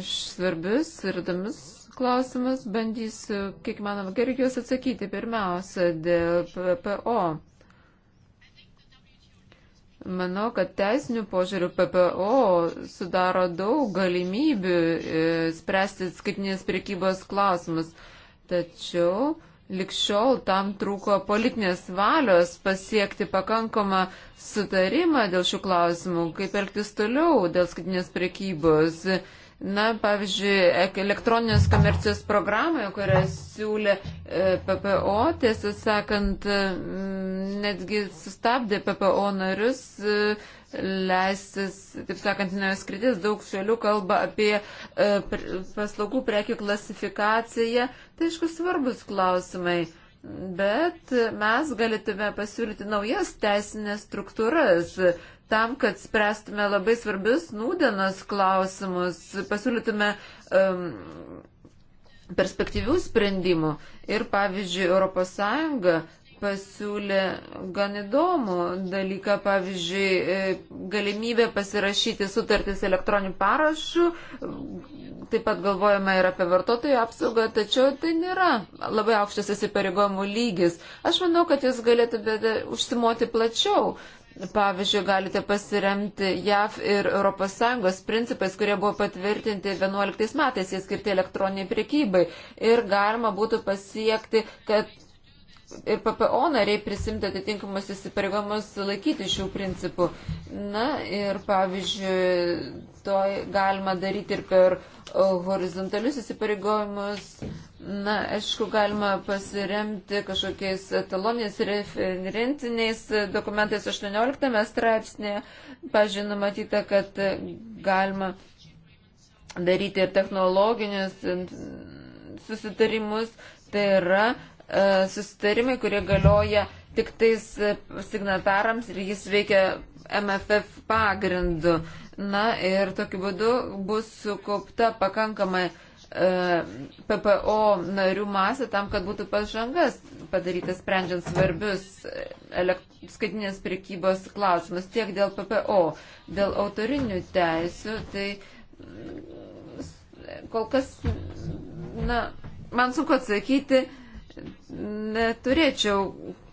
Speaker 1: iš svarbius ir įdomius klausimus, bandysiu, kiek manoma, gerai juos atsakyti. Pirmiausia, dėl PPO. Manau, kad teisinių požiūrių PPO sudaro daug galimybių e, spręsti skaitinės priekybos klausimus, tačiau likščiol tam trūko politinės valios pasiekti pakankamą sutarimą dėl šių klausimų, kaip elgtis toliau dėl skaitinės priekybos. Na, pavyzdžiui, elektroninės komercijos programoje, kurią siūlė e, PPO, tiesą sakant, e, netgi sustabdė PPO narius e, leistis, taip sakant, neskritis. Daug šalių kalba apie paslaugų prekių klasifikaciją. Tai, aišku, svarbus klausimai. Bet mes galėtume pasiūlyti naujas teisinės struktūras tam, kad spręstume labai svarbius nūdienos klausimus, pasiūlytume um, perspektyvių sprendimų. Ir pavyzdžiui, ES pasiūlė gan įdomų dalyką, pavyzdžiui, e, galimybę pasirašyti sutartis elektroniniu parašu, taip pat galvojama ir apie vartotojų apsaugą, tačiau tai nėra labai aukštas įsipareigojimų lygis. Aš manau, kad jūs galėtumėte užsimoti plačiau, Pavyzdžiui, galite pasiremti JAV ir ES principais, kurie buvo patvirtinti 11 metais, jie skirti elektroniniai priekybai. Ir galima būtų pasiekti, kad ir PPO nariai prisimti atitinkamus įsipareigomus laikyti šių principų. Na ir pavyzdžiui, to galima daryti ir per horizontalius įsipareigojimus, na, aišku, galima pasiremti kažkokiais etalonės referentiniais dokumentais 18 straipsnėje. Pažiūrėjau, matyta, kad galima daryti ir technologinius susitarimus, tai yra e, susitarimai, kurie galioja tik tais signatarams ir jis veikia MFF pagrindu. Na ir tokiu būdu bus sukaupta pakankamai e, PPO narių masę tam, kad būtų pažangas padarytas sprendžiant svarbius e, skaitinės prekybos klausimus tiek dėl PPO, dėl autorinių teisių, tai mm, kol kas, na, man sunku atsakyti, neturėčiau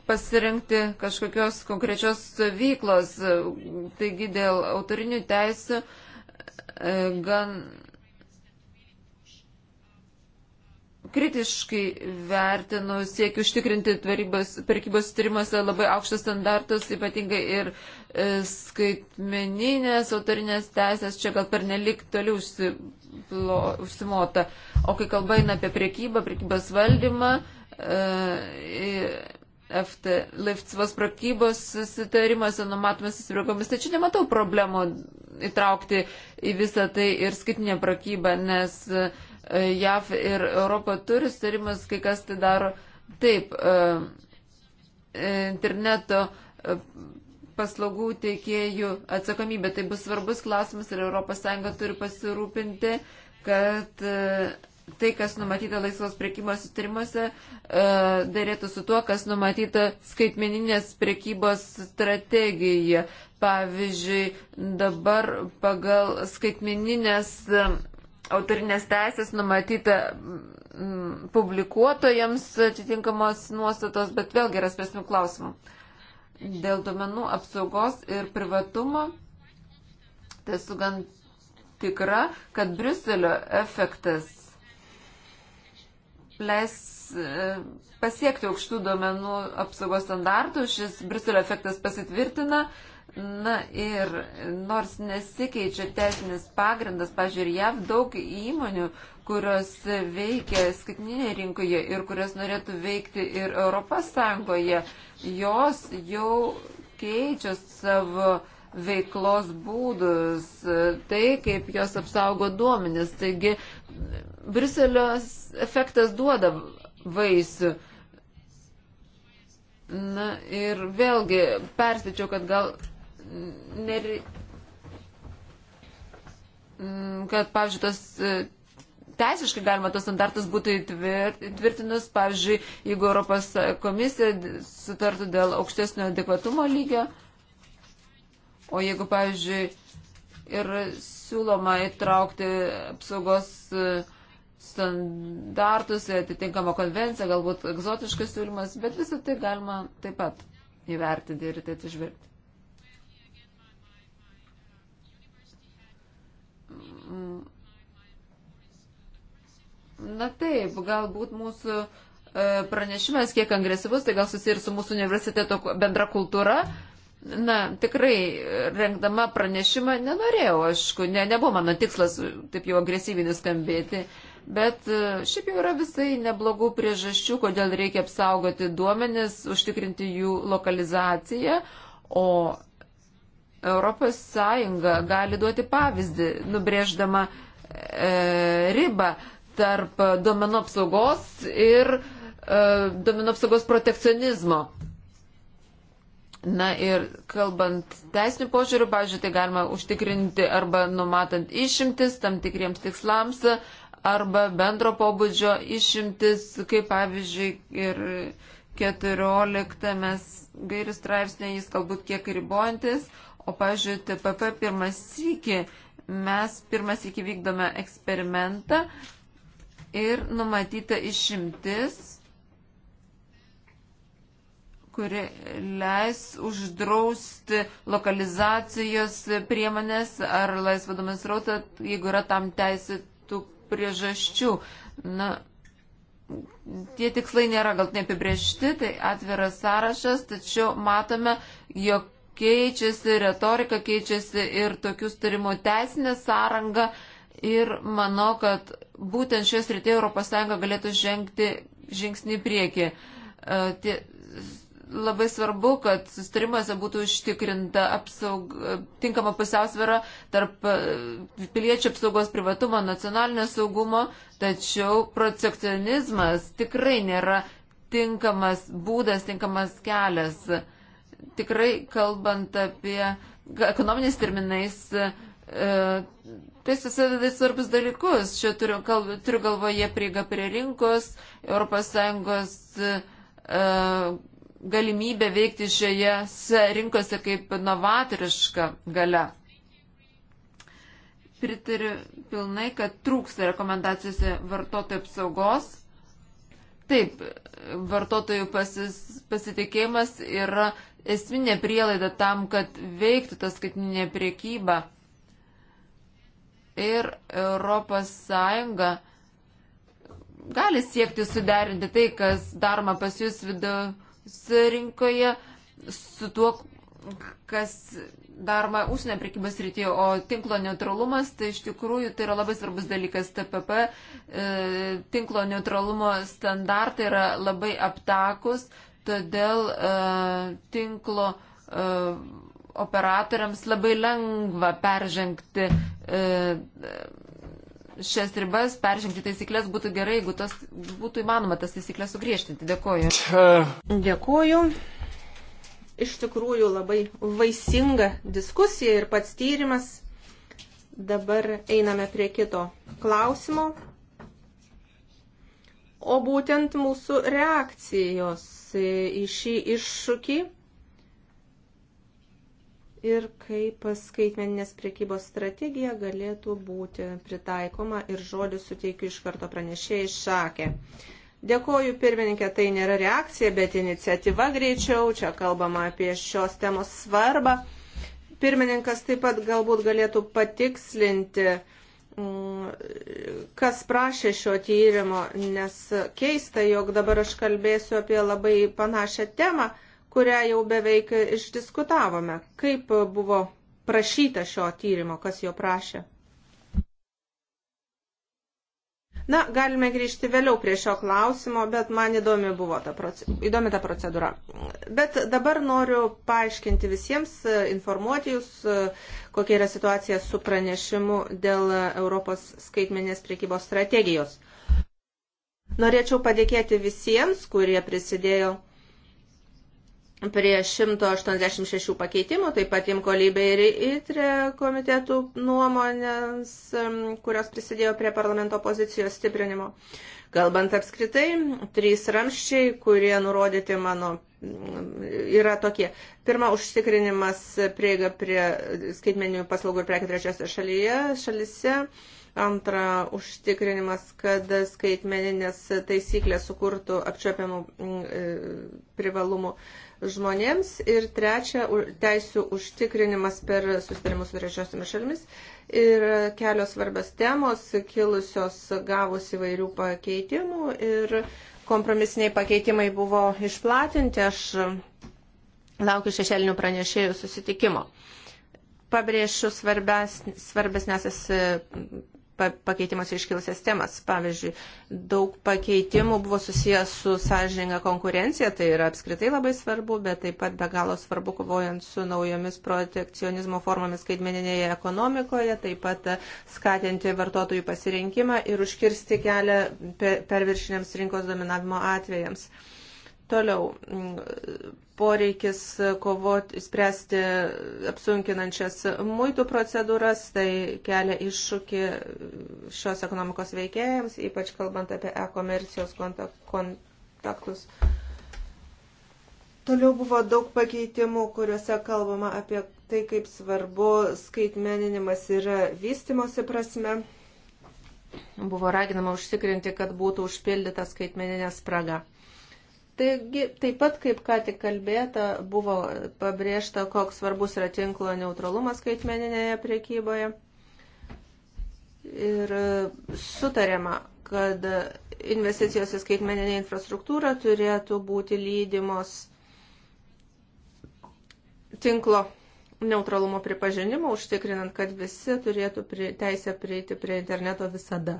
Speaker 1: pasirinkti kažkokios konkrečios veiklos. Taigi dėl autorinių teisų e, gan kritiškai vertinu, siekiu užtikrinti prekybos tyrimuose labai aukštus standartus, ypatingai ir e, skaitmeninės autorinės teisės, čia gal per nelik toliau užsimota. O kai kalba eina apie prekybą, prekybos valdymą, e, FT, laisvos prakybos susitarimuose numatomas įsibrėgomis. Tačiau nematau problemų įtraukti į visą tai ir skaitinę prakybą, nes e, JAV ir Europa turi susitarimus, kai kas tai daro taip. E, interneto e, paslaugų teikėjų atsakomybė. Tai bus svarbus klausimas ir ES turi pasirūpinti, kad uh, tai, kas numatyta laisvos priekybos sutarimuose, e, darėtų su tuo, kas numatyta skaitmeninės priekybos strategijoje. Pavyzdžiui, dabar pagal skaitmeninės e, autorinės teisės numatyta publikuotojams atitinkamos nuostatos, bet vėlgi yra spėsnių klausimų. Dėl domenų apsaugos ir privatumo, tai esu gan tikra, kad Briuselio efektas leis e, pasiekti aukštų duomenų apsaugos standartų. Šis Briuselio efektas pasitvirtina. Na ir nors nesikeičia teisinis pagrindas, pažiūrėjau, JAV daug įmonių, kurios veikia skaitinėje rinkoje ir kurios norėtų veikti ir Europos Sąjungoje, jos jau keičia savo veiklos būdus, tai kaip jos apsaugo duomenis. Taigi Briuselio efektas duoda vaisių. Na ir vėlgi persičiau, kad gal neri... Mm, kad, pavyzdžiui, tas e, teisiškai galima tos standartus būtų įtvirtinus, pavyzdžiui, jeigu Europos komisija sutartų dėl aukštesnio adekvatumo lygio, o jeigu, pavyzdžiui, ir siūloma įtraukti apsaugos uh, standartus, atitinkama konvencija, galbūt egzotiškas siūlymas, bet visą tai galima taip pat įvertinti ir tai atsižvelgti. Na taip, galbūt mūsų e, pranešimas kiek agresyvus, tai gal susiję ir su mūsų universiteto bendra kultūra. Na, tikrai, rengdama pranešimą nenorėjau, aišku, ne, nebuvo mano tikslas taip jau agresyviai nuskambėti. Uh, Bet e, šiaip jau yra visai neblogų priežasčių, kodėl reikia apsaugoti duomenis, užtikrinti jų lokalizaciją, o ES gali duoti pavyzdį, nubrėždama e, ribą tarp duomenų apsaugos ir e, duomenų apsaugos protekcionizmo. Na ir kalbant teisinių požiūrių, pavyzdžiui, tai galima užtikrinti arba numatant išimtis tam tikriems tikslams. E, arba bendro pobūdžio išimtis, kaip pavyzdžiui ir 14 gairių straipsnė jis galbūt kiek ribojantis, o pavyzdžiui TPP pirmas sykį mes pirmas sykį vykdome eksperimentą ir numatyta išimtis kuri leis uždrausti lokalizacijos priemonės ar laisvadomis rautą, jeigu yra tam teisėtų priežasčių. Na, tie tikslai nėra gal neapibriešti, tai atviras sąrašas, tačiau matome, jog keičiasi retorika, keičiasi ir tokių starimų teisinė sąranga ir manau, kad būtent šios rytėje ES galėtų žengti žingsnį priekį. E, tie labai svarbu, kad sustarimuose būtų užtikrinta apsaug, tinkama pusiausvėra tarp e, piliečių apsaugos privatumo, nacionalinio saugumo, tačiau protekcionizmas tikrai nėra tinkamas būdas, tinkamas kelias. Tikrai kalbant apie ekonominiais terminais, e, tai susideda svarbus dalykus. Čia turiu, kalb, turiu galvoje prieiga prie rinkos, ES galimybė veikti šioje rinkose kaip novatoriška gale. Pritariu pilnai, kad trūksta rekomendacijose vartotojų apsaugos. Taip, vartotojų pasis, pasitikėjimas yra esminė prielaida tam, kad veiktų ta skaitinė priekyba. Ir Europos Sąjunga gali siekti suderinti tai, kas daroma pas jūs viduje rinkoje su tuo, kas daroma užsienio prekybos rytyje, o tinklo neutralumas, tai iš tikrųjų tai yra labai svarbus dalykas. TPP e, tinklo neutralumo standartai yra labai aptakus, todėl e, tinklo e, operatoriams labai lengva peržengti e, šias ribas, peržengti taisyklės, būtų gerai, jeigu tos, būtų įmanoma tas taisyklės sugriežtinti. Dėkoju.
Speaker 2: Dėkoju. Iš tikrųjų labai vaisinga diskusija ir pats tyrimas. Dabar einame prie kito klausimo. O būtent mūsų reakcijos į šį iššūkį ir kaip skaitmeninės prekybos strategija galėtų būti pritaikoma ir žodį suteikiu iš karto pranešėjai šakė. Dėkoju pirmininkė, tai nėra reakcija, bet iniciatyva greičiau, čia kalbama apie šios temos svarbą. Pirmininkas taip pat galbūt galėtų patikslinti, mm, kas prašė šio tyrimo, nes keista, jog dabar aš kalbėsiu apie labai panašią temą kurią jau beveik išdiskutavome. Kaip buvo prašyta šio tyrimo, kas jo prašė? Na, galime grįžti vėliau prie šio klausimo, bet man įdomi buvo ta, įdomi ta procedūra. Bet dabar noriu paaiškinti visiems, informuoti jūs, kokia yra situacija su pranešimu dėl Europos skaitmenės priekybos strategijos. Norėčiau padėkėti visiems, kurie prisidėjo prie 186 pakeitimų, taip pat Imko Lybė ir ITRE komitetų nuomonės, kurios prisidėjo prie parlamento pozicijos stiprinimo. Kalbant apskritai, trys ramščiai, kurie nurodyti mano, mm, yra tokie. Pirma, užtikrinimas prieiga prie skaitmeninių paslaugų ir prekių trečiose šalyje, šalise. Antra, užtikrinimas, kad skaitmeninės taisyklės sukurtų apčiopiamų mm, e, privalumų. E, žmonėms ir trečia teisų užtikrinimas per susitarimus su trečiosiomis šalimis ir kelios svarbios temos kilusios gavus įvairių pakeitimų ir kompromisiniai pakeitimai buvo išplatinti. Aš laukiu šešėlinių pranešėjų susitikimo. Pabrėšiu svarbesnės pakeitimas iškilusias temas. Pavyzdžiui, daug pakeitimų buvo susijęs su sąžininga konkurencija, tai yra apskritai labai svarbu, bet taip pat be galo svarbu kovojant su naujomis protekcionizmo formomis skaitmeninėje ekonomikoje, taip pat e, skatinti vartotojų pasirinkimą ir užkirsti kelią perviršiniams rinkos dominavimo atvejams. Toliau poreikis kovoti, spręsti apsunkinančias muitų procedūras, tai kelia iššūkį šios ekonomikos veikėjams, ypač kalbant apie e-komercijos kontaktus. Toliau buvo daug pakeitimų, kuriuose kalbama apie tai, kaip svarbu skaitmeninimas yra vystimosi prasme. Buvo raginama užsikrinti, kad būtų užpildyta skaitmeninė spraga. Taigi, taip pat, kaip ką tik kalbėta, buvo pabrėžta, koks svarbus yra tinklo neutralumas skaitmeninėje priekyboje. Ir e, sutarėma, kad investicijos į skaitmeninę infrastruktūrą turėtų būti lydimos tinklo neutralumo pripažinimo, užtikrinant, kad visi turėtų prie, teisę prieiti prie interneto visada.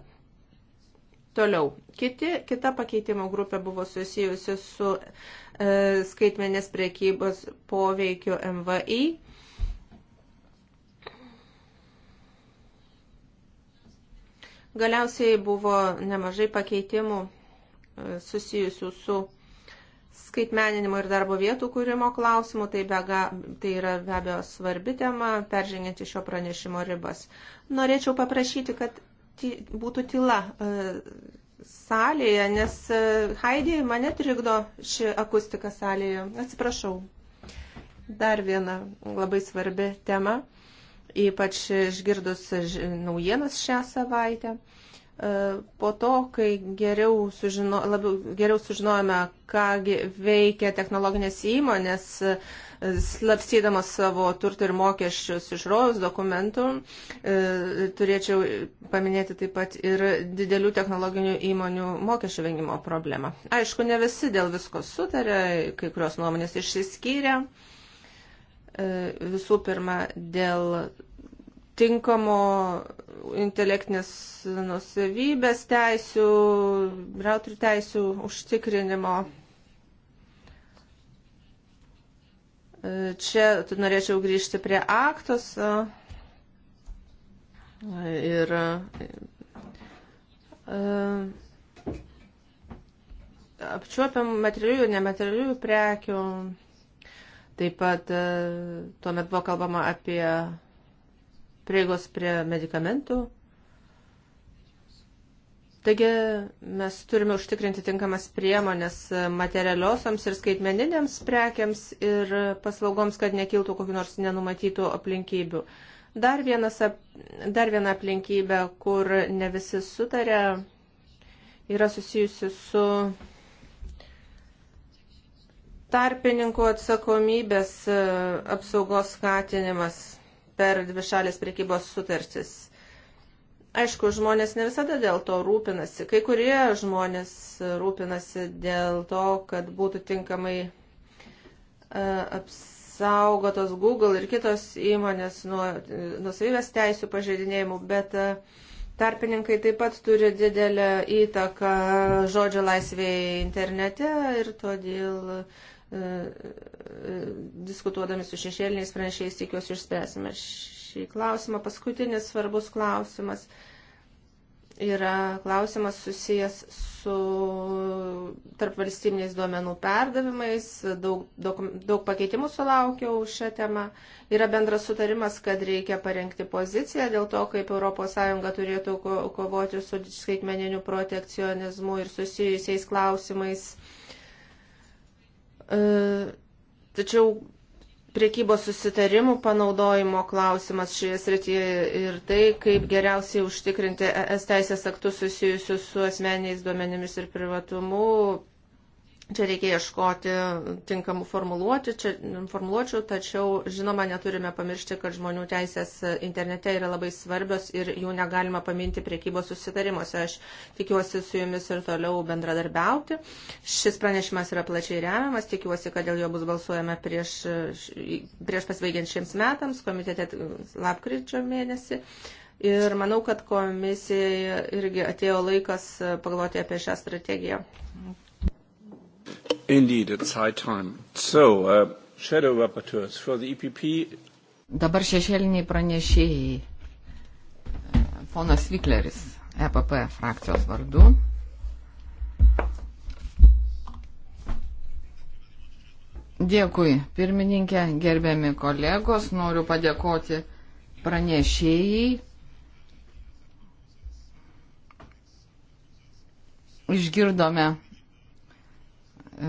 Speaker 2: Toliau, kiti, kita pakeitimo grupė buvo susijusi su e, skaitmenės priekybos poveikiu MVI. Galiausiai buvo nemažai pakeitimų e, susijusių su skaitmeninimo ir darbo vietų kūrimo klausimų, tai, bega, tai yra be abejo svarbi tema, peržengianti šio pranešimo ribas. Norėčiau paprašyti, kad būtų tyla e, salėje, nes e, Haidį mane trikdo ši akustika salėje. Atsiprašau. Dar viena labai svarbi tema, ypač išgirdus naujienas šią savaitę. E, po to, kai geriau, sužino, labiau, geriau sužinojome, kągi veikia technologinės įmonės, e, slapstydamas savo turtą ir mokesčius iš rojus dokumentų, e, turėčiau paminėti taip pat ir didelių technologinių įmonių mokesčių vengimo problemą. Aišku, ne visi dėl visko sutarė, kai kurios nuomonės išsiskyrė. Visų pirma, dėl tinkamo intelektinės nusavybės teisių, autorių teisių užtikrinimo. E, čia norėčiau grįžti prie aktos e, ir e, apčiuopiam materialių ir nematerialių prekių. Taip pat tuomet buvo kalbama apie prieigos prie medikamentų. Taigi mes turime užtikrinti tinkamas priemonės materialiosiams ir skaitmeniniams prekiams ir paslaugoms, kad nekiltų kokiu nors nenumatytų aplinkybių. Dar, vienas, dar viena aplinkybė, kur ne visi sutarė, yra susijusi su tarpininkų atsakomybės e, apsaugos skatinimas per dvišalės priekybos sutartis. Aišku, žmonės ne visada dėl to rūpinasi. Kai kurie žmonės rūpinasi dėl to, kad būtų tinkamai e, apsaugotos Google ir kitos įmonės nuo nusavybės teisų pažeidinėjimų, bet e, tarpininkai taip pat turi didelę įtaką žodžio laisvėje internete ir todėl E, e, diskutuodami su šešėliniais pranešiais tikiuosi išspręsime šį klausimą. Paskutinis svarbus klausimas yra klausimas susijęs su tarpvalstybiniais duomenų perdavimais. Daug, daug, daug pakeitimų sulaukiau šią temą. Yra bendras sutarimas, kad reikia parengti poziciją dėl to, kaip ES turėtų kovoti su skaitmeniniu protekcionizmu ir susijusiais klausimais E, tačiau priekybos susitarimų panaudojimo klausimas šioje srityje ir tai, kaip geriausiai užtikrinti ES teisės aktus susijusius su asmeniais duomenimis ir privatumu, Čia reikia ieškoti tinkamų formuluočių, čia, formuluočių, tačiau žinoma neturime pamiršti, kad žmonių teisės internete yra labai svarbios ir jų negalima paminti priekybos susitarimuose. Aš tikiuosi su jumis ir toliau bendradarbiauti. Šis pranešimas yra plačiai remiamas, tikiuosi, kad dėl jo bus balsuojama prieš, prieš pasveigiant šiems metams, komitete lapkričio mėnesį. Ir manau, kad komisijai irgi atėjo laikas pagalvoti apie šią strategiją. Indeed, it's high time. So, uh, shadow rapporteurs for the EPP.
Speaker 3: Dabar šešėliniai pranešėjai. Ponas Vikleris, EPP frakcijos vardu. Dėkui, pirmininkė, gerbiami kolegos, noriu padėkoti pranešėjai. Išgirdome E,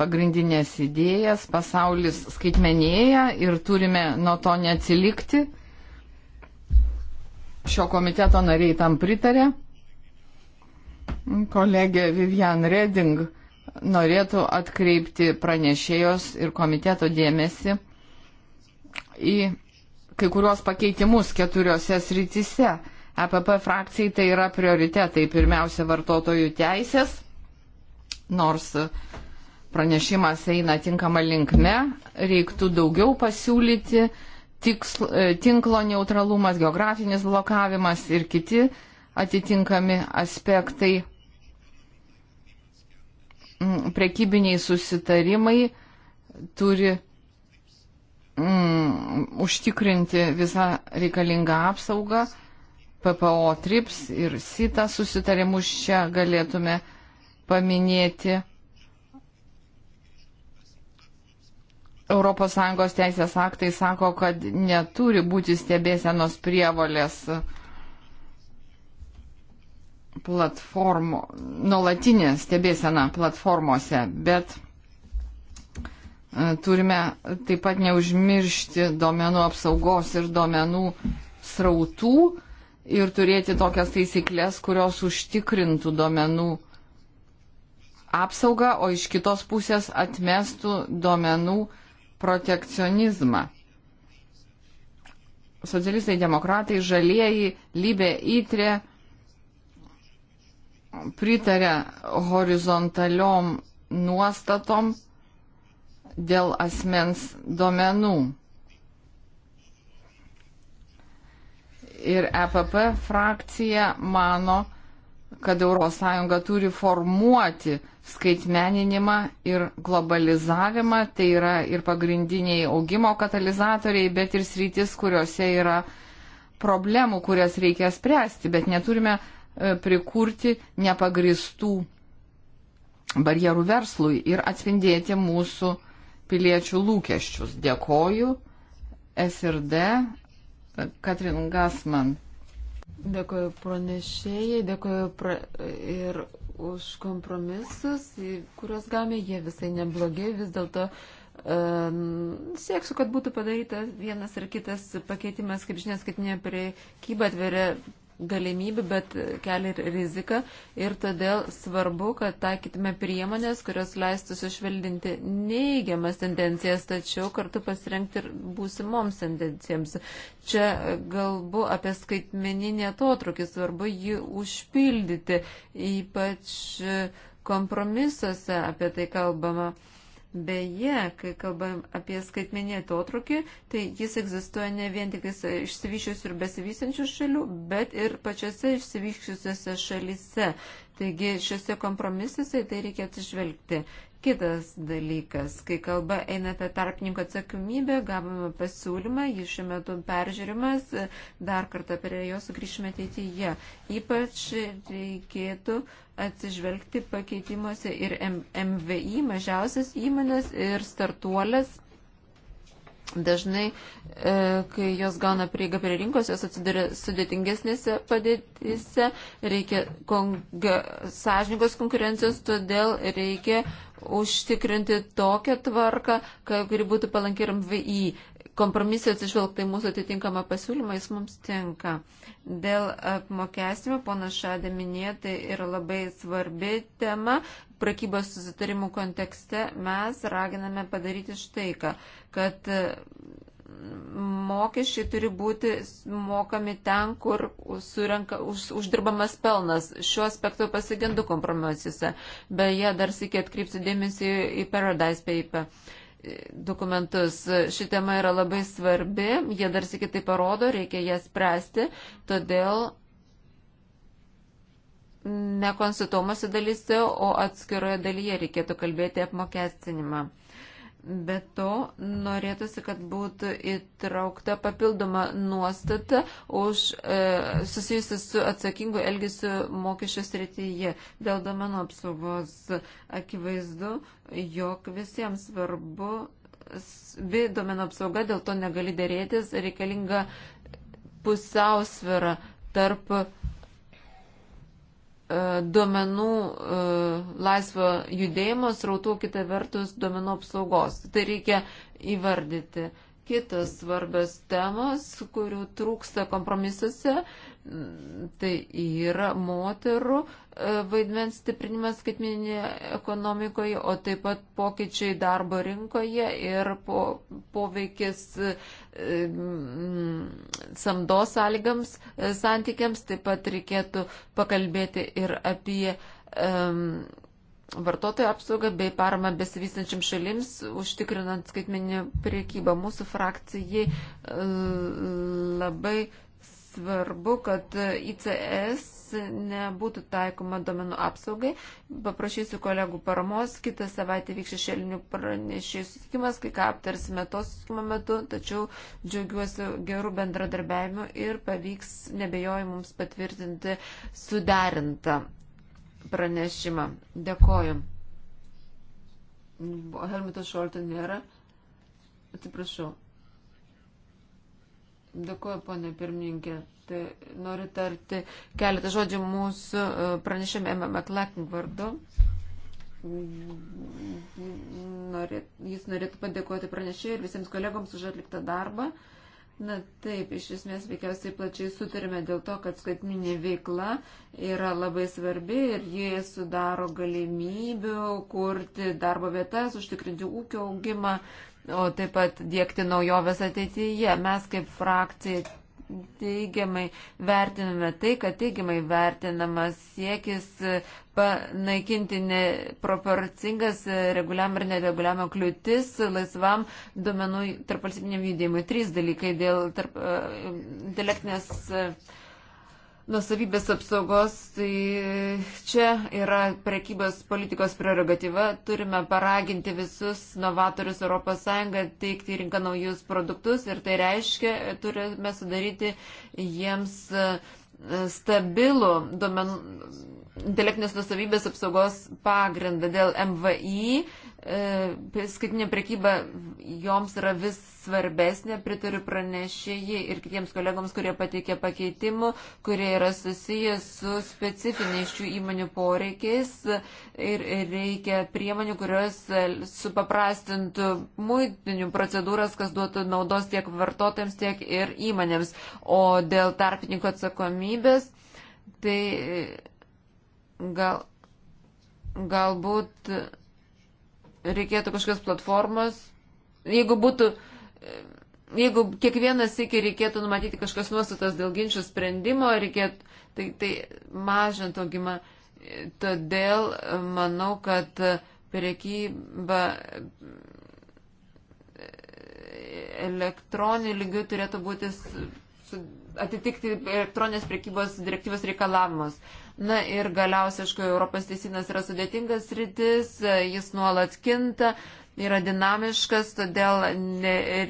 Speaker 3: pagrindinės idėjas, pasaulis skaitmenėja ir turime nuo to neatsilikti. Šio komiteto nariai tam pritarė. Kolegė Vivian Reding norėtų atkreipti pranešėjos ir komiteto dėmesį į kai kuriuos pakeitimus keturiose srityse. EPP frakcijai tai yra prioritetai. Pirmiausia, vartotojų teisės nors pranešimas eina tinkama linkme, reiktų daugiau pasiūlyti, tiksl, e, tinklo neutralumas, geografinis blokavimas ir kiti atitinkami aspektai, mm, prekybiniai susitarimai turi mm, užtikrinti visą reikalingą apsaugą. PPO trips ir sitą susitarimus čia galėtume uh, paminėti ES teisės aktai sako, kad neturi būti stebėsenos prievolės platformų, nuolatinė stebėsena platformose, bet e, turime taip pat neužmiršti domenų apsaugos ir domenų srautų ir turėti tokias taisyklės, kurios užtikrintų domenų apsaugą, o iš kitos pusės atmestų duomenų protekcionizmą. Socialistai, demokratai, žalieji, lybė įtrė pritarė horizontaliom nuostatom dėl asmens duomenų. Ir EPP frakcija mano, kad ES turi formuoti skaitmeninimą ir globalizavimą. Tai yra ir pagrindiniai augimo katalizatoriai, bet ir sritis, kuriuose yra problemų, kurias reikia spręsti, bet neturime e, prikurti nepagristų barjerų verslui ir atspindėti mūsų piliečių lūkesčius. Dėkoju SRD Katrin Gasman. Dėkoju pranešėjai, dėkoju pra... ir už kompromisus, kuriuos gavome,
Speaker 1: jie visai neblogi, vis dėlto sieksiu, kad būtų padarytas vienas ar kitas pakeitimas, kaip žinias, kad ne priekyba atveria galimybių, bet kelia ir riziką. Ir todėl svarbu, kad taikytume priemonės, kurios leistų sušvelninti neigiamas tendencijas, tačiau kartu pasirengti ir būsimoms tendencijams. Čia galbu apie skaitmeninį atotrukį, svarbu jį užpildyti, ypač kompromisuose apie tai kalbama. Beje, kai kalbam apie skaitmenį atotrukį, tai jis egzistuoja ne vien tik išsivyščiusių ir besivysiančių šalių, bet ir pačiose išsivyščiusiose šalyse. Taigi šiuose kompromisuose tai reikia atsižvelgti. Kitas dalykas, kai kalba eina apie tarpininko atsakomybę, gavome pasiūlymą, jis šiuo metu peržiūrimas, dar kartą prie jo sugrįšime ateityje. Ypač reikėtų uh, atsižvelgti pakeitimuose ir MVI, mažiausias įmonės ir startuolės. Dažnai, e, kai jos gauna prieigą prie rinkos, jos atsiduria sudėtingesnėse padėtise, reikia kon sąžininkos konkurencijos, todėl reikia užtikrinti tokią tvarką, kuri būtų palanki ir MVI kompromisai atsižvelgtai mūsų atitinkamą pasiūlymą, jis mums tinka. Dėl apmokestimo, ponas Šadė minėjo, tai yra labai svarbi tema. Prakybos susitarimų kontekste mes raginame padaryti štai ką, kad e, mokesčiai turi būti mokami ten, kur surenka, už, uždirbamas pelnas. Šiuo aspektu pasigendu kompromisuose. Beje, dar sėkiai atkreipsiu dėmesį į Paradise Paper dokumentus. Ši tema yra labai svarbi, jie dar sikitai parodo, reikia ją spręsti, todėl ne konsultuomose dalyse, o atskiroje dalyje reikėtų kalbėti apmokestinimą. Be to, norėtųsi, kad būtų įtraukta papildoma nuostata už e, susijusi su atsakingu elgesiu mokesčio srityje. Dėl domenų apsaugos akivaizdu, jog visiems svarbu, vi domenų apsauga, dėl to negali dėrėtis, reikalinga pusiausvėra tarp E, duomenų e, laisvo judėjimo srautų, kita vertus duomenų apsaugos. Tai reikia įvardyti. Kitas svarbios temos, kurių trūksta kompromisuose, tai yra moterų vaidmens stiprinimas skaitmeninėje ekonomikoje, o taip pat pokyčiai darbo rinkoje ir po, poveikis e, samdos sąlygams, e, santykiams. Taip pat reikėtų pakalbėti ir apie e, vartotojų apsaugą bei paramą besivystančiam šalims, užtikrinant skaitmeninę priekybą. Mūsų frakcijai e, labai svarbu, kad e, ICS nebūtų taikoma domenų apsaugai. Paprašysiu kolegų paramos. Kitą savaitę vyks šešėlinių pranešėjų susitikimas, kai ką aptarsime to susitikimo metu, tačiau džiaugiuosi gerų bendradarbiavimų ir pavyks nebejoju mums patvirtinti suderintą pranešimą. Dėkoju. Helmito Šolto nėra. Atsiprašau. Dėkuoju, ponė pirmininkė. Tai noriu tarti keletą žodžių mūsų e, pranešėm M. McLaughlin vardu. Norėt, jis norėtų padėkoti pranešėjai ir visiems kolegoms už atliktą darbą. Na taip, iš esmės veikiausiai plačiai sutarime dėl to, kad skaitminė veikla yra labai svarbi ir jie sudaro galimybių kurti darbo vietas, užtikrinti ūkio augimą, o taip pat dėkti naujoves ateityje. Mes kaip frakcija teigiamai vertiname tai, kad teigiamai vertinamas siekis panaikinti neproporcingas reguliam ir nereguliam kliūtis laisvam duomenų tarpalsybiniam judėjimui. Trys dalykai dėl tarp, e, intelektinės. Uh, nusavybės apsaugos, tai čia yra prekybos politikos prerogatyva. Turime paraginti visus novatorius ES teikti į rinką naujus produktus ir tai reiškia, turime sudaryti jiems e, stabilų domenų, intelektinės nusavybės apsaugos pagrindą dėl MVI E, skaitinė prekyba joms yra vis svarbesnė, pritariu pranešėjai ir kitiems kolegoms, kurie pateikė pakeitimų, kurie yra susijęs su specifiniais šių įmonių poreikiais ir reikia priemonių, kurios supaprastintų muitinių procedūras, kas duotų naudos tiek vartotojams, tiek ir įmonėms. O dėl tarpininko atsakomybės, tai e, gal, galbūt reikėtų kažkokios platformos, jeigu būtų, jeigu kiekvienas iki reikėtų numatyti kažkas nuostatas dėl ginčių sprendimo, reikėtų, tai, tai mažint augimą. Todėl e, manau, kad e, priekyba e, elektroninių lygių turėtų būti atitikti elektroninės priekybos direktyvos reikalavimus. Na ir galiausiai, aišku, Europos teisinas yra sudėtingas rytis, jis nuolat kinta, yra dinamiškas, todėl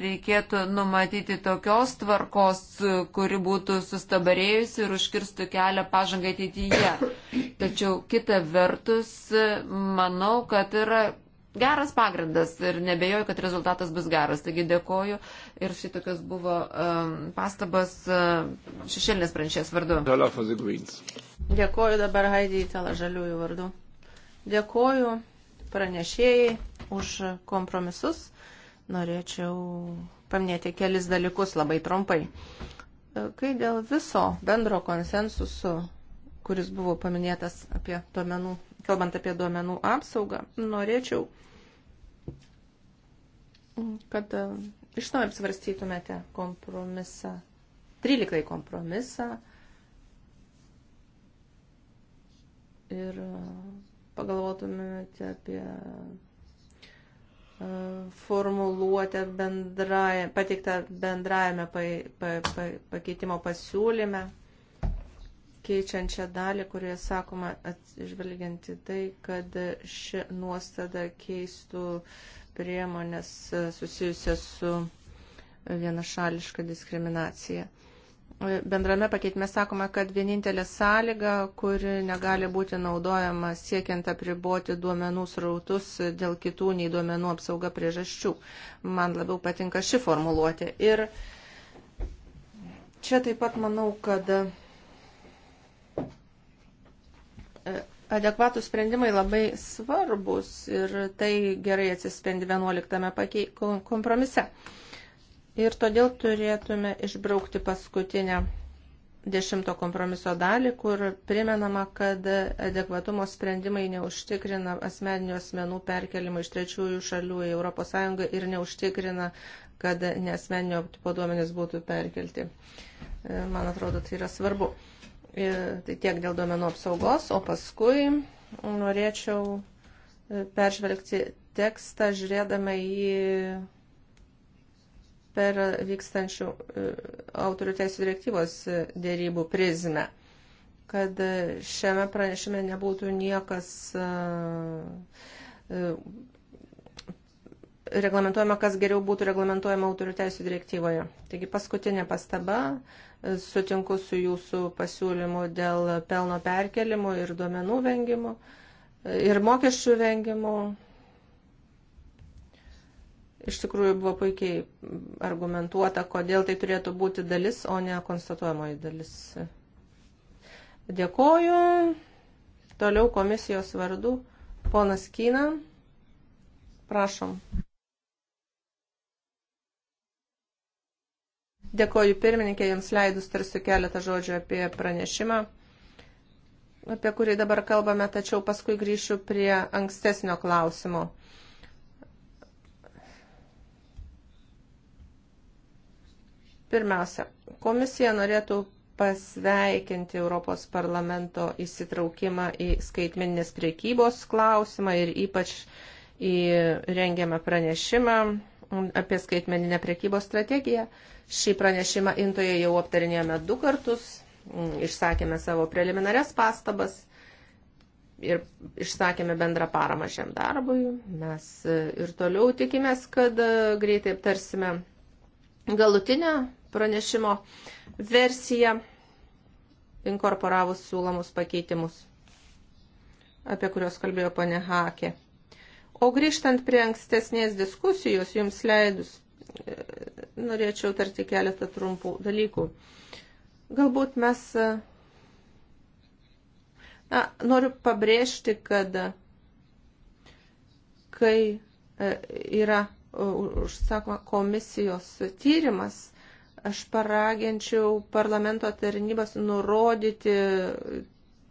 Speaker 1: reikėtų numatyti tokios tvarkos, kuri būtų sustabarėjusi ir užkirstų kelią pažangą ateityje. Tačiau kita vertus, manau, kad yra geras pagrindas ir nebejoju, kad rezultatas bus geras. Taigi dėkoju ir šitokios buvo um, pastabas uh, šešėlinės pranešės vardu.
Speaker 2: Dėkoju dabar Haidį Italą žaliųjų vardu. Dėkoju pranešėjai už kompromisus. Norėčiau paminėti kelis dalykus labai trumpai. Kai dėl viso bendro konsensusu, kuris buvo paminėtas apie duomenų kalbant apie duomenų apsaugą, norėčiau kad e, iš naujo apsvarstytumėte kompromisą, 13 kompromisą ir e, pagalvotumėte apie e, formuluotę bendraja, pateiktą bendrajame pa, pa, pa, pakeitimo pasiūlyme, keičiančią dalį, kurioje sakoma, atsižvelgianti tai, kad ši nuostada keistų priemonės e, susijusias su vienašališka diskriminacija. E, bendrame pakeitime sakoma, kad vienintelė sąlyga, kuri negali būti naudojama siekiant apriboti duomenų srautus dėl kitų nei duomenų apsauga priežasčių. Man labiau patinka ši formuluotė. Ir čia taip pat manau, kad e, adekvatų sprendimai labai svarbus ir tai gerai atsispendi 11 pakei, kompromise. Ir todėl turėtume išbraukti paskutinę dešimto kompromiso dalį, kur primenama, kad adekvatumo sprendimai neužtikrina asmeninių asmenų perkelimą iš trečiųjų šalių į ES ir neužtikrina, kad nesmeninio tipo duomenys būtų perkelti. E, man atrodo, tai yra svarbu. E, tai tiek dėl duomenų apsaugos, o paskui norėčiau e, peržvelgti tekstą, žiūrėdama į per vykstančių e, autorių teisų direktyvos dėrybų prizmę, kad šiame pranešime nebūtų niekas reglamentuojama, kas geriau būtų reglamentuojama autorių teisų direktyvoje. Taigi paskutinė pastaba, sutinku su jūsų pasiūlymu dėl pelno perkelimo ir duomenų vengimo ir mokesčių vengimo. Iš tikrųjų buvo puikiai argumentuota, kodėl tai turėtų būti dalis, o ne konstatuojamoji dalis. Dėkoju. Toliau komisijos vardu ponas Kyna. Prašom. Dėkoju pirmininkė, jums leidus tarsiu keletą žodžių apie pranešimą, apie kurį dabar kalbame, tačiau paskui grįšiu prie ankstesnio klausimo. Pirmiausia, komisija norėtų pasveikinti Europos parlamento įsitraukimą į skaitmeninės priekybos klausimą ir ypač į rengiamą pranešimą apie skaitmeninę priekybos strategiją. Šį pranešimą Intoje jau aptarinėjome du kartus, mm, išsakėme savo preliminarias pastabas ir išsakėme bendrą paramą šiam darbui. Mes e, ir toliau tikimės, kad e, greitai aptarsime galutinę pranešimo versiją, inkorporavus siūlomus pakeitimus, apie kuriuos kalbėjo ponė Hakė. O grįžtant prie ankstesnės diskusijos, jums leidus norėčiau tarti keletą trumpų dalykų. Galbūt mes na, noriu pabrėžti, kad kai e, yra e, užsakoma komisijos tyrimas, aš paraginčiau parlamento tarnybas nurodyti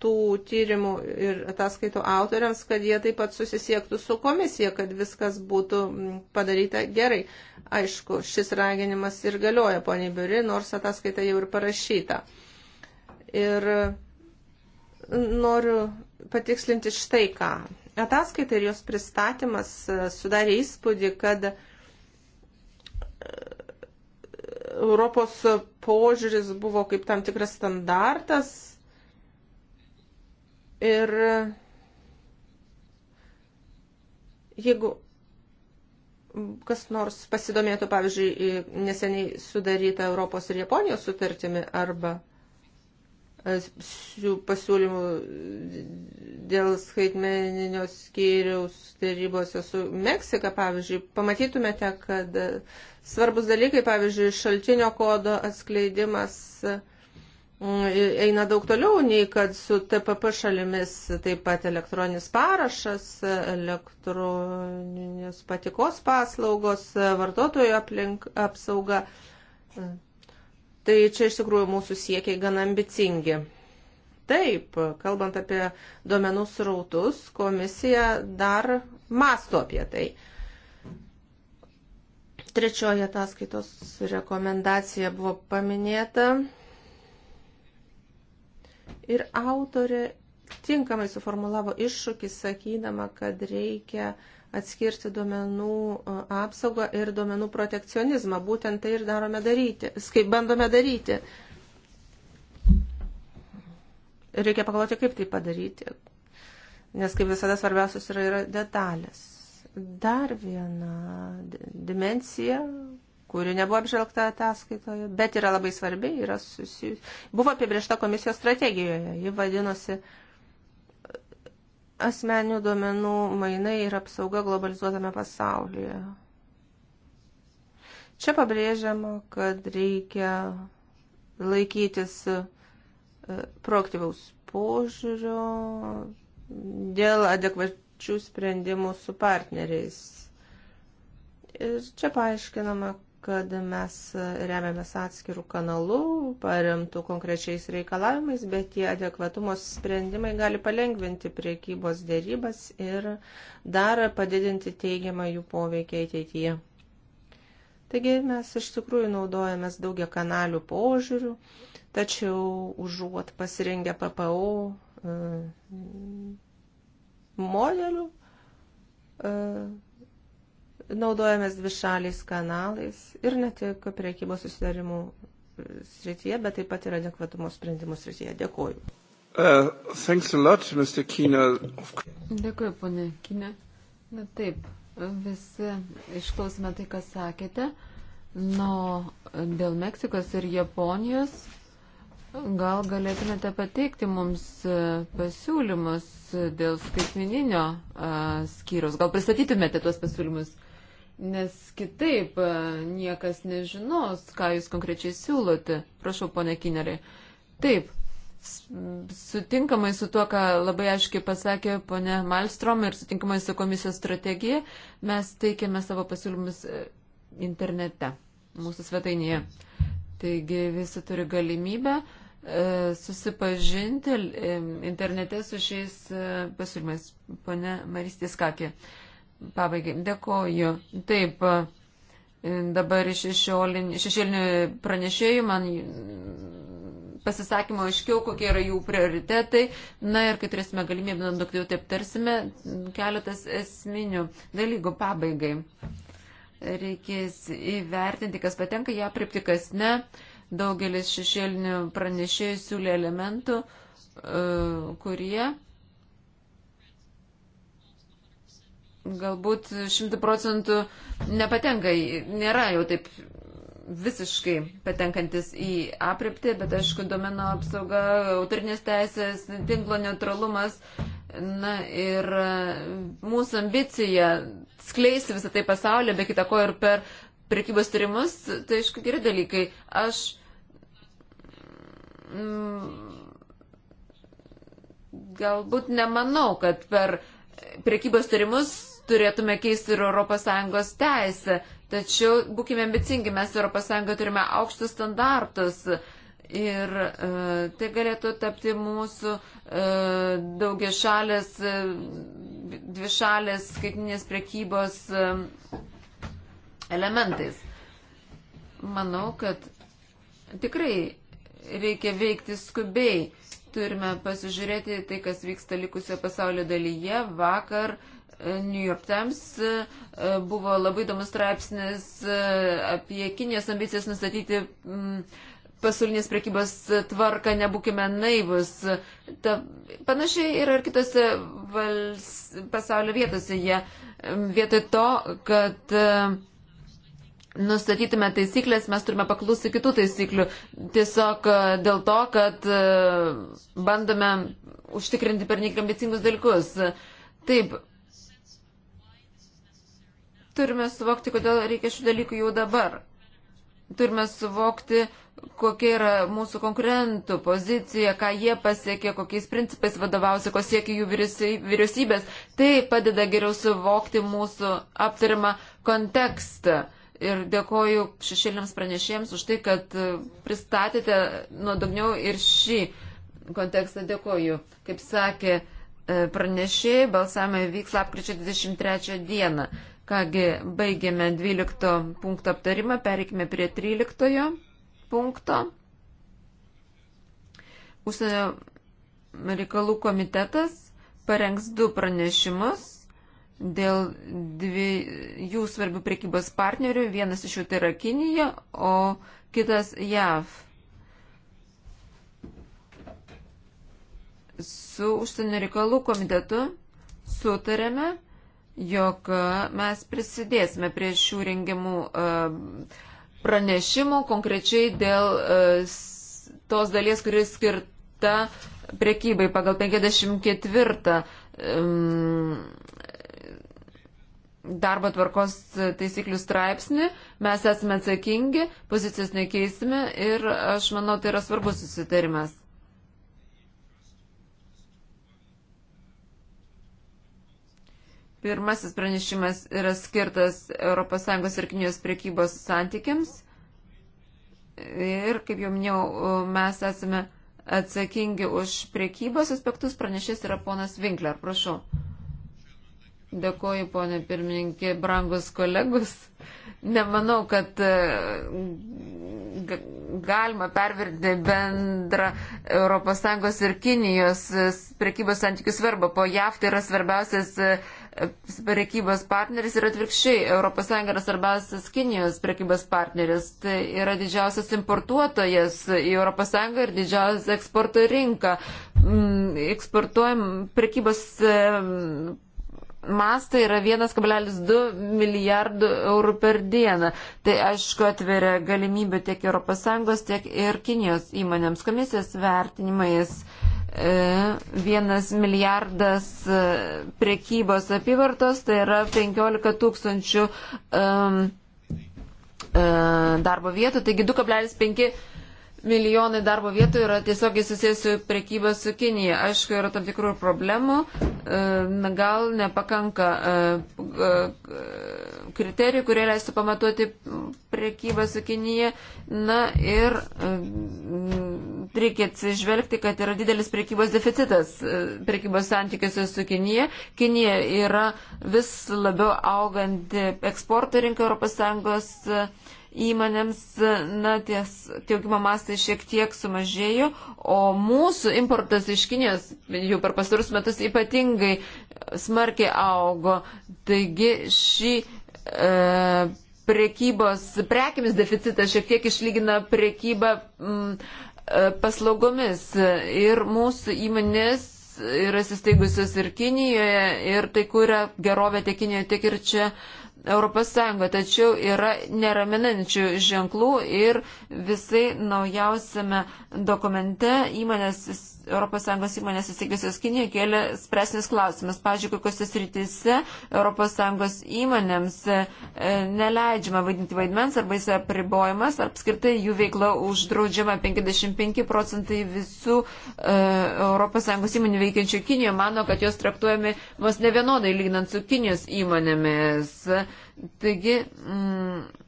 Speaker 2: tų tyrimų ir ataskaitų autoriams, kad jie taip pat susisiektų su komisija, kad viskas būtų padaryta gerai. Aišku, šis raginimas ir galioja, ponė Biuri, nors ataskaita jau ir parašyta. Ir noriu patikslinti štai ką. Ataskaita ir jos pristatymas e, sudarė įspūdį, kad e, Europos požiūris buvo kaip tam tikras standartas Ir jeigu kas nors pasidomėtų, pavyzdžiui, neseniai sudarytą Europos ir Japonijos sutartimi arba e, pasiūlymų dėl skaitmeninio skyriaus tarybose su Meksika, pavyzdžiui, pamatytumėte, kad svarbus dalykai, pavyzdžiui, šaltinio kodo atskleidimas Mm, eina daug toliau nei kad su TPP šalimis taip pat elektroninis parašas, elektroninės patikos paslaugos, vartotojų aplink apsauga. Tai čia iš tikrųjų mūsų siekiai gan ambicingi. Taip, kalbant apie duomenų srautus, komisija dar masto apie tai. Trečioji ataskaitos rekomendacija buvo paminėta Ir autorė tinkamai suformulavo iššūkį, sakydama, kad reikia atskirti duomenų e, apsaugą ir duomenų protekcionizmą. Būtent tai ir darome daryti, kaip bandome daryti. Reikia pagalvoti, kaip tai padaryti. Nes kaip visada svarbiausios yra, yra detalės. Dar viena dimensija, kuri nebuvo apžvelgta ataskaitoje, bet yra labai svarbi, yra susijusi. Buvo apibriešta komisijos strategijoje, ji vadinosi asmenių duomenų mainai ir apsauga globalizuotame pasaulyje. Čia pabrėžiama, kad reikia laikytis e, proaktyvaus požiūrio dėl adekvačių sprendimų su partneriais. Ir čia paaiškinama, kad mes remiamės atskirų kanalų, paremtų konkrečiais reikalavimais, bet tie adekvatumos sprendimai gali palengventi priekybos dėrybas ir dar padidinti teigiamą jų poveikį ateityje. Taigi mes iš tikrųjų naudojamės daugia kanalių požiūrių, tačiau užuot pasirengę PPO e, modelių, e, naudojamės dvišaliais kanalais ir ne tik priekybos susidarimų e, srityje, bet taip pat ir adekvatumo sprendimų srityje. Dėkuoju. Uh, lot, Dėkuoju, ponė
Speaker 1: Kinė. Na taip, visi išklausime tai, ką sakėte. Nu, dėl Meksikos ir Japonijos gal galėtumėte pateikti mums e, pasiūlymus dėl skaitmininio uh, e, skyrius. Gal pristatytumėte tuos pasiūlymus? Uh, nes kitaip e, niekas nežinos, ką jūs konkrečiai siūlote. Prašau, ponė Kinerė. Taip, sutinkamai su tuo, ką labai aiškiai pasakė ponė Malstrom ir sutinkamai su komisijos strategija, mes teikėme savo pasiūlymus e, internete, mūsų svetainėje. Taigi visi turi galimybę e, susipažinti internete su šiais pasiūlymais. Pane Maristė Skakė pabaigai. Dėkoju. Taip, dabar iš šešėlinių pranešėjų man pasisakymo aiškiau, kokie yra jų prioritetai. Na ir kai turėsime galimybę, daugiau taip tarsime, keletas esminių dalykų pabaigai. Reikės įvertinti, kas patenka, ją pripti, kas ne. Daugelis šešėlinių pranešėjų siūlė elementų, e, kurie galbūt šimtų procentų nepatenka, nėra jau taip visiškai patenkantis į apriptį, bet aišku, domeno apsauga, autorinės teisės, tinklo neutralumas. Na ir e, mūsų ambicija skleisti visą tai pasaulyje, be kita ko ir per prekybos tyrimus, tai aišku, geri dalykai. Aš mm, galbūt nemanau, kad per prekybos tyrimus turėtume keisti ir ES teisę. Tačiau būkime ambicingi, mes ES turime aukštus standartus. Ir e, tai galėtų tapti mūsų e, daugia šalės, e, dvi šalės skaitinės prekybos e, elementais. Manau, kad tikrai reikia veikti skubiai. Turime pasižiūrėti tai, kas vyksta likusioje pasaulio dalyje. Vakar e, New York Times e, buvo labai įdomus straipsnis e, apie Kinijos ambicijas nustatyti pasaulinės prekybos tvarką, nebūkime naivus. Ta, panašiai yra ir kitose vals, pasaulio vietose. Jie vietoj to, kad e, nustatytume taisyklės, mes turime paklusti kitų taisyklių. Tiesiog dėl to, kad bandome užtikrinti pernik ambicingus dalykus. Taip, turime suvokti, kodėl reikia šių dalykų jau dabar. Turime suvokti, kokia yra mūsų konkurentų pozicija, ką jie pasiekė, kokiais principais vadovausi, ko siekia jų vyriausybės. Tai padeda geriau suvokti mūsų aptarimą kontekstą. Ir dėkoju šešėliams pranešėjams už tai, kad e, pristatėte nuodugniau ir šį kontekstą. Dėkoju. Kaip sakė e, pranešėjai, balsavimai vyks lapkričio 23 dieną. Kągi, baigėme 12 punkto aptarimą, pereikime prie 13 punkto. Užsienio reikalų komitetas parengs du pranešimus dėl dviejų svarbių prekybos partnerių. Vienas iš jų tai yra Kinija, o kitas JAV. Su užsienio reikalų komitetu sutarėme jog e, mes prisidėsime prie šių rengimų e, pranešimų konkrečiai dėl e, tos dalies, kuris skirta prekybai pagal 54 darbo tvarkos taisyklių straipsnį, mes esame atsakingi, pozicijas nekeisime ir aš manau, tai yra svarbus susitarimas. Pirmasis pranešimas yra skirtas ES ir Kinijos priekybos santykiams. Ir, kaip jau minėjau, mes esame atsakingi už priekybos aspektus. Pranešės yra ponas Winkler. Prašau. Dėkoju, ponė pirmininkė, brangus kolegus. Nemanau, kad e, galima pervertinti bendrą ES ir Kinijos e, priekybos santykių svarbą. Po JAV tai yra svarbiausias e, prekybos partneris ir atvirkščiai. ES yra svarbiausias Kinijos prekybos partneris. Tai yra didžiausias importuotojas į ES ir didžiausias eksporto rinka. Mm, eksportuojam prekybos mastai yra 1,2 milijardų eurų per dieną. Tai aišku atveria galimybę tiek ES, tiek ir Kinijos įmonėms. Komisijos vertinimais. Uh, E, vienas milijardas e, prekybos apyvartos, tai yra 15 tūkstančių um, darbo vietų, taigi 2,5 milijonai darbo vietų yra tiesiogiai susijęs su prekyba su Kinija. Aišku, yra tam tikrų problemų, gal nepakanka kriterijų, kurie leistų pamatuoti priekybą su Kinija. Na ir mm, reikia atsižvelgti, kad yra didelis priekybos deficitas e, priekybos santykiuose su Kinija. Kinija yra vis labiau auganti eksporto rinka ES e, įmonėms, na, ties, tie augimo mastai šiek tiek sumažėjo, o mūsų importas iš Kinijos jau per pastarus metus ypatingai smarkiai augo. Taigi šį E, prekybos prekiamis deficitas šiek tiek išlygina prekybą mm, e, paslaugomis. Ir mūsų įmonės yra įsteigusios ir Kinijoje, ir tai kuria gerovę tiek Kinijoje, tiek ir čia. Europos Sąjunga, tačiau yra neraminančių ženklų ir visai naujausiame dokumente įmonės ES įmonės įsigysios Kinijoje kėlė spresnis klausimas. Pavyzdžiui, kokiuose srityse ES įmonėms e, neleidžiama vaidinti vaidmens arba jis apribojamas, ar apskritai jų veikla uždraudžiama 55 procentai visų ES įmonių veikiančių Kinijoje mano, kad jos traktuojami vos ne vienodai lyginant su Kinijos įmonėmis. Taigi, mm,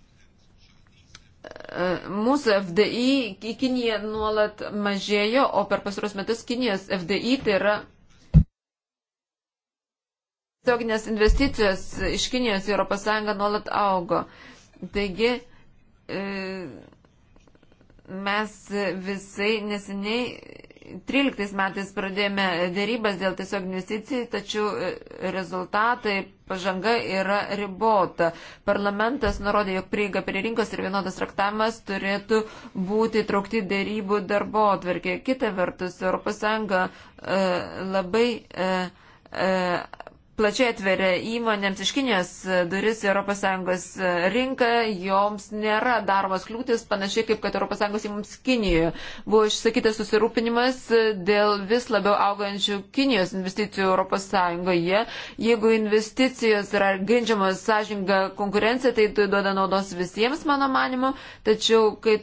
Speaker 1: mūsų FDI į Kiniją nuolat mažėjo, o per pasiros metus Kinijos FDI tai yra tiesioginės investicijos iš Kinijos į ES nuolat augo. Taigi e, mes visai neseniai 2013 metais pradėjome dėrybas dėl tiesiog investicijų, tačiau e, rezultatai pažanga yra ribota. Parlamentas nurodė, jog prieiga prie rinkos ir vienodas traktavimas turėtų būti traukti dėrybų darbo atverkė. Kita vertus, ES e, labai e, plačiai atveria įmonėms iš Kinijos duris į ES rinką, joms nėra daromas kliūtis, panašiai kaip kad ES įmonėms Kinijoje. Buvo išsakytas susirūpinimas dėl vis labiau augančių Kinijos investicijų ES. Jeigu investicijos yra grindžiamas sąžininga konkurencija, tai tai duoda naudos visiems, mano manimu, tačiau kai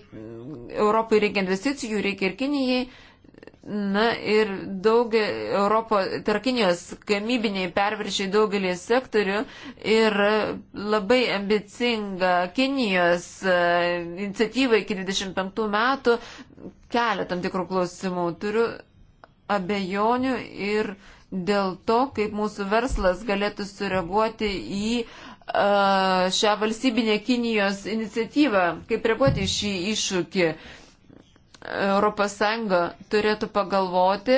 Speaker 1: Europai reikia investicijų, reikia ir Kinijai. Na ir daug Europos, tai Kinijos gamybiniai perviršiai daugelį sektorių ir labai ambicinga Kinijos e, iniciatyva iki 25 metų kelia tam tikrų klausimų. Turiu abejonių ir dėl to, kaip mūsų verslas galėtų sureaguoti į e, šią valstybinę Kinijos iniciatyvą, kaip reaguoti į šį iššūkį. ES turėtų pagalvoti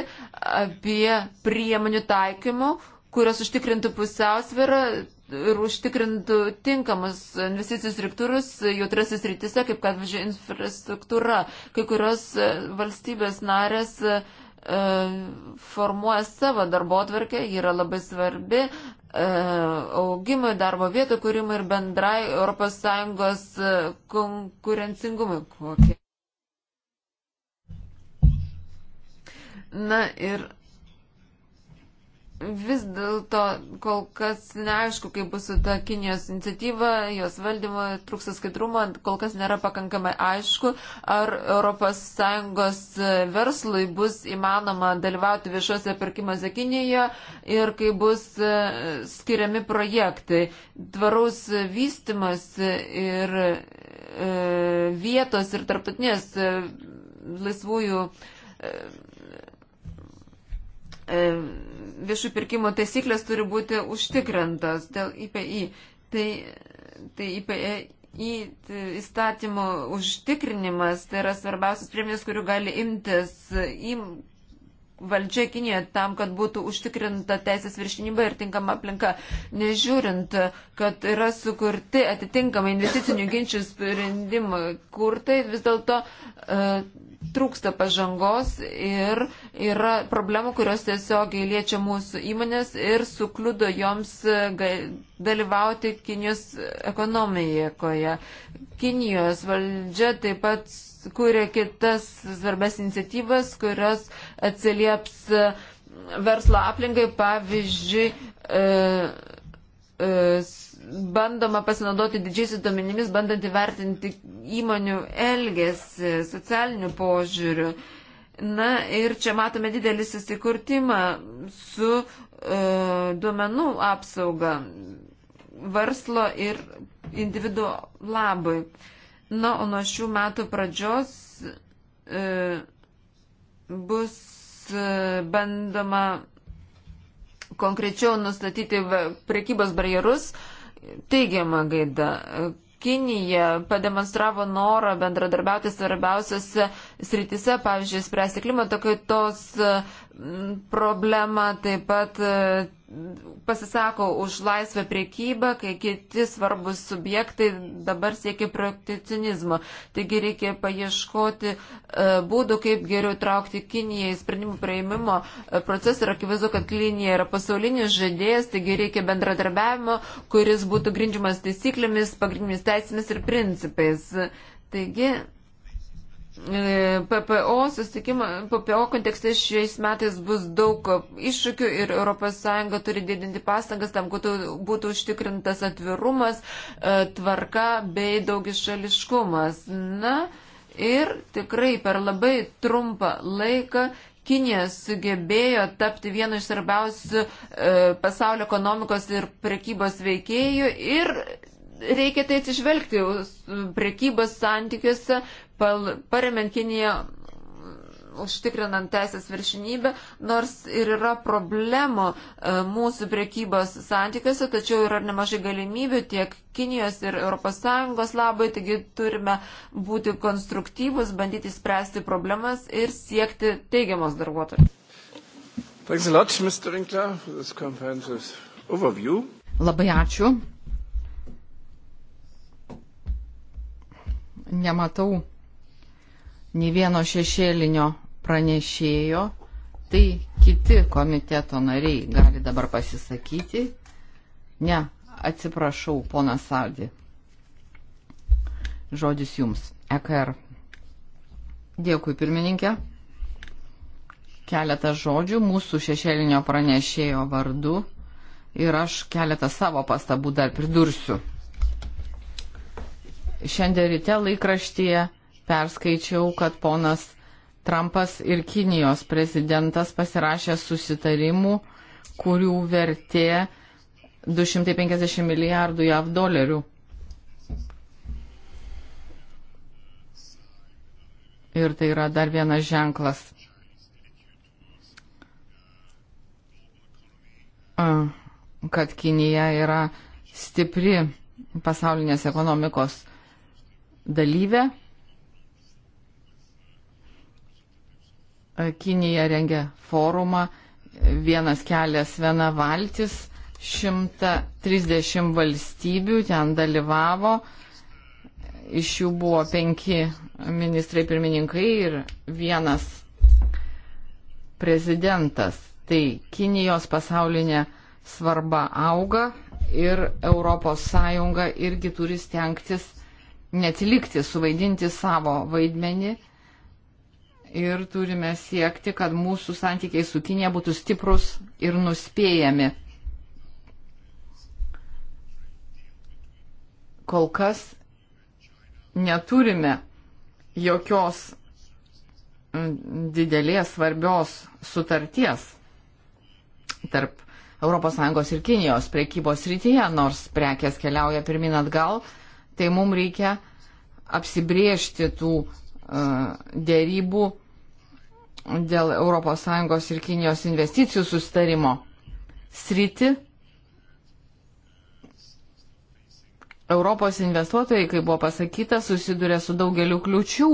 Speaker 1: apie priemonių taikymų, kurios užtikrintų pusiausvyrą ir užtikrintų tinkamus investicijų struktūrus jautrasis rytise, kaip kad, važiuoju, infrastruktūra. Kai kurios valstybės narės e, formuoja savo darbo atvarkę, yra labai svarbi e, augimui, darbo vietų kūrimui ir bendrai ES e, konkurencingumui. Kokie? Na ir vis dėlto kol kas neaišku, kaip bus su ta Kinijos iniciatyva, jos valdymo trūksta skaidrumo, kol kas nėra pakankamai aišku, ar ES verslui bus įmanoma dalyvauti viešuose pirkimuose Kinijoje ir kai bus e, skiriami projektai. Tvaraus vystimas ir e, vietos ir tarptautinės e, laisvųjų E, viešų pirkimo taisyklės turi būti užtikrintas dėl IPI. Tai, tai IPI įstatymo užtikrinimas tai yra svarbiausias priemonės, kurių gali imtis e, im, valdžia Kinijoje tam, kad būtų užtikrinta teisės viršinyba ir tinkama aplinka, nežiūrint, kad yra sukurti atitinkamai investicinių ginčių sprendimai, kur tai vis dėlto uh, trūksta pažangos ir yra problemų, kurios tiesiogiai liečia mūsų įmonės ir sukliudo joms e, dalyvauti Kinijos ekonomijoje. Kinijos valdžia taip pat kūrė kitas svarbes iniciatyvas, kurios atsilieps e, verslo aplinkai, pavyzdžiui, e, e, bandoma pasinaudoti didžiaisiais duomenimis, bandant įvertinti įmonių elgesį, socialinių požiūrių. Na ir čia matome didelį susikurtimą su e, duomenų apsauga verslo ir individuo labui. Na, o nuo šių metų pradžios e, bus e, bandoma konkrečiau nustatyti prekybos barjerus, e, teigiama gaida. Kinija pademonstravo norą bendradarbiauti svarbiausiose sritise, pavyzdžiui, spręsti klimato kaitos problemą, taip pat pasisako už laisvę priekybą, kai kiti svarbus subjektai dabar siekia protekcionizmo. Taigi reikia paieškoti e, būdų, kaip geriau traukti Kiniją į sprendimų prieimimo e, procesą ir akivaizdu, kad Kinija yra pasaulinis žaidėjas, taigi reikia bendradarbiavimo, kuris būtų grindžiamas taisyklėmis, pagrindinėmis teisėmis ir principais. Taigi, PPO susitikimo, PPO kontekste šiais metais bus daug iššūkių ir ES turi didinti pastangas tam, kad būtų užtikrintas atvirumas, e, tvarka bei daugišališkumas. Na ir tikrai per labai trumpą laiką Kinija sugebėjo tapti vienu iš svarbiausių e, pasaulio ekonomikos ir prekybos veikėjų ir reikia tai atsižvelgti prekybos santykiuose, paremiant Kiniją užtikrinant teisės viršinybę, nors ir yra problemų e, mūsų priekybos santykiuose, tačiau yra nemažai galimybių tiek Kinijos ir ES labai, taigi turime būti konstruktyvus, bandyti spręsti problemas ir siekti teigiamos darbuotojų.
Speaker 3: Labai ačiū. Nematau nei vieno šešėlinio pranešėjo, tai kiti komiteto nariai gali dabar pasisakyti. Ne, atsiprašau, ponas Sardi. Žodis jums. EKR. Dėkui, pirmininkė. Keletą žodžių mūsų šešėlinio pranešėjo vardu ir aš keletą savo pastabų dar pridursiu. Šiandien ryte laikraštyje perskaičiau, kad ponas Trumpas ir Kinijos prezidentas pasirašė susitarimų, kurių vertė 250 milijardų JAV dolerių. Ir tai yra dar vienas ženklas. kad Kinija yra stipri pasaulinės ekonomikos dalyvė Kinija rengia forumą vienas kelias, viena valtis, 130 valstybių ten dalyvavo, iš jų buvo penki ministrai pirmininkai ir vienas prezidentas. Tai Kinijos pasaulinė svarba auga ir ES irgi turi stengtis neatsilikti, suvaidinti savo vaidmenį ir turime siekti, kad mūsų santykiai su Kinė būtų stiprus ir nuspėjami. Kol kas neturime jokios mm, didelės svarbios sutarties tarp ES ir Kinijos prekybos rytyje, nors prekės keliauja pirmin atgal, tai mums reikia apsibriežti tų E, dėrybų dėl ES ir Kinijos investicijų sustarimo sritį. Europos investuotojai, kaip buvo pasakyta, susiduria su daugeliu kliučių,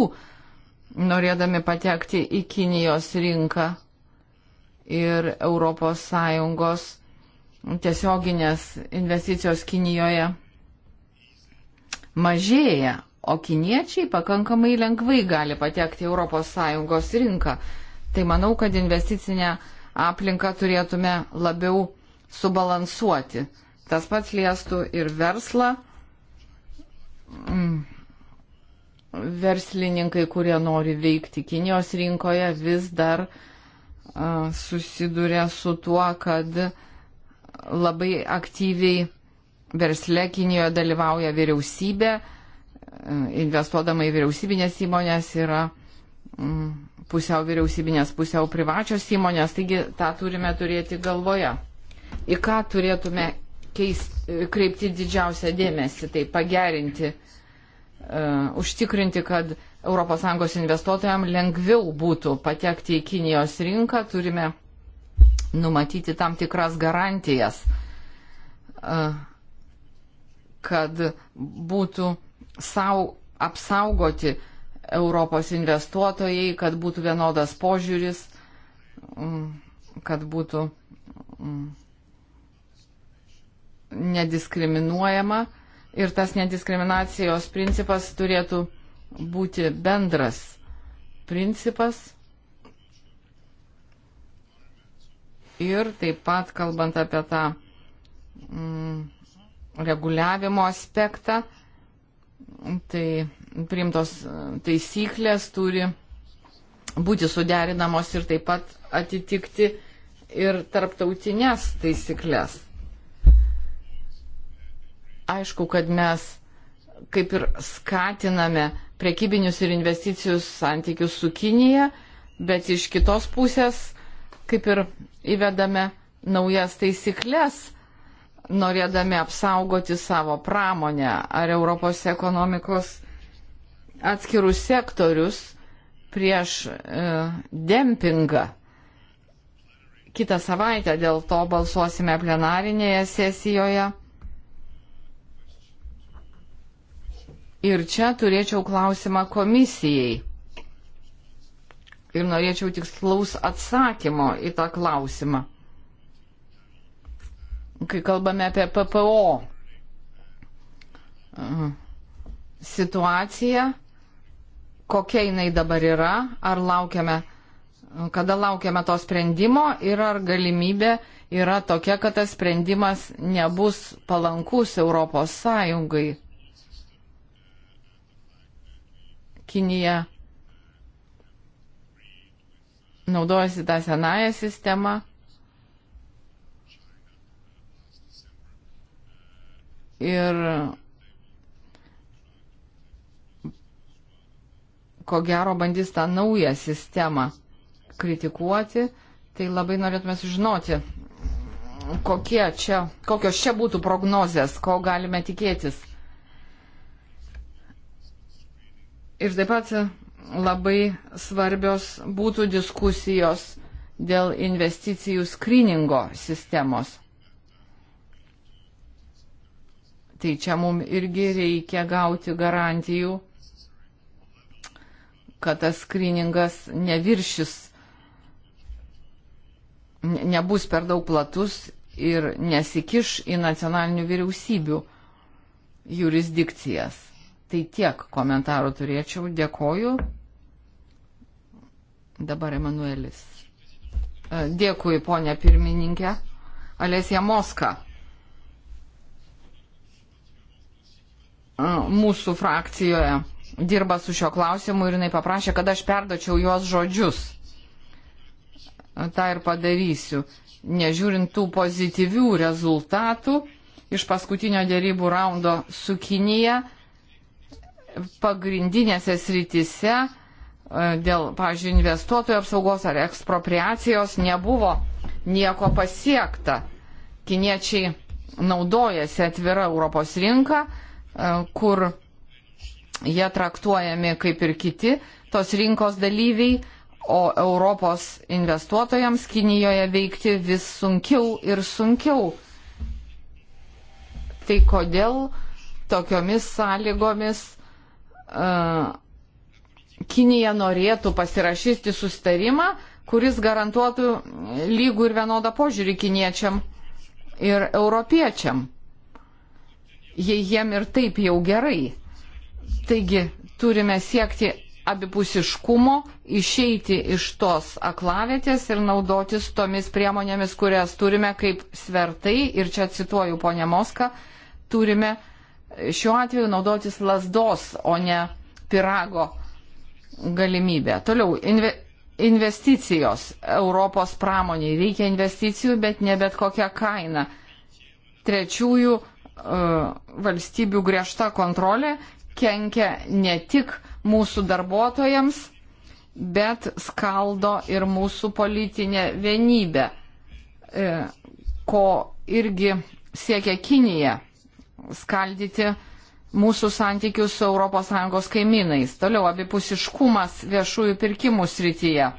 Speaker 3: norėdami patekti į Kinijos rinką ir ES tiesioginės investicijos Kinijoje mažėja o kiniečiai pakankamai lengvai gali patekti ES rinką. Tai manau, kad investicinę aplinką turėtume labiau subalansuoti. Tas pats liestų ir verslą. Mm. Verslininkai, kurie nori veikti Kinijos rinkoje, vis dar uh, susiduria su tuo, kad labai aktyviai versle Kinijoje dalyvauja vyriausybė, uh, investuodama į vyriausybinės įmonės yra mm, pusiau vyriausybinės, pusiau privačios įmonės, taigi tą turime turėti galvoje. Į ką turėtume keist, kreipti didžiausią dėmesį, tai pagerinti, uh, užtikrinti, kad ES investuotojams lengviau būtų patekti į Kinijos rinką, turime numatyti tam tikras garantijas, uh, kad būtų savo apsaugoti Europos investuotojai, kad būtų vienodas požiūris, mm, kad būtų mm, nediskriminuojama ir tas nediskriminacijos principas turėtų būti bendras principas. Ir taip pat kalbant apie tą mm, reguliavimo aspektą, mm, Tai priimtos taisyklės turi būti suderinamos ir taip pat atitikti ir tarptautinės taisyklės. Aišku, kad mes kaip ir skatiname prekybinius ir investicijus santykius su Kinija, bet iš kitos pusės kaip ir įvedame naujas taisyklės norėdami apsaugoti savo pramonę ar Europos ekonomikos atskirus sektorius prieš e, dempingą. Kitą savaitę dėl to balsuosime plenarinėje sesijoje. Ir čia turėčiau klausimą komisijai. Ir norėčiau tikslaus atsakymo į tą klausimą kai kalbame apie PPO uh, situaciją, kokia jinai dabar yra, ar laukiame, uh, kada laukiame to sprendimo ir ar galimybė yra tokia, kad tas sprendimas nebus palankus Europos Sąjungai. Kinija naudojasi tą senąją sistemą Ir ko gero bandys tą naują sistemą kritikuoti, tai labai norėtume sužinoti, kokie čia, kokios čia būtų prognozės, ko galime tikėtis. Ir taip pat labai svarbios būtų diskusijos dėl investicijų skriningo sistemos. Tai čia mums irgi reikia gauti garantijų, kad tas skriningas neviršis, nebus per daug platus ir nesikiš į nacionalinių vyriausybių jurisdikcijas. Tai tiek komentarų turėčiau. Dėkoju. Dabar Emanuelis. Dėkui, ponė pirmininkė. Alesija Moska mūsų frakcijoje dirba su šio klausimu ir jinai paprašė, kad aš perdočiau jos žodžius. Ta ir padarysiu. Nežiūrint tų pozityvių rezultatų iš paskutinio dėrybų raundo su Kinija, pagrindinėse sritise dėl, pavyzdžiui, investuotojų apsaugos ar ekspropriacijos nebuvo nieko pasiekta. Kiniečiai naudojasi atvira Europos rinka E, kur jie traktuojami kaip ir kiti tos rinkos dalyviai, o Europos investuotojams Kinijoje veikti vis sunkiau ir sunkiau. Tai kodėl tokiomis sąlygomis uh, Kinija norėtų pasirašyti sustarimą, kuris garantuotų lygų ir vienodą požiūrį kiniečiam ir europiečiam jei jiem ir taip jau gerai. Taigi turime siekti abipusiškumo, išeiti iš tos aklavietės ir naudotis tomis priemonėmis, kurias turime kaip svertai, ir čia cituoju ponę Moską, turime e, šiuo atveju naudotis lasdos, o ne pirago galimybę. Toliau, inve, investicijos Europos pramoniai. Reikia investicijų, bet ne bet kokią kainą. Trečiųjų E, valstybių griežta kontrolė kenkia ne tik mūsų darbuotojams, bet skaldo ir mūsų politinę vienybę, e, ko irgi siekia Kinija - skaldyti mūsų santykius su ES kaimynais. Toliau abipusiškumas viešųjų pirkimų srityje.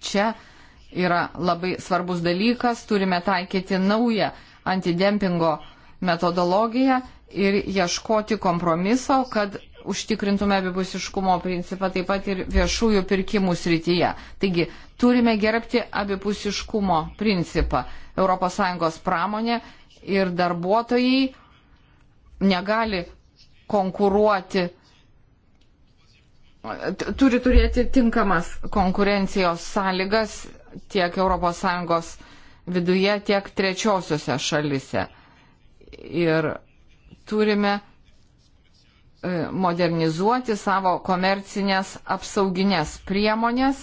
Speaker 3: Čia yra labai svarbus dalykas, turime taikyti naują antidempingo metodologiją ir ieškoti kompromiso, kad užtikrintume abipusiškumo principą taip pat ir viešųjų pirkimų srityje. Taigi turime gerbti abipusiškumo principą. ES pramonė ir darbuotojai negali konkuruoti, turi turėti tinkamas konkurencijos sąlygas tiek ES viduje, tiek trečiosiuose šalise ir turime e, modernizuoti savo komercinės apsauginės priemonės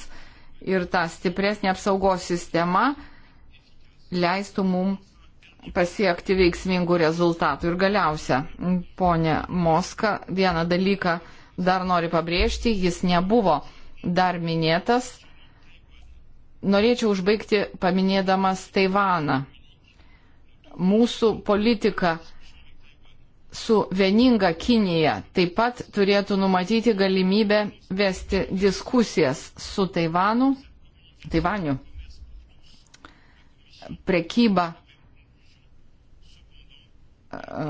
Speaker 3: ir ta stipresnė apsaugos sistema leistų mum pasiekti veiksmingų rezultatų. Ir galiausia, ponė Moska, vieną dalyką dar noriu pabrėžti, jis nebuvo dar minėtas. Norėčiau užbaigti paminėdamas Taivaną mūsų politika su vieninga Kinija taip pat turėtų numatyti galimybę vesti diskusijas su Taivanu, Taivaniu. Prekyba e,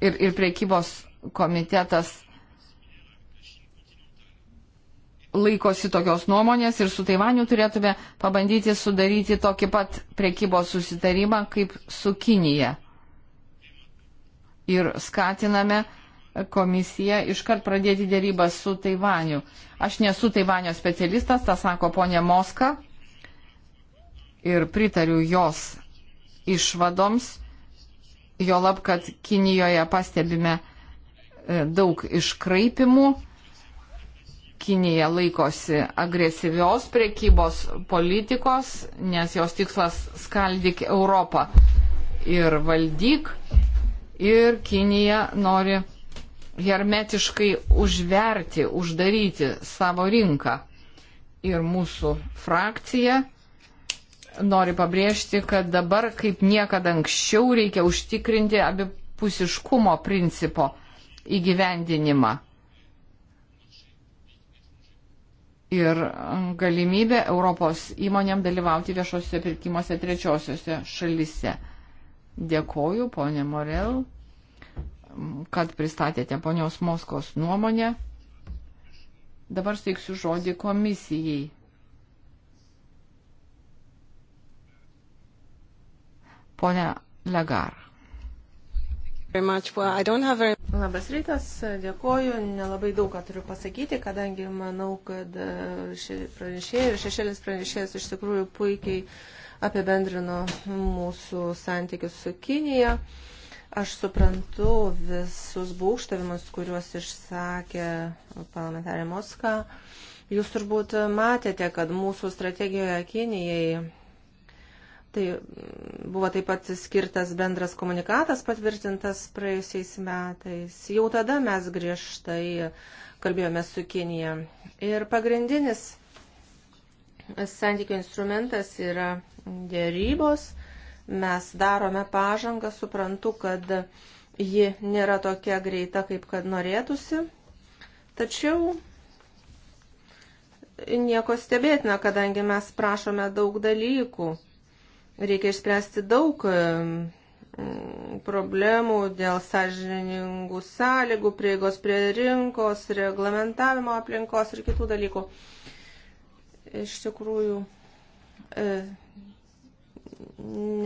Speaker 3: ir, ir prekybos komitetas laikosi tokios nuomonės ir su Taivaniu turėtume pabandyti sudaryti tokį pat prekybos susitarimą kaip su Kinija. Ir skatiname komisiją iškart pradėti dėrybas su Taivaniu. Aš nesu Taivanio specialistas, tą sako ponė Moska ir pritariu jos išvadoms, jo lab, kad Kinijoje pastebime e, daug iškraipimų Kinija laikosi agresyvios priekybos politikos, nes jos tikslas skaldyk Europą ir valdyk. Ir Kinija nori hermetiškai užverti, uždaryti savo rinką. Ir mūsų frakcija nori pabrėžti, kad dabar kaip niekada anksčiau reikia užtikrinti abipusiškumo principo įgyvendinimą ir galimybė Europos įmonėm dalyvauti viešosiuose pirkimuose trečiosiuose šalise. Dėkoju, ponė Morel, kad pristatėte ponios Moskos nuomonę. Dabar steiksiu žodį komisijai. Pone Legar.
Speaker 2: Labas rytas, dėkoju, nelabai daug ką turiu pasakyti, kadangi manau, kad e, pranešėjai ir šešėlis pranešėjas iš tikrųjų puikiai apibendrino mūsų santykius su Kinija. Aš suprantu visus būkštavimus, kuriuos išsakė parlamentarė Moska. Jūs turbūt matėte, kad mūsų strategijoje Kinijai Tai mm, buvo taip pat skirtas bendras komunikatas patvirtintas praėjusiais metais. Jau tada mes griežtai kalbėjome su Kinija. Ir pagrindinis santykių instrumentas yra dėrybos. Mes darome pažangą, suprantu, kad ji nėra tokia greita, kaip kad norėtųsi. Tačiau nieko stebėtina, kadangi mes prašome daug dalykų. Reikia išspręsti daug problemų dėl sąžiningų sąlygų, prieigos prie rinkos, reglamentavimo aplinkos ir kitų dalykų. Iš tikrųjų, e,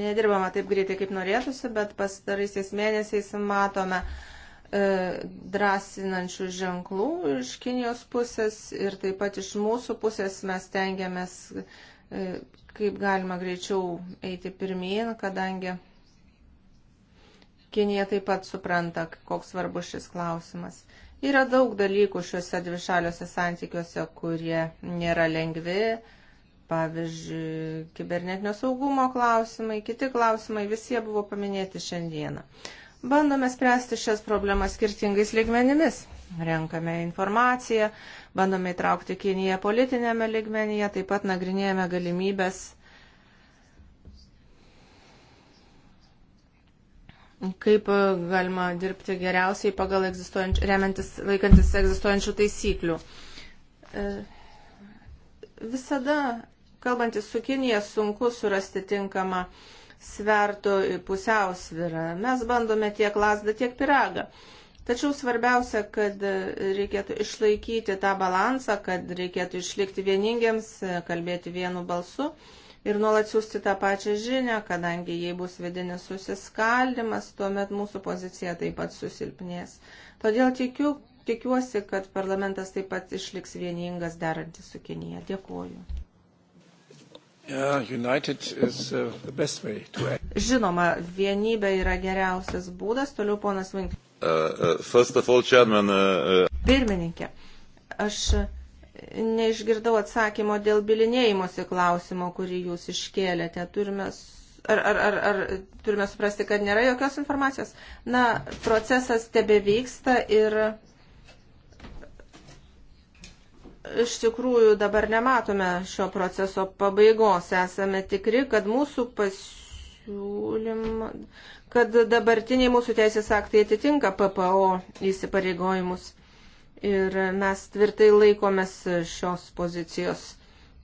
Speaker 2: nedirbama taip greitai, kaip norėtųsi, bet pastaraisiais mėnesiais matome e, drąsinančių ženklų iš Kinijos pusės ir taip pat iš mūsų pusės mes tengiamės e, kaip galima greičiau eiti pirmyn, kadangi Kinija taip pat supranta, koks svarbus šis klausimas. Yra daug dalykų šiuose dvišaliuose santykiuose, kurie nėra lengvi. Pavyzdžiui, kibernetinio saugumo klausimai, kiti klausimai, visi jie buvo paminėti šiandieną. Bandome spręsti šias problemas skirtingais lygmenimis. Renkame informaciją, bandome įtraukti Kiniją politinėme ligmenyje, taip pat nagrinėjame galimybės, kaip e, galima dirbti geriausiai pagal remiantis laikantis egzistuojančių taisyklių. E, visada, kalbantis su Kinija, sunku surasti tinkamą svertų pusiausvyrą. Mes bandome tiek lasdą, tiek piragą. Tačiau svarbiausia, kad reikėtų išlaikyti tą balansą, kad reikėtų išlikti vieningiams, kalbėti vienu balsu ir nuolat siūsti tą pačią žinią, kadangi jei bus vidinis susiskaldimas, tuomet mūsų pozicija taip pat susilpnės. Todėl tikiu, tikiuosi, kad parlamentas taip pat išliks vieningas derantis su Kinija. Dėkuoju. Yeah, uh, Žinoma, vienybė yra geriausias būdas. Toliau ponas Vinklis.
Speaker 1: Uh, uh, all, chairman, uh, uh,
Speaker 2: Pirmininkė, aš neišgirdau atsakymo dėl bilinėjimosi klausimo, kurį jūs iškėlėte. Turime, ar, ar, ar, ar turime suprasti, kad nėra jokios informacijos? Na, procesas tebe vyksta ir iš tikrųjų dabar nematome šio proceso pabaigos. Esame tikri, kad mūsų pasiūlymą, kad dabartiniai mūsų teisės aktai atitinka PPO įsipareigojimus ir mes tvirtai laikomės šios pozicijos.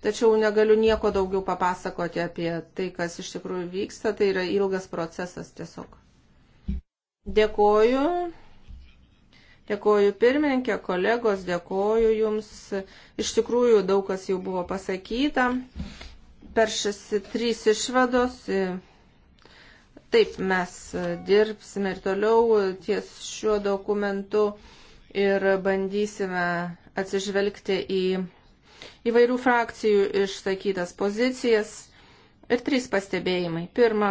Speaker 2: Tačiau negaliu nieko daugiau papasakoti apie tai, kas iš tikrųjų vyksta, tai yra ilgas procesas tiesiog. Dėkoju. Dėkoju pirmininkė, kolegos, dėkoju jums. Iš tikrųjų daug kas jau buvo pasakyta. Per šis trys išvados Taip, mes dirbsime ir toliau ties šiuo dokumentu ir bandysime atsižvelgti į įvairių frakcijų išsakytas pozicijas. Ir trys pastebėjimai. Pirma,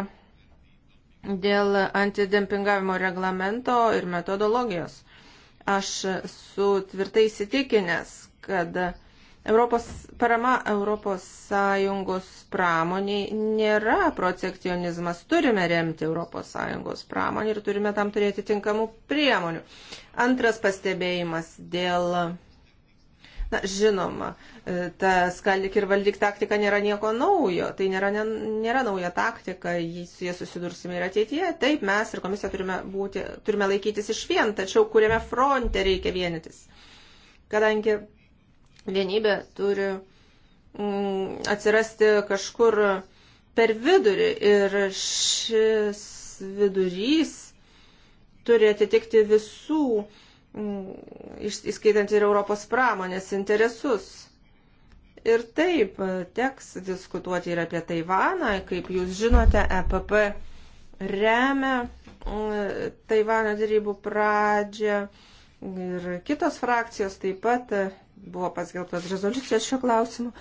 Speaker 2: dėl antidempingavimo reglamento ir metodologijos. Aš su tvirtai įsitikinęs, kad Europos parama Europos Sąjungos pramoniai nėra protekcionizmas. Turime remti Europos Sąjungos pramonį ir turime tam turėti tinkamų priemonių. Antras pastebėjimas dėl, na, žinoma, e, ta skaldik ir valdyk taktika nėra nieko naujo. Tai nėra, ne, nėra nauja taktika, su jie susidursime ir ateityje. Taip, mes ir komisija turime, būti, turime laikytis iš vien, tačiau kuriame fronte reikia vienytis. Kadangi vienybė turi mm, atsirasti kažkur per vidurį ir šis vidurys turi atitikti visų, mm, įskaitant ir Europos pramonės interesus. Ir taip, teks diskutuoti ir apie Taivaną. Kaip jūs žinote, EPP remia mm, Taivano darybų pradžią ir kitos frakcijos taip pat buvo paskelbtos rezoliucijos šio klausimu.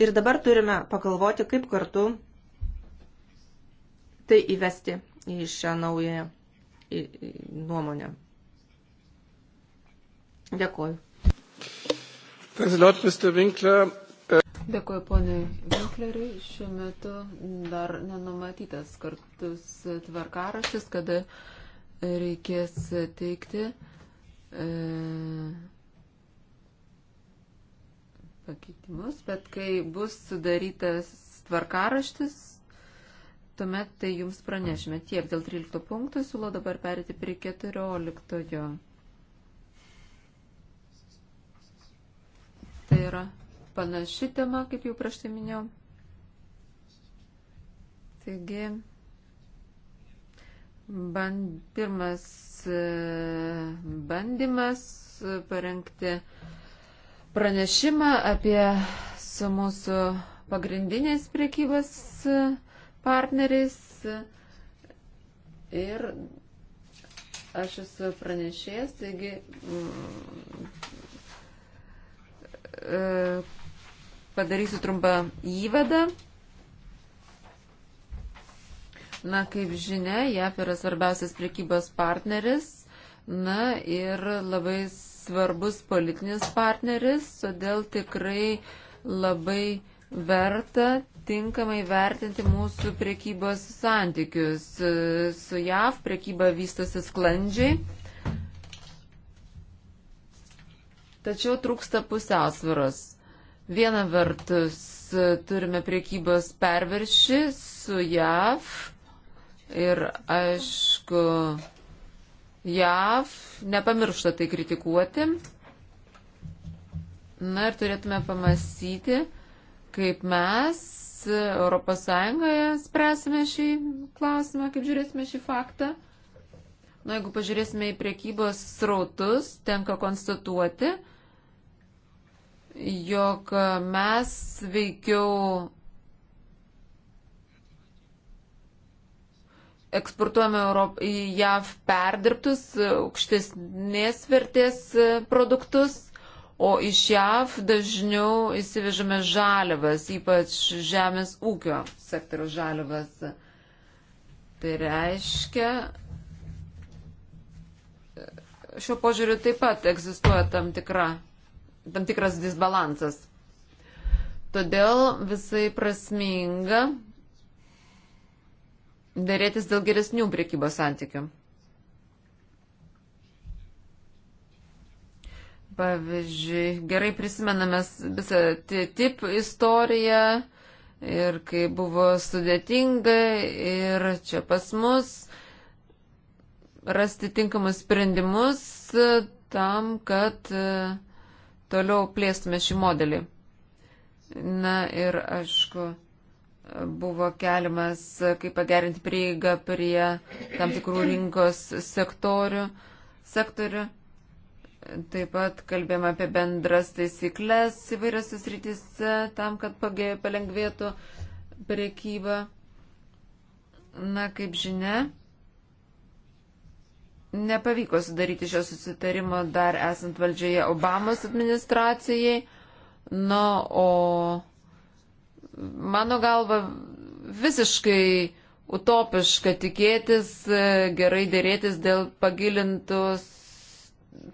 Speaker 2: Ir dabar turime pagalvoti, kaip kartu tai įvesti į šią naują nuomonę. Dėkuoju.
Speaker 1: Dėkuoju poniai Winkleriui. Šiuo metu dar nenumatytas kartus tvarkaraštis, kada reikės teikti E, pakeitimus, bet kai bus sudarytas tvarkaraštis, tuomet tai jums pranešime. Tiek dėl 13 punktų siūlo dabar perėti prie 14. Tai yra panaši tema, kaip jau prieš tai minėjau. Taigi band, pirmas e, bandymas parengti pranešimą apie su mūsų pagrindiniais priekybos partneriais. Ir aš esu pranešėjęs, taigi mm, e, padarysiu trumpą įvadą. Na, kaip žinia, JAF yra svarbiausias prekybos partneris, na ir labai svarbus politinis partneris, todėl tikrai labai verta tinkamai vertinti mūsų prekybos santykius. Su JAV prekyba vystosi sklandžiai, tačiau trūksta pusiausvaros. Viena vertus turime prekybos perviršį su JAV, Ir aišku, JAV nepamiršta tai kritikuoti. Na ir turėtume pamastyti, kaip mes ES spręsime šį klausimą, kaip žiūrėsime šį faktą. Na, jeigu pažiūrėsime į priekybos srautus, tenka konstatuoti, jog mes veikiau eksportuojame Europ į JAV perdirbtus aukštesnės vertės e, produktus, o iš JAV dažniau įsivežame žalivas, ypač žemės ūkio sektoriaus žalivas. Tai reiškia, e, šio požiūriu taip pat egzistuoja tam, tikra, tam tikras disbalansas. Todėl visai prasminga dėrėtis dėl geresnių priekybos santykių. Pavyzdžiui, gerai prisimename visą TTIP istoriją ir kai buvo sudėtinga ir čia pas mus rasti tinkamus sprendimus e, tam, kad e, toliau plėstume šį modelį. Na ir aišku, buvo keliamas, kaip pagerinti prieigą prie tam tikrų rinkos sektorių. sektorių. Taip pat kalbėjome apie bendras taisyklės įvairiose srityse tam, kad palengvėtų priekyba. Na, kaip žinia, nepavyko sudaryti šio susitarimo dar esant valdžioje Obamos administracijai. Na, o mano galva visiškai utopiška tikėtis e, gerai dėrėtis dėl pagilintus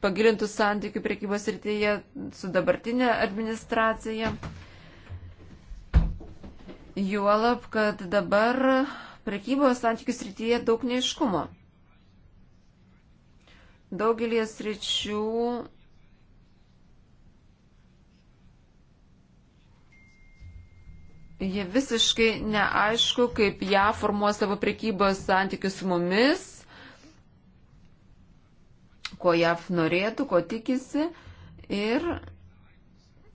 Speaker 1: pagilintų santykių priekybos rytyje su dabartinė administracija. Juolab, kad dabar priekybos santykių srityje daug neiškumo. Daugelį sričių Jie visiškai neaišku, kaip ją formuos savo prekybos santykius su mumis, ko JAF norėtų, ko tikisi. Ir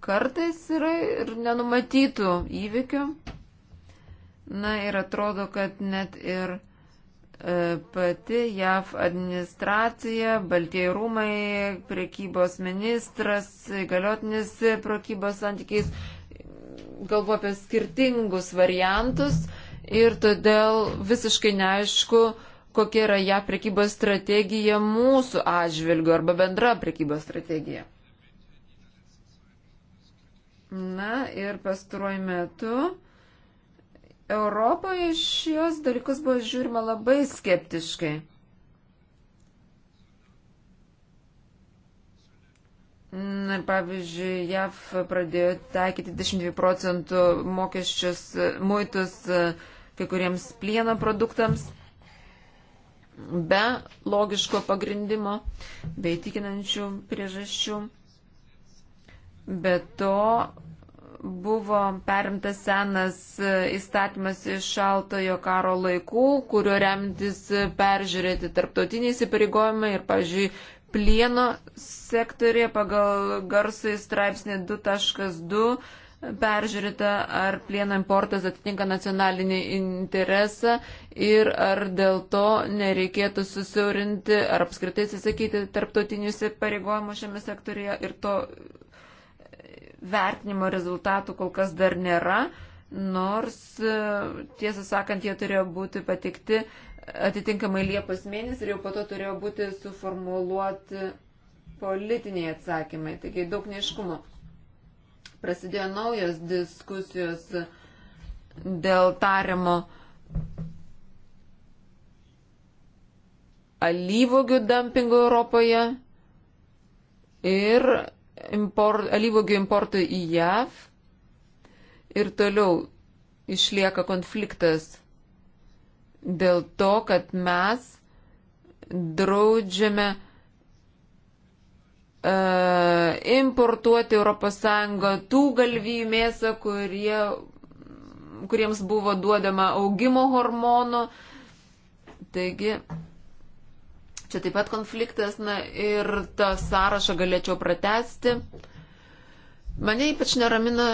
Speaker 1: kartais yra ir nenumatytų įvykių. Na ir atrodo, kad net ir e, pati JAF administracija, Baltieji rūmai, priekybos ministras, galiotinis priekybos santykiais galvo apie skirtingus variantus ir todėl visiškai neaišku, kokia yra ją prekybos strategija mūsų atžvilgiu arba bendra prekybos strategija. Na ir pastaruoju metu Europoje šios dalykus buvo žiūrima labai skeptiškai. Na, pavyzdžiui, JAV pradėjo taikyti 22 procentų mokesčius, muitus e, kai kuriems plieno produktams be logiško pagrindimo, bei tikinančių priežasčių. Be to buvo perimtas senas e, įstatymas iš šaltojo karo laikų, kurio remtis peržiūrėti tarptautiniai įsipareigojimai ir, pažiūrėjau, plieno sektorė pagal garsai straipsnį 2.2 peržiūrėta, ar plieno importas atitinka nacionalinį interesą ir ar dėl to nereikėtų susiaurinti ar apskritai atsisakyti tarptautinius pareigojimus šiame sektorija ir to vertinimo rezultatų kol kas dar nėra. Nors, tiesą sakant, jie turėjo būti patikti atitinkamai Liepos mėnesį ir jau po to turėjo būti suformuoluoti politiniai atsakymai. Taigi daug neiškumo. Prasidėjo naujos diskusijos dėl tariamo alyvogių dumpingo Europoje ir import, alyvogių importų į JAV. Ir toliau išlieka konfliktas dėl to, kad mes draudžiame e, importuoti ES tų galvijų mėsą, kurie, kuriems buvo duodama augimo hormonų. Taigi, čia taip pat konfliktas, na ir tą sąrašą galėčiau pratesti. Mane ypač neramina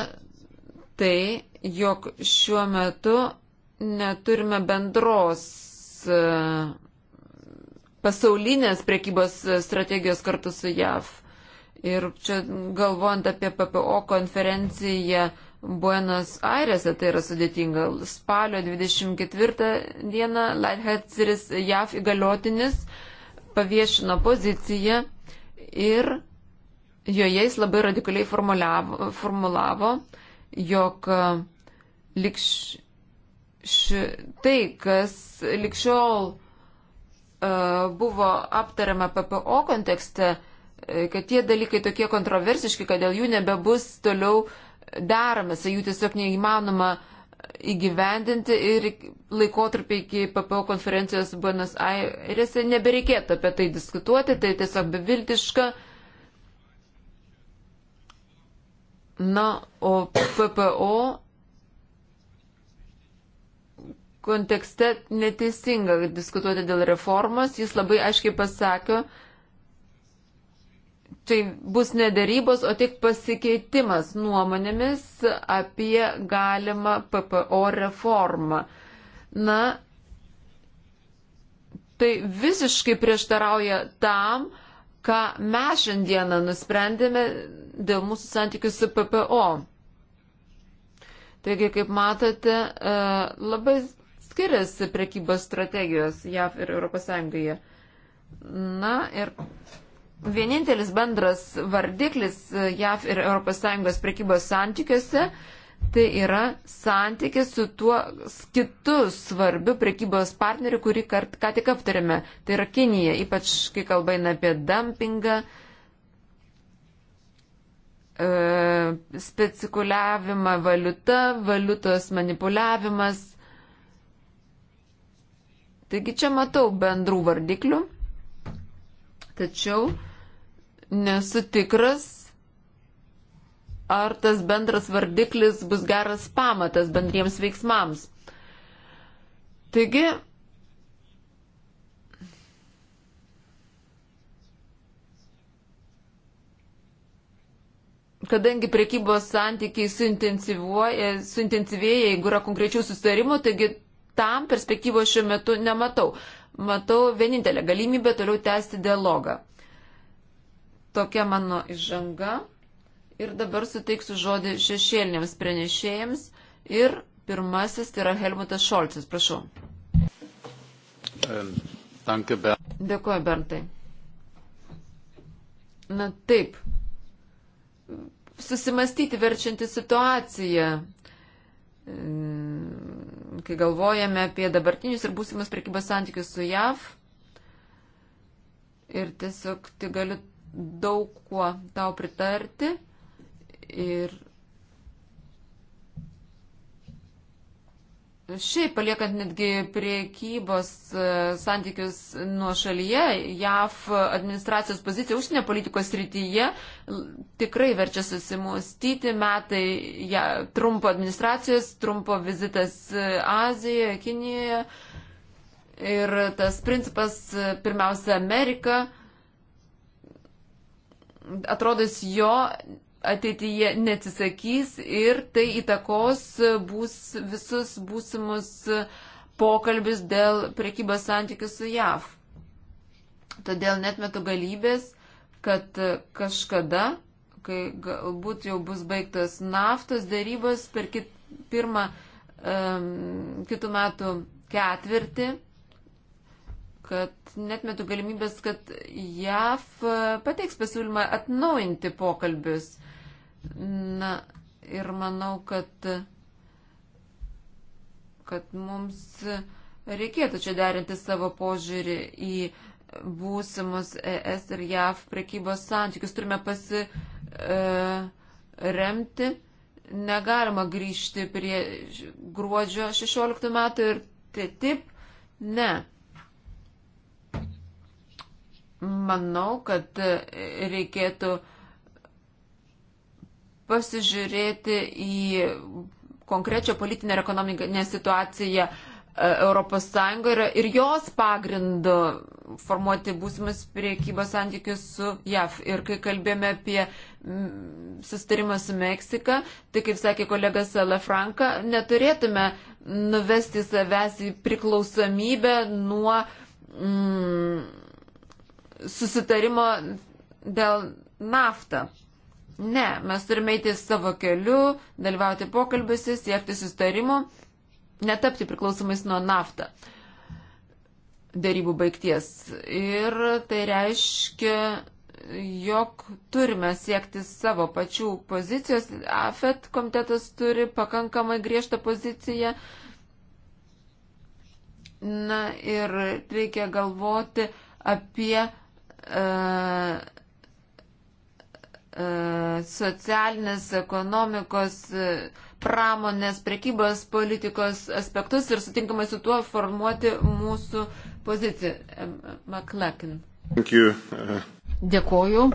Speaker 1: tai, jog šiuo metu neturime bendros e, pasaulinės prekybos strategijos kartu su JAV. Ir čia galvojant apie PPO konferenciją Buenos Airese, tai yra sudėtinga. Spalio 24 dieną Lightheadseris JAV įgaliotinis paviešino poziciją ir joje jis labai radikaliai formulavo, formulavo jog likš ši, tai, kas likščiol e, buvo aptariama PPO kontekste, e, kad tie dalykai tokie kontroversiški, kad dėl jų nebebus toliau deramasi, jų tiesiog neįmanoma įgyvendinti ir laikotarpį iki PPO konferencijos Buenos Airese nebereikėtų apie tai diskutuoti, tai tiesiog beviltiška. Na, o PPO kontekste neteisinga diskutuoti dėl reformos. Jis labai aiškiai pasakė, tai bus nedarybos, o tik pasikeitimas nuomonėmis apie galimą PPO reformą. Na, tai visiškai prieštarauja tam, ką mes šiandieną nusprendėme dėl mūsų santykių su PPO. Taigi, kaip matote, e, labai skiriasi prekybos strategijos JAV ir ES. Na ir vienintelis bendras vardiklis JAV ir ES prekybos santykiuose tai yra santykis su tuo kitu svarbiu prekybos partneriu, kurį kart, ką tik aptarėme. Tai yra Kinija, ypač kai kalba eina apie dumpingą, e, specikuliavimą valiuta, valiutos manipuliavimas Taigi čia matau bendrų vardiklių, tačiau nesu tikras, ar tas bendras vardiklis bus geras pamatas bendriems veiksmams. Taigi, kadangi priekybos santykiai suintensyvėja, jeigu yra konkrečių sustarimų, taigi tam perspektyvos šiuo metu nematau. Matau vienintelę galimybę toliau tęsti dialogą. Tokia mano išžanga. Ir dabar suteiksiu žodį šešėliniams pranešėjams. Ir pirmasis tai yra Helmutas Šolcis. Prašau. Um, Dėkuoju, Bertai. Na taip. Susimastyti verčianti situaciją mm, kai galvojame apie dabartinius ir būsimus prekybos santykius su JAV. Ir tiesiog tai galiu daug kuo tau pritarti. Ir Šiaip paliekant netgi priekybos e, santykius nuo šalyje, JAF administracijos pozicija užsienio politikos rytyje tikrai verčia susimustyti metai ja, trumpo administracijos, trumpo vizitas e, Azijoje, Kinijoje ir tas principas e, pirmiausia Amerika, atrodo, jo ateityje neatsisakys ir tai įtakos bus visus būsimus pokalbis dėl prekybos santykių su JAV. Todėl net metu galybės, kad kažkada, kai galbūt jau bus baigtas naftos darybos per kit, pirmą um, kitų metų ketvirtį, kad net metu galimybės, kad JAV pateiks pasiūlymą atnaujinti pokalbius. Na ir manau, kad, kad mums reikėtų čia derinti savo požiūrį į būsimus ES ir JAV prekybos santykius. Turime pasiremti. E, Negalima grįžti prie gruodžio 16 metų ir taip, ne. Manau, kad reikėtų uh, pasižiūrėti į konkrečią politinę ir ekonominę situaciją e, Europos Sąjungoje ir jos pagrindu formuoti būsimus priekybos santykius su JAV. Ir kai kalbėjome apie sustarimą su Meksika, tai kaip sakė kolega Salafranka, neturėtume nuvesti savęs į priklausomybę nuo mm, susitarimo dėl naftą. Ne, mes turime eiti savo keliu, dalyvauti pokalbiuose, siekti sustarimų, netapti priklausomais nuo naftą dėrybų baigties. Ir tai reiškia, jog turime siekti savo pačių pozicijos. AFET komitetas turi pakankamai griežtą poziciją. Na ir reikia galvoti apie uh, e, E, socialinės, ekonomikos, e, pramonės, prekybos politikos aspektus ir sutinkamai su tuo formuoti mūsų
Speaker 3: poziciją. E, McLakin. Dėkoju.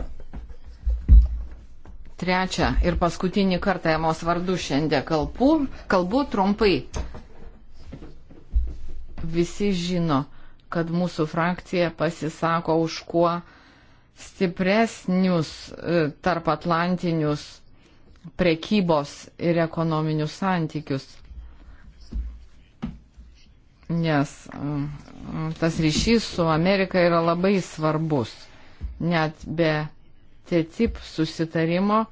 Speaker 3: Trečią ir paskutinį kartą Emos vardu šiandien kalbu, kalbu trumpai. Visi žino, kad mūsų frakcija pasisako už kuo stipresnius e, tarp atlantinius prekybos ir ekonominius santykius. Nes e, tas ryšys su Amerika yra labai svarbus. Net be TTIP susitarimo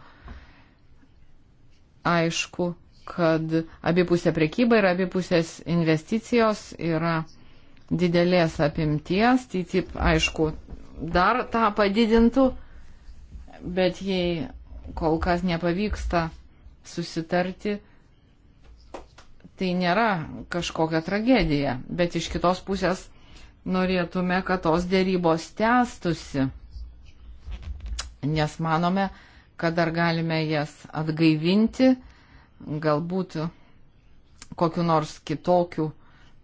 Speaker 3: aišku, kad abipusė prekyba ir abipusės investicijos yra didelės apimties. TTIP, aišku, dar tą padidintų, bet jei kol kas nepavyksta susitarti, tai nėra kažkokia tragedija. Bet iš kitos pusės norėtume, kad tos dėrybos tęstusi, nes manome, kad dar galime jas atgaivinti, galbūt kokiu nors kitokiu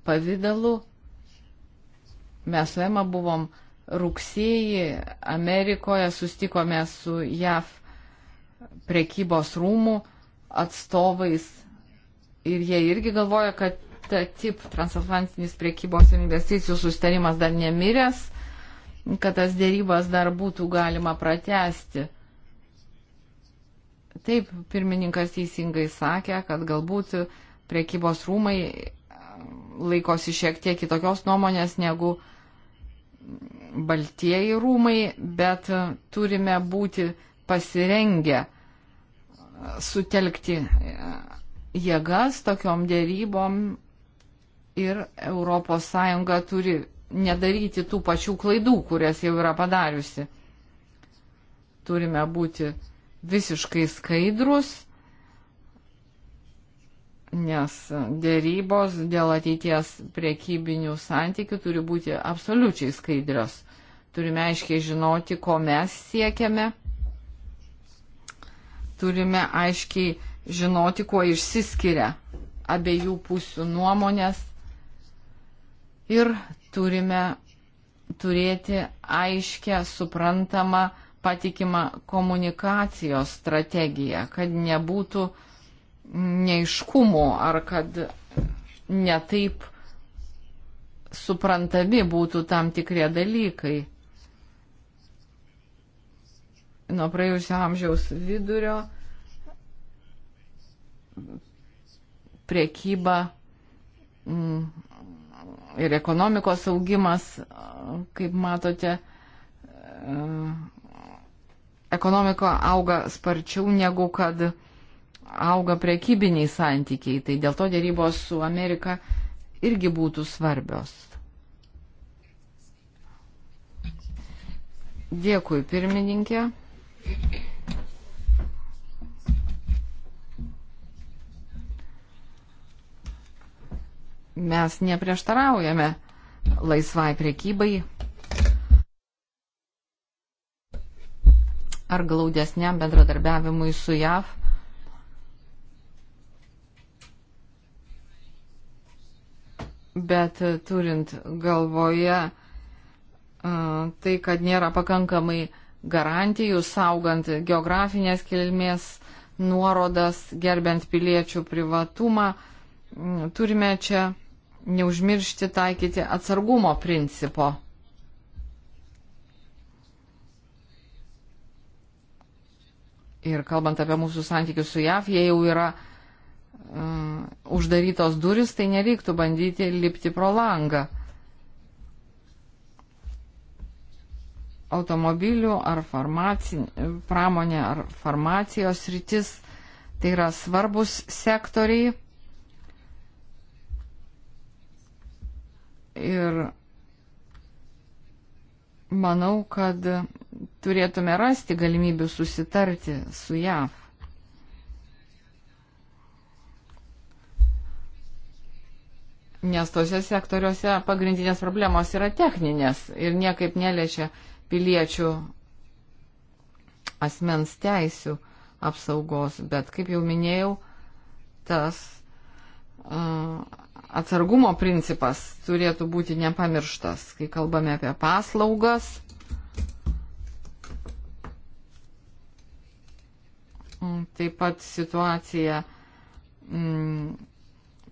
Speaker 3: pavydalu. Mes su Ema buvom rugsėjį Amerikoje sustikome su JAV prekybos rūmų atstovais ir jie irgi galvoja, kad ta tip transatlantinis prekybos ir investicijų sustarimas dar nemiręs, kad tas dėrybas dar būtų galima pratesti. Taip, pirmininkas teisingai sakė, kad galbūt prekybos rūmai laikosi šiek tiek kitokios nuomonės negu baltieji rūmai, bet turime būti pasirengę sutelkti jėgas tokiom dėrybom ir ES turi nedaryti tų pačių klaidų, kurias jau yra padariusi. Turime būti visiškai skaidrus, nes dėrybos dėl ateities priekybinių santykių turi būti absoliučiai skaidrios. Turime aiškiai žinoti, ko mes siekiame. Turime aiškiai žinoti, kuo išsiskiria abiejų pusių nuomonės. Ir turime turėti aiškę, suprantamą, patikimą komunikacijos strategiją, kad nebūtų neiškumų ar kad netaip suprantami būtų tam tikrie dalykai nuo praėjusio amžiaus vidurio priekyba mm, ir ekonomikos augimas, kaip matote, e, ekonomika auga sparčiau negu kad auga priekybiniai santykiai. Tai dėl to dėrybos su Amerika irgi būtų svarbios. Dėkui, pirmininkė. Mes neprieštaraujame laisvai priekybai ar glaudesniam bendradarbiavimui su JAV. Bet turint galvoje tai, kad nėra pakankamai uh, garantijų, saugant geografinės kilmės nuorodas, gerbent piliečių privatumą. Mm, turime čia neužmiršti taikyti atsargumo principo. Ir kalbant apie mūsų santykius su JAV, jie jau yra uh, uždarytos duris, tai nereiktų bandyti lipti pro langą. automobilių ar farmaci... pramonė ar farmacijos rytis. Tai yra svarbus sektoriai. Ir manau, kad turėtume rasti galimybių susitarti su JAV. Nes tose sektoriuose pagrindinės problemos yra techninės ir niekaip neliečia piliečių asmens teisių apsaugos, bet kaip jau minėjau, tas uh, atsargumo principas turėtų būti nepamirštas, kai kalbame apie paslaugas. Mm, taip pat situacija mm,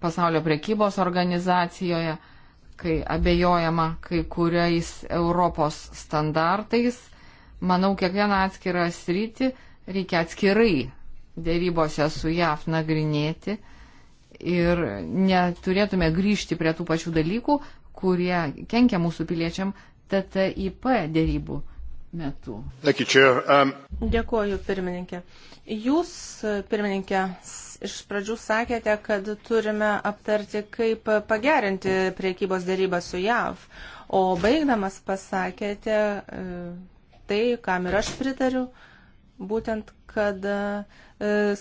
Speaker 3: pasaulio prekybos organizacijoje. Uh, kai abejojama kai kuriais Europos standartais, manau, kiekvieną atskirą sritį reikia atskirai dėrybose su JAF nagrinėti ir neturėtume grįžti prie tų pačių dalykų, kurie kenkia mūsų
Speaker 2: piliečiam TTIP dėrybų metu. Um, Dėkuoju, pirmininkė. Jūs, pirmininkė, iš pradžių sakėte, kad turime aptarti, kaip pagerinti priekybos dėrybą su JAV, o baigdamas pasakėte e, tai, kam ir aš pritariu, būtent, kad e,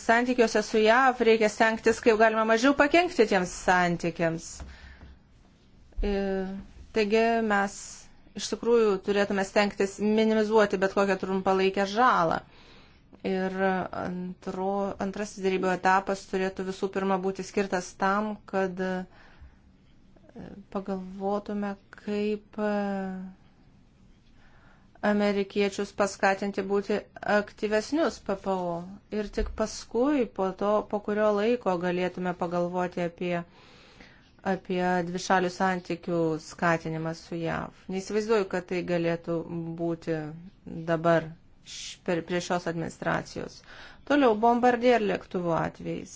Speaker 2: santykiuose su JAV reikia stengtis, kaip galima mažiau pakengti tiems santykiams. E, taigi mes iš tikrųjų turėtume stengtis minimizuoti bet kokią trumpalaikę žalą. Ir antro, antrasis dėrybų etapas turėtų visų pirma būti skirtas tam, kad e, pagalvotume, kaip e, amerikiečius paskatinti būti aktyvesnius PPO. Ir tik paskui, po, to, po kurio laiko galėtume pagalvoti apie, apie dvišalių santykių skatinimą su JAV. Neįsivaizduoju, kad tai galėtų būti dabar per, prie šios administracijos. Toliau bombardier lėktuvų atvejais.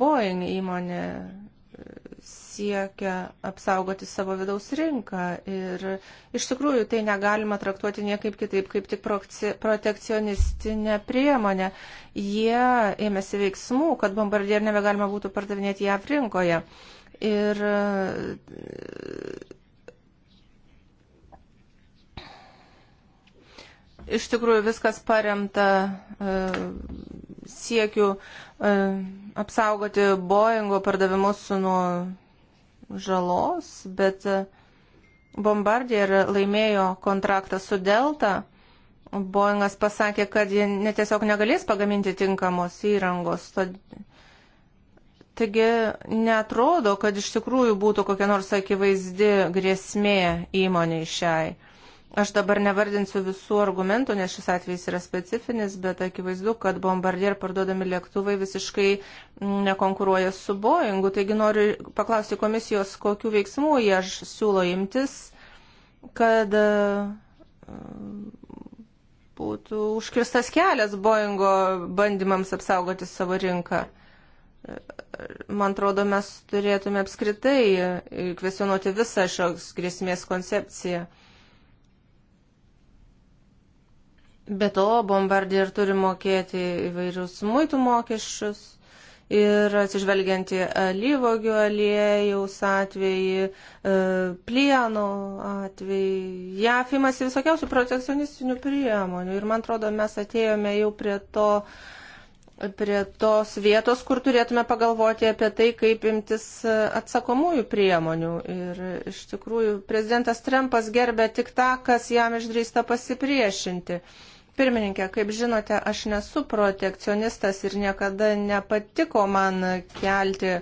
Speaker 2: Boeing įmonė e, siekia apsaugoti savo vidaus rinką ir iš tikrųjų tai negalima traktuoti niekaip kitaip, kaip tik protekcionistinė priemonė. Jie ėmėsi veiksmų, kad bombardier nebegalima būtų pardavinėti JAV rinkoje. Ir e, iš tikrųjų viskas paremta e, siekiu e, apsaugoti Boeingo pardavimus nuo žalos, bet e, Bombardier laimėjo kontraktą su Delta. Boeingas pasakė, kad jie netiesiog negalės pagaminti tinkamos įrangos. Taigi netrodo, kad iš tikrųjų būtų kokia nors akivaizdi grėsmė įmoniai šiai. Aš dabar nevardinsiu visų argumentų, nes šis atvejis yra specifinis, bet akivaizdu, kad bombardier parduodami lėktuvai visiškai mm, nekonkuruoja su Boeingu. Taigi noriu paklausti komisijos, kokiu veiksmu jie siūlo imtis, kad e, būtų užkirstas kelias Boeingo bandymams apsaugoti savo rinką. Man atrodo, mes turėtume apskritai e, kvesionuoti visą šios grėsmės koncepciją. Be to, bombardier turi mokėti įvairius muitų mokesčius ir atsižvelgiant į alyvogių aliejaus atvejį, e, plieno atvejį, JAF imasi visokiausių protekcionistinių priemonių ir man atrodo, mes atėjome jau prie to prie tos vietos, kur turėtume pagalvoti apie tai, kaip imtis atsakomųjų priemonių. Ir iš tikrųjų, prezidentas Trumpas gerbė tik tą, kas jam išdrįsta pasipriešinti. Uh, Pirmininkė, kaip žinote, aš nesu protekcionistas ir niekada nepatiko man kelti e,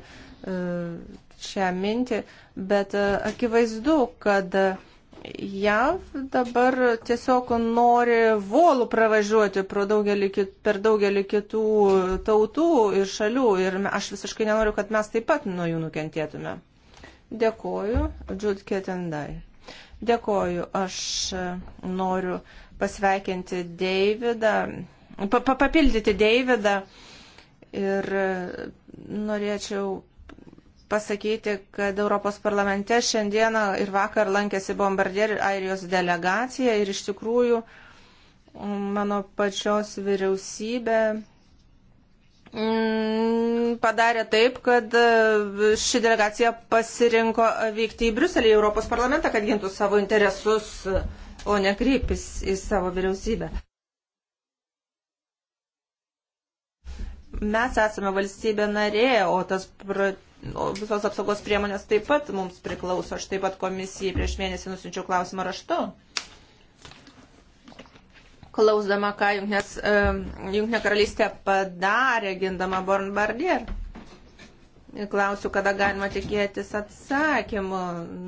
Speaker 2: šią mintį, bet e, akivaizdu, kad JAV dabar tiesiog nori volų pravažiuoti daugelį, per daugelį kitų tautų ir šalių ir aš visiškai nenoriu, kad mes taip pat nuo jų nukentėtume. Dėkoju, Džud Ketendai. Dėkoju, aš e, noriu pasveikinti Deividą, papildyti Deividą ir e, norėčiau pasakyti, kad Europos parlamente šiandieną ir vakar lankėsi bombardier Airijos delegacija ir iš tikrųjų mm, mano pačios vyriausybė mm, padarė taip, kad e, ši delegacija pasirinko vykti į Briuselį, į Europos parlamentą, kad gintų savo interesus. Uh, o ne kreiptis į savo vyriausybę. Mes esame valstybė narė, o tas pra... o visos apsaugos priemonės taip pat mums priklauso. Aš taip pat komisijai prieš mėnesį nusinčiau klausimą raštu klausdama, ką Junknė karalystė padarė, gindama Born Bardier. Klausiu, kada galima tikėtis atsakymų,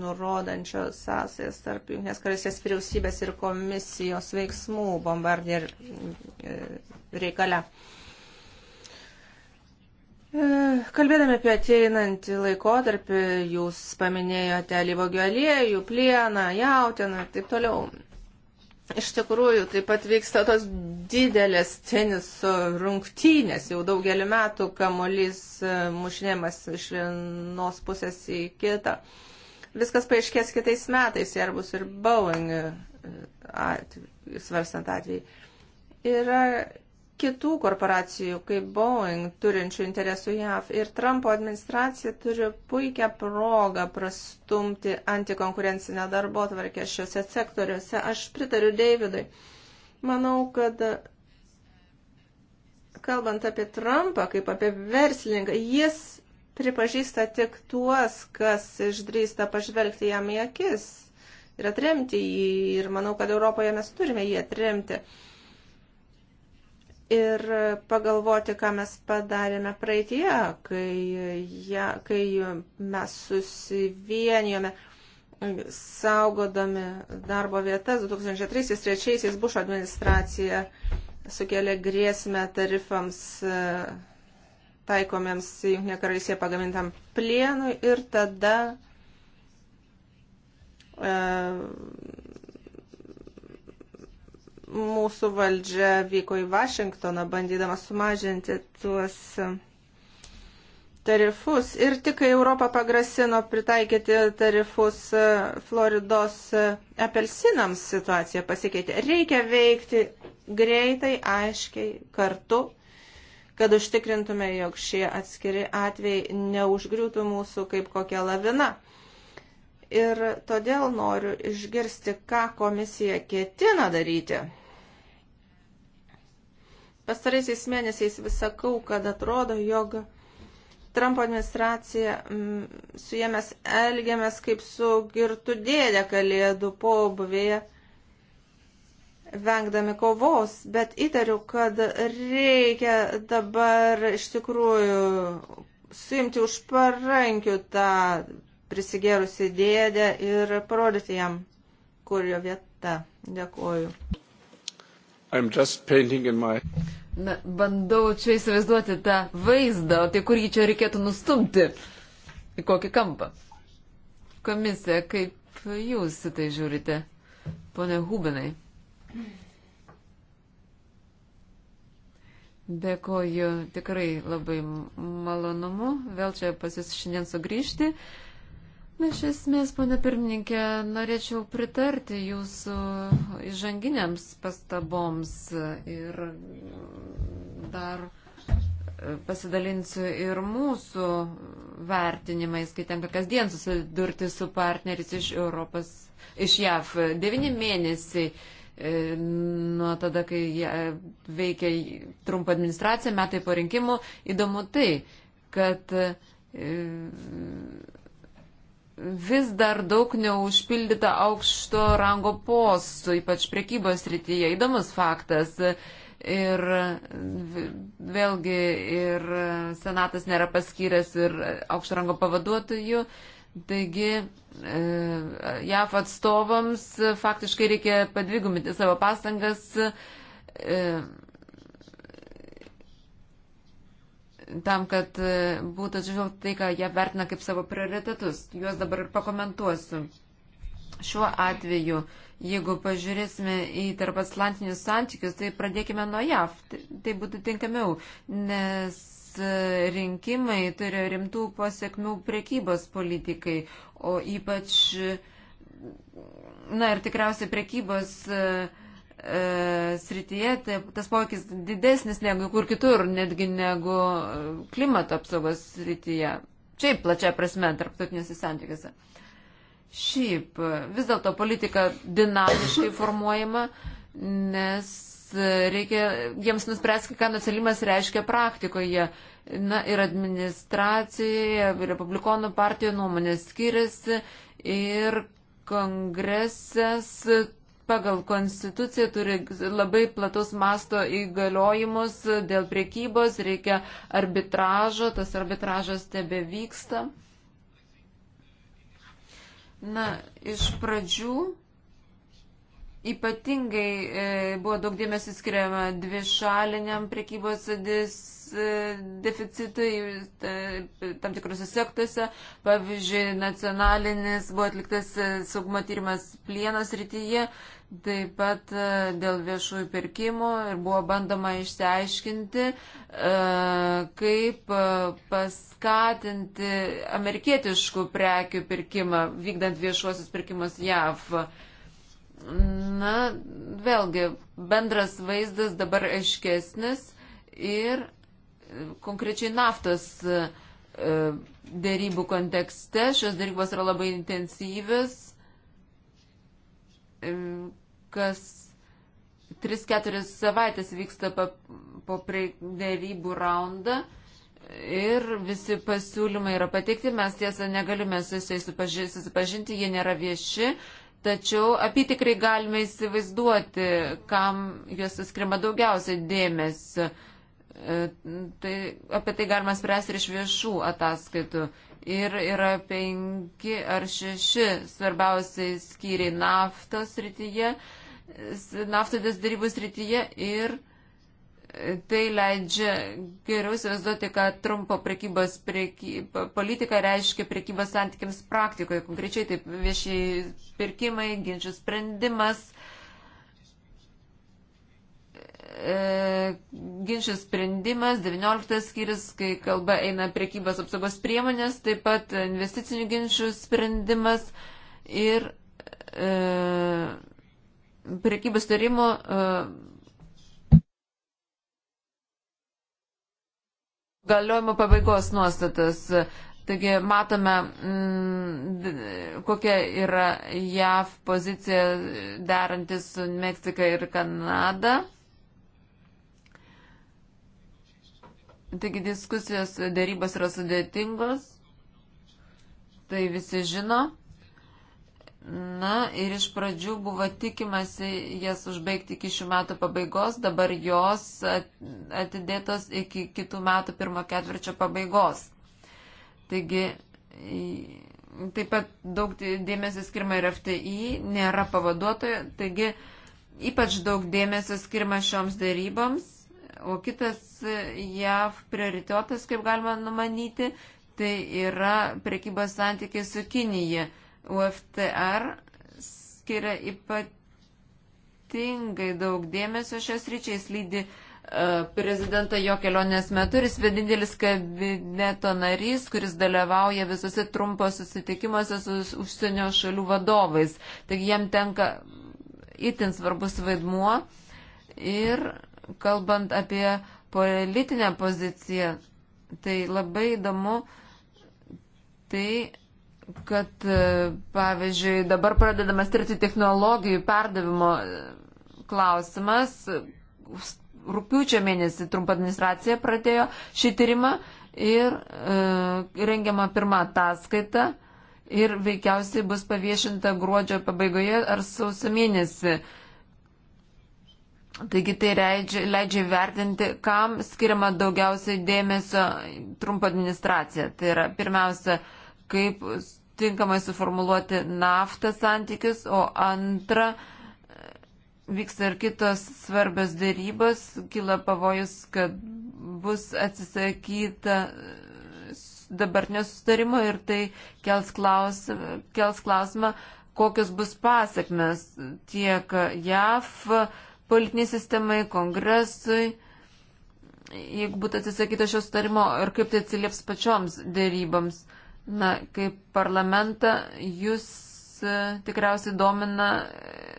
Speaker 2: nurodančio sąsajas tarp Junktinės karalystės vyriausybės ir komisijos veiksmų bombardier e, reikale. E, kalbėdami apie ateinantį laikotarpį, jūs paminėjote lyvogių aliejų, plieną, jautiną ir taip toliau. Iš tikrųjų, taip pat vyksta tos didelės teniso rungtynės. Jau daugelį metų kamuolys e, mušinėmas iš vienos pusės į kitą. Viskas paaiškės kitais metais, ir bus ir Boeing e, svarstant atvejai. Yra kitų korporacijų, kaip Boeing, turinčių interesų JAV. Ir Trumpo administracija turi puikią progą prastumti antikonkurencinę darbo tvarkę šiuose sektoriuose. Aš pritariu Davidui. Manau, kad kalbant apie Trumpą kaip apie verslininką, jis pripažįsta tik tuos, kas išdrįsta pažvelgti jam į akis ir atremti jį. Ir manau, kad Europoje mes turime jį atremti. Uh, ir pagalvoti, ką mes padarėme praeitie, kai, ja, kai mes susivienijome saugodami darbo vietas 2003-2003 Bušo administracija sukėlė grėsmę tarifams e, taikomiems Junktinė karalystė pagamintam plienui ir tada e, mūsų valdžia vyko į Vašingtoną, bandydama sumažinti tuos tarifus. Ir tik kai Europą pagrasino pritaikyti tarifus Floridos apelsinams, situacija pasikeitė. Reikia veikti greitai, aiškiai, kartu, kad užtikrintume, jog šie atskiri atvejai neužgriūtų mūsų kaip kokia lavina. Ir todėl noriu išgirsti, ką komisija ketina daryti. Pastaraisiais mėnesiais vis sakau, kad atrodo, jog Trumpo administracija mm, su jie mes elgiamės kaip su girtų dėdė kalėdų pobuvėje, vengdami kovos, bet įtariu, kad reikia dabar iš tikrųjų suimti už parankių tą prisigėrusi dėdę ir parodyti jam, kur jo vieta. Dėkuoju.
Speaker 3: My...
Speaker 1: Na, bandau čia įsivaizduoti tą vaizdą, o tai kur jį čia reikėtų nustumti? Į kokį kampą? Komisija, kaip jūs į tai žiūrite, pone Hubinai? Dėkoju, tikrai labai malonumu vėl čia pas jūs šiandien sugrįžti. Uh, Iš esmės, ponė pirmininkė, norėčiau pritarti jūsų įžanginiams pastaboms ir dar e, pasidalinsiu ir mūsų vertinimais, kai tenka kasdien susidurti su partneris iš Europos, iš JAV. Devini mėnesiai e, nuo tada, kai e, veikia trumpa administracija, metai po rinkimų. Įdomu tai, kad vis dar daug neužpildyta aukšto rango postų, ypač priekybos rytyje. Įdomus faktas. Ir vėlgi ir senatas nėra paskyręs ir aukšto rango pavaduotojų. Taigi e, JAF atstovams faktiškai reikia padviguminti savo pastangas e, tam, kad e, būtų atsižvelgta tai, ką jie vertina kaip savo prioritetus. Juos dabar ir pakomentuosiu. Šiuo atveju, jeigu pažiūrėsime į tarp atlantinius santykius, tai pradėkime nuo JAV. Tai, tai būtų tinkamiau, nes e, rinkimai turi rimtų pasiekmių priekybos politikai, o ypač, na ir tikriausiai priekybos uh, e, E, srityje tai tas poveikis didesnis negu kur kitur, netgi negu e, klimato apsaugos srityje. Šiaip plačia prasme, tarptautinėse santykiuose. Šiaip, vis dėlto politika dinamiškai formuojama, nes reikia jiems nuspręsti, ką nucelimas reiškia praktikoje. Na ir administracijoje, Republikonų partijoje nuomonės skiriasi ir kongresas pagal konstituciją turi labai platus masto įgaliojimus dėl priekybos, reikia arbitražo, tas arbitražas tebe vyksta. Na, iš pradžių ypatingai e, buvo daug dėmesio skiriama dvi šaliniam priekybos dis, e, deficitui e, tam tikrose sektuose. Pavyzdžiui, nacionalinis buvo atliktas e, saugumo tyrimas plienos rytyje. E, taip pat e, dėl viešųjų pirkimų ir buvo bandoma išsiaiškinti, e, kaip e, paskatinti amerikietiškų prekių pirkimą, vykdant viešuosius pirkimus JAV. Na, vėlgi, bendras vaizdas dabar aiškesnis ir konkrečiai naftos dėrybų kontekste šios dėrybos yra labai intensyvis E, kas 3-4 savaitės vyksta po dėrybų raundą. Ir visi pasiūlymai yra pateikti, mes tiesą negalime su jais susipažinti, jie nėra vieši, tačiau apitikrai galime įsivaizduoti, kam juos skirima daugiausiai dėmesio. E, tai apie tai galima spręsti ir iš viešų ataskaitų. Ir yra penki ar šeši svarbiausiai skyriai naftos rytyje, naftodės darybų srityje ir tai leidžia geriau įsivaizduoti, kad trumpo prekybos preky, politika reiškia prekybos santykiams praktikoje, konkrečiai taip viešiai pirkimai, ginčių sprendimas E, ginčių sprendimas, 19 skyris, kai kalba eina priekybos apsaugos priemonės, taip pat investicinių ginčių sprendimas ir e, priekybos tarimo. E, Galiojimo pabaigos nuostatas. Taigi matome, m, mm, kokia yra JAV pozicija derantis su Meksika ir Kanada. Taigi diskusijos darybos yra sudėtingos, tai visi žino. Na ir iš pradžių buvo tikimasi jas užbaigti iki šių metų pabaigos, dabar jos atidėtos iki kitų metų pirmo ketvirčio pabaigos. Taigi taip pat daug dėmesio skirma ir FTI, nėra pavaduotojo, taigi ypač daug dėmesio skirma šioms daryboms o kitas e, JAV prioritetas, kaip galima numanyti, tai yra prekybos santykiai su Kinija. UFTR skiria ypatingai daug dėmesio šios ryčiais lydi uh, e, prezidentą jo kelionės metu ir jis vienintelis kabineto narys, kuris dalyvauja visose trumpo susitikimuose su užsienio šalių vadovais. Taigi jam tenka itin svarbus vaidmuo ir kalbant apie politinę poziciją, tai labai įdomu tai, kad, e, pavyzdžiui, dabar pradedamas tirti technologijų perdavimo e, klausimas. E, rūpiučio mėnesį trumpa administracija pradėjo šį tyrimą ir e, rengiama pirma ataskaita ir veikiausiai bus paviešinta gruodžio pabaigoje ar sausio mėnesį. E, Taigi tai leidžia, leidžia vertinti, kam skiriama daugiausiai dėmesio trumpa administracija. Tai yra pirmiausia, kaip tinkamai suformuluoti naftą santykius, o antra, vyksta ir kitos svarbios dėrybos, kyla pavojus, kad bus atsisakyta dabartinio sustarimo ir tai kels, klaus, kels klausimą, kokios bus pasiekmes tiek JAF, politiniai sistemai, kongresui, jeigu būtų atsisakyta šio starimo ir kaip tai atsilieps pačioms dėryboms. Na, kaip parlamentą jūs e, tikriausiai domina e,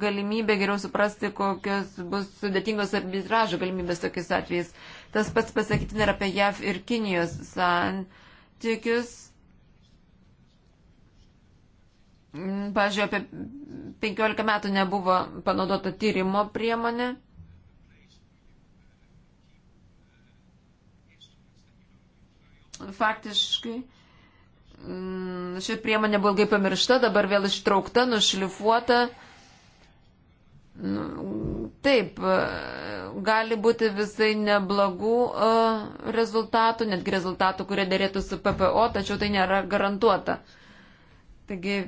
Speaker 1: galimybė geriau suprasti, kokios bus sudėtingos arbitražo galimybės tokiais atvejais. Tas pats pasakytina ir apie JAV ir Kinijos santykius Pavyzdžiui, apie 15 metų nebuvo panaudota tyrimo priemonė. Faktiškai mm, ši priemonė buvo ilgai pamiršta, dabar vėl ištraukta, nušlifuota. Nu, taip, gali būti visai neblagų e, rezultatų, netgi rezultatų, kurie dėrėtų su PPO, tačiau tai nėra garantuota. Taigi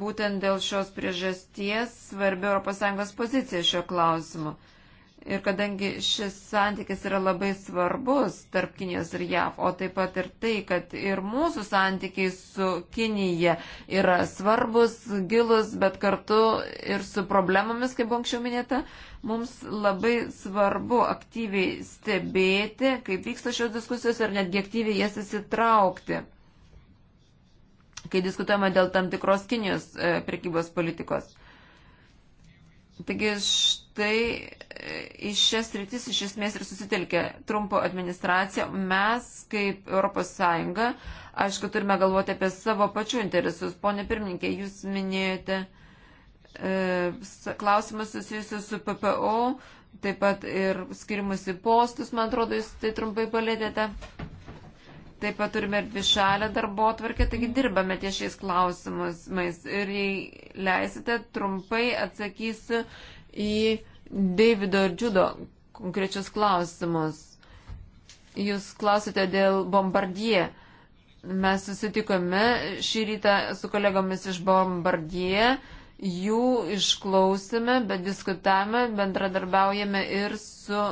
Speaker 1: Būtent dėl šios priežasties svarbi ES pozicija šio klausimu. Ir kadangi šis santykis yra labai svarbus tarp Kinijos ir JAV, o taip pat ir tai, kad ir mūsų santykiai su Kinija yra svarbus, gilus, bet kartu ir su problemomis, kaip buvo anksčiau minėta, mums labai svarbu aktyviai stebėti, kaip vyksta šios diskusijos ir netgi aktyviai jas įsitraukti kai diskutuojama dėl tam tikros Kinijos e, prekybos politikos. Taigi štai iš e, šias rytis iš esmės ir susitelkė Trumpo administracija. Mes, kaip ES, aišku, turime galvoti apie savo pačių interesus. Pone pirmininkė, jūs minėjote e, klausimus susijusius su PPO, taip pat ir skirimus į postus, man atrodo, jūs tai trumpai palėtėte. Taip pat turime ir dvišalę darbo atvarkę, taigi dirbame ties šiais klausimais. Ir jei leisite, trumpai atsakysiu į Davido ir Džudo konkrečius klausimus. Jūs klausite dėl bombardie. Mes susitikome šį rytą su kolegomis iš bombardie, jų išklausime, bet diskutavome, bendradarbiaujame ir su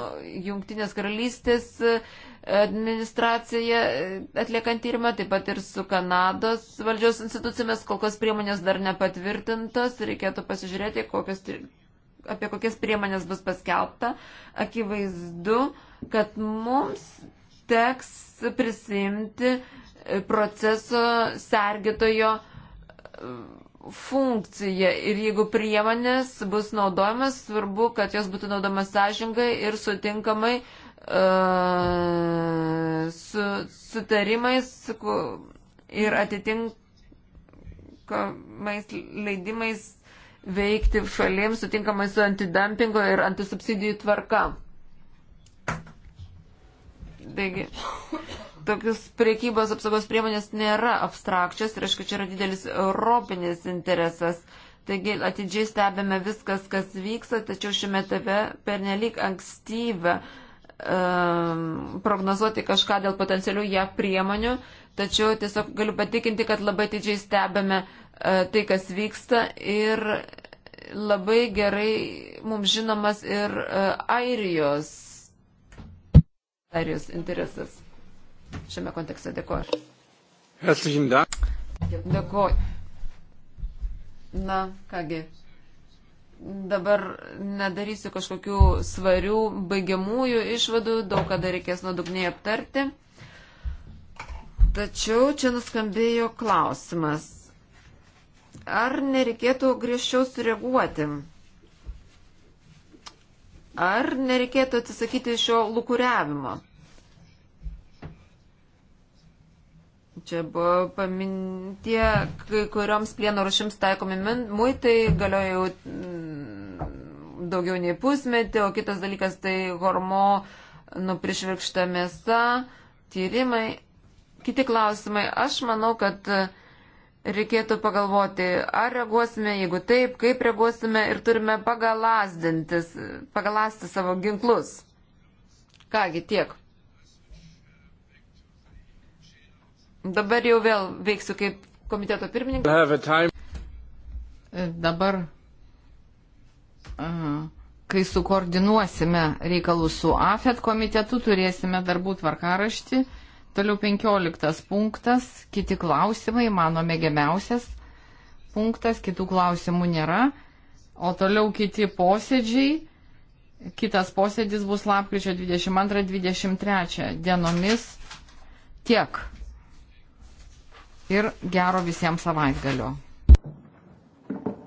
Speaker 1: Junktinės karalystės uh, administracija e, atliekant tyrimą, taip pat ir su Kanados valdžios institucijomis, kol kas priemonės dar nepatvirtintos, reikėtų pasižiūrėti, kokios, apie kokias priemonės bus paskelbta. Akivaizdu, kad mums teks prisimti e, proceso sergitojo e, funkcija ir jeigu priemonės bus naudojamas, svarbu, kad jos būtų naudojamas sąžingai ir sutinkamai uh, E, su sutarimais ir atitinkamais leidimais veikti šalims sutinkamai su antidumpingo ir antisubsidijų tvarka. Taigi, tokius priekybos apsaugos priemonės nėra abstrakčios ir, aišku, čia yra didelis europinis interesas. Taigi atidžiai stebime viskas, kas vyksta, tačiau šiame etape pernelyg ankstyvę uh, Um, prognozuoti kažką dėl potencialių ją priemonių, tačiau tiesiog galiu patikinti, kad labai didžiai stebėme uh, tai, kas vyksta ir labai gerai mums žinomas ir uh, Airijos, Airijos interesas. Šiame kontekste dėkoju. Herzlichen Dank. Dėkoju. Na, kągi dabar nedarysiu kažkokių svarių baigiamųjų išvadų, daug ką dar reikės nuodugniai aptarti. Tačiau čia nuskambėjo klausimas, ar nereikėtų griežčiau sureaguoti? Ar nereikėtų atsisakyti šio lukuriavimo? Čia buvo pamintie, kai kurioms plieno rušims taikomi muitai, galioja jau mm, daugiau nei pusmetį, o kitas dalykas tai hormonų prišvirkšta mėsa, tyrimai, kiti klausimai. Aš manau, kad reikėtų pagalvoti, ar reaguosime, jeigu taip, kaip reaguosime ir turime pagalastinti savo ginklus. Kągi tiek. Dabar jau vėl veiksiu kaip komiteto
Speaker 3: pirmininkas. E, dabar, kai sukoordinuosime reikalus su AFET komitetu, turėsime darbų tvarkaraštį. Toliau 15 punktas, kiti klausimai, mano mėgiamiausias punktas, kitų klausimų nėra. O toliau kiti posėdžiai. Kitas posėdis bus lapkričio 22-23 dienomis. Tiek ir gero visiems savaitgalio.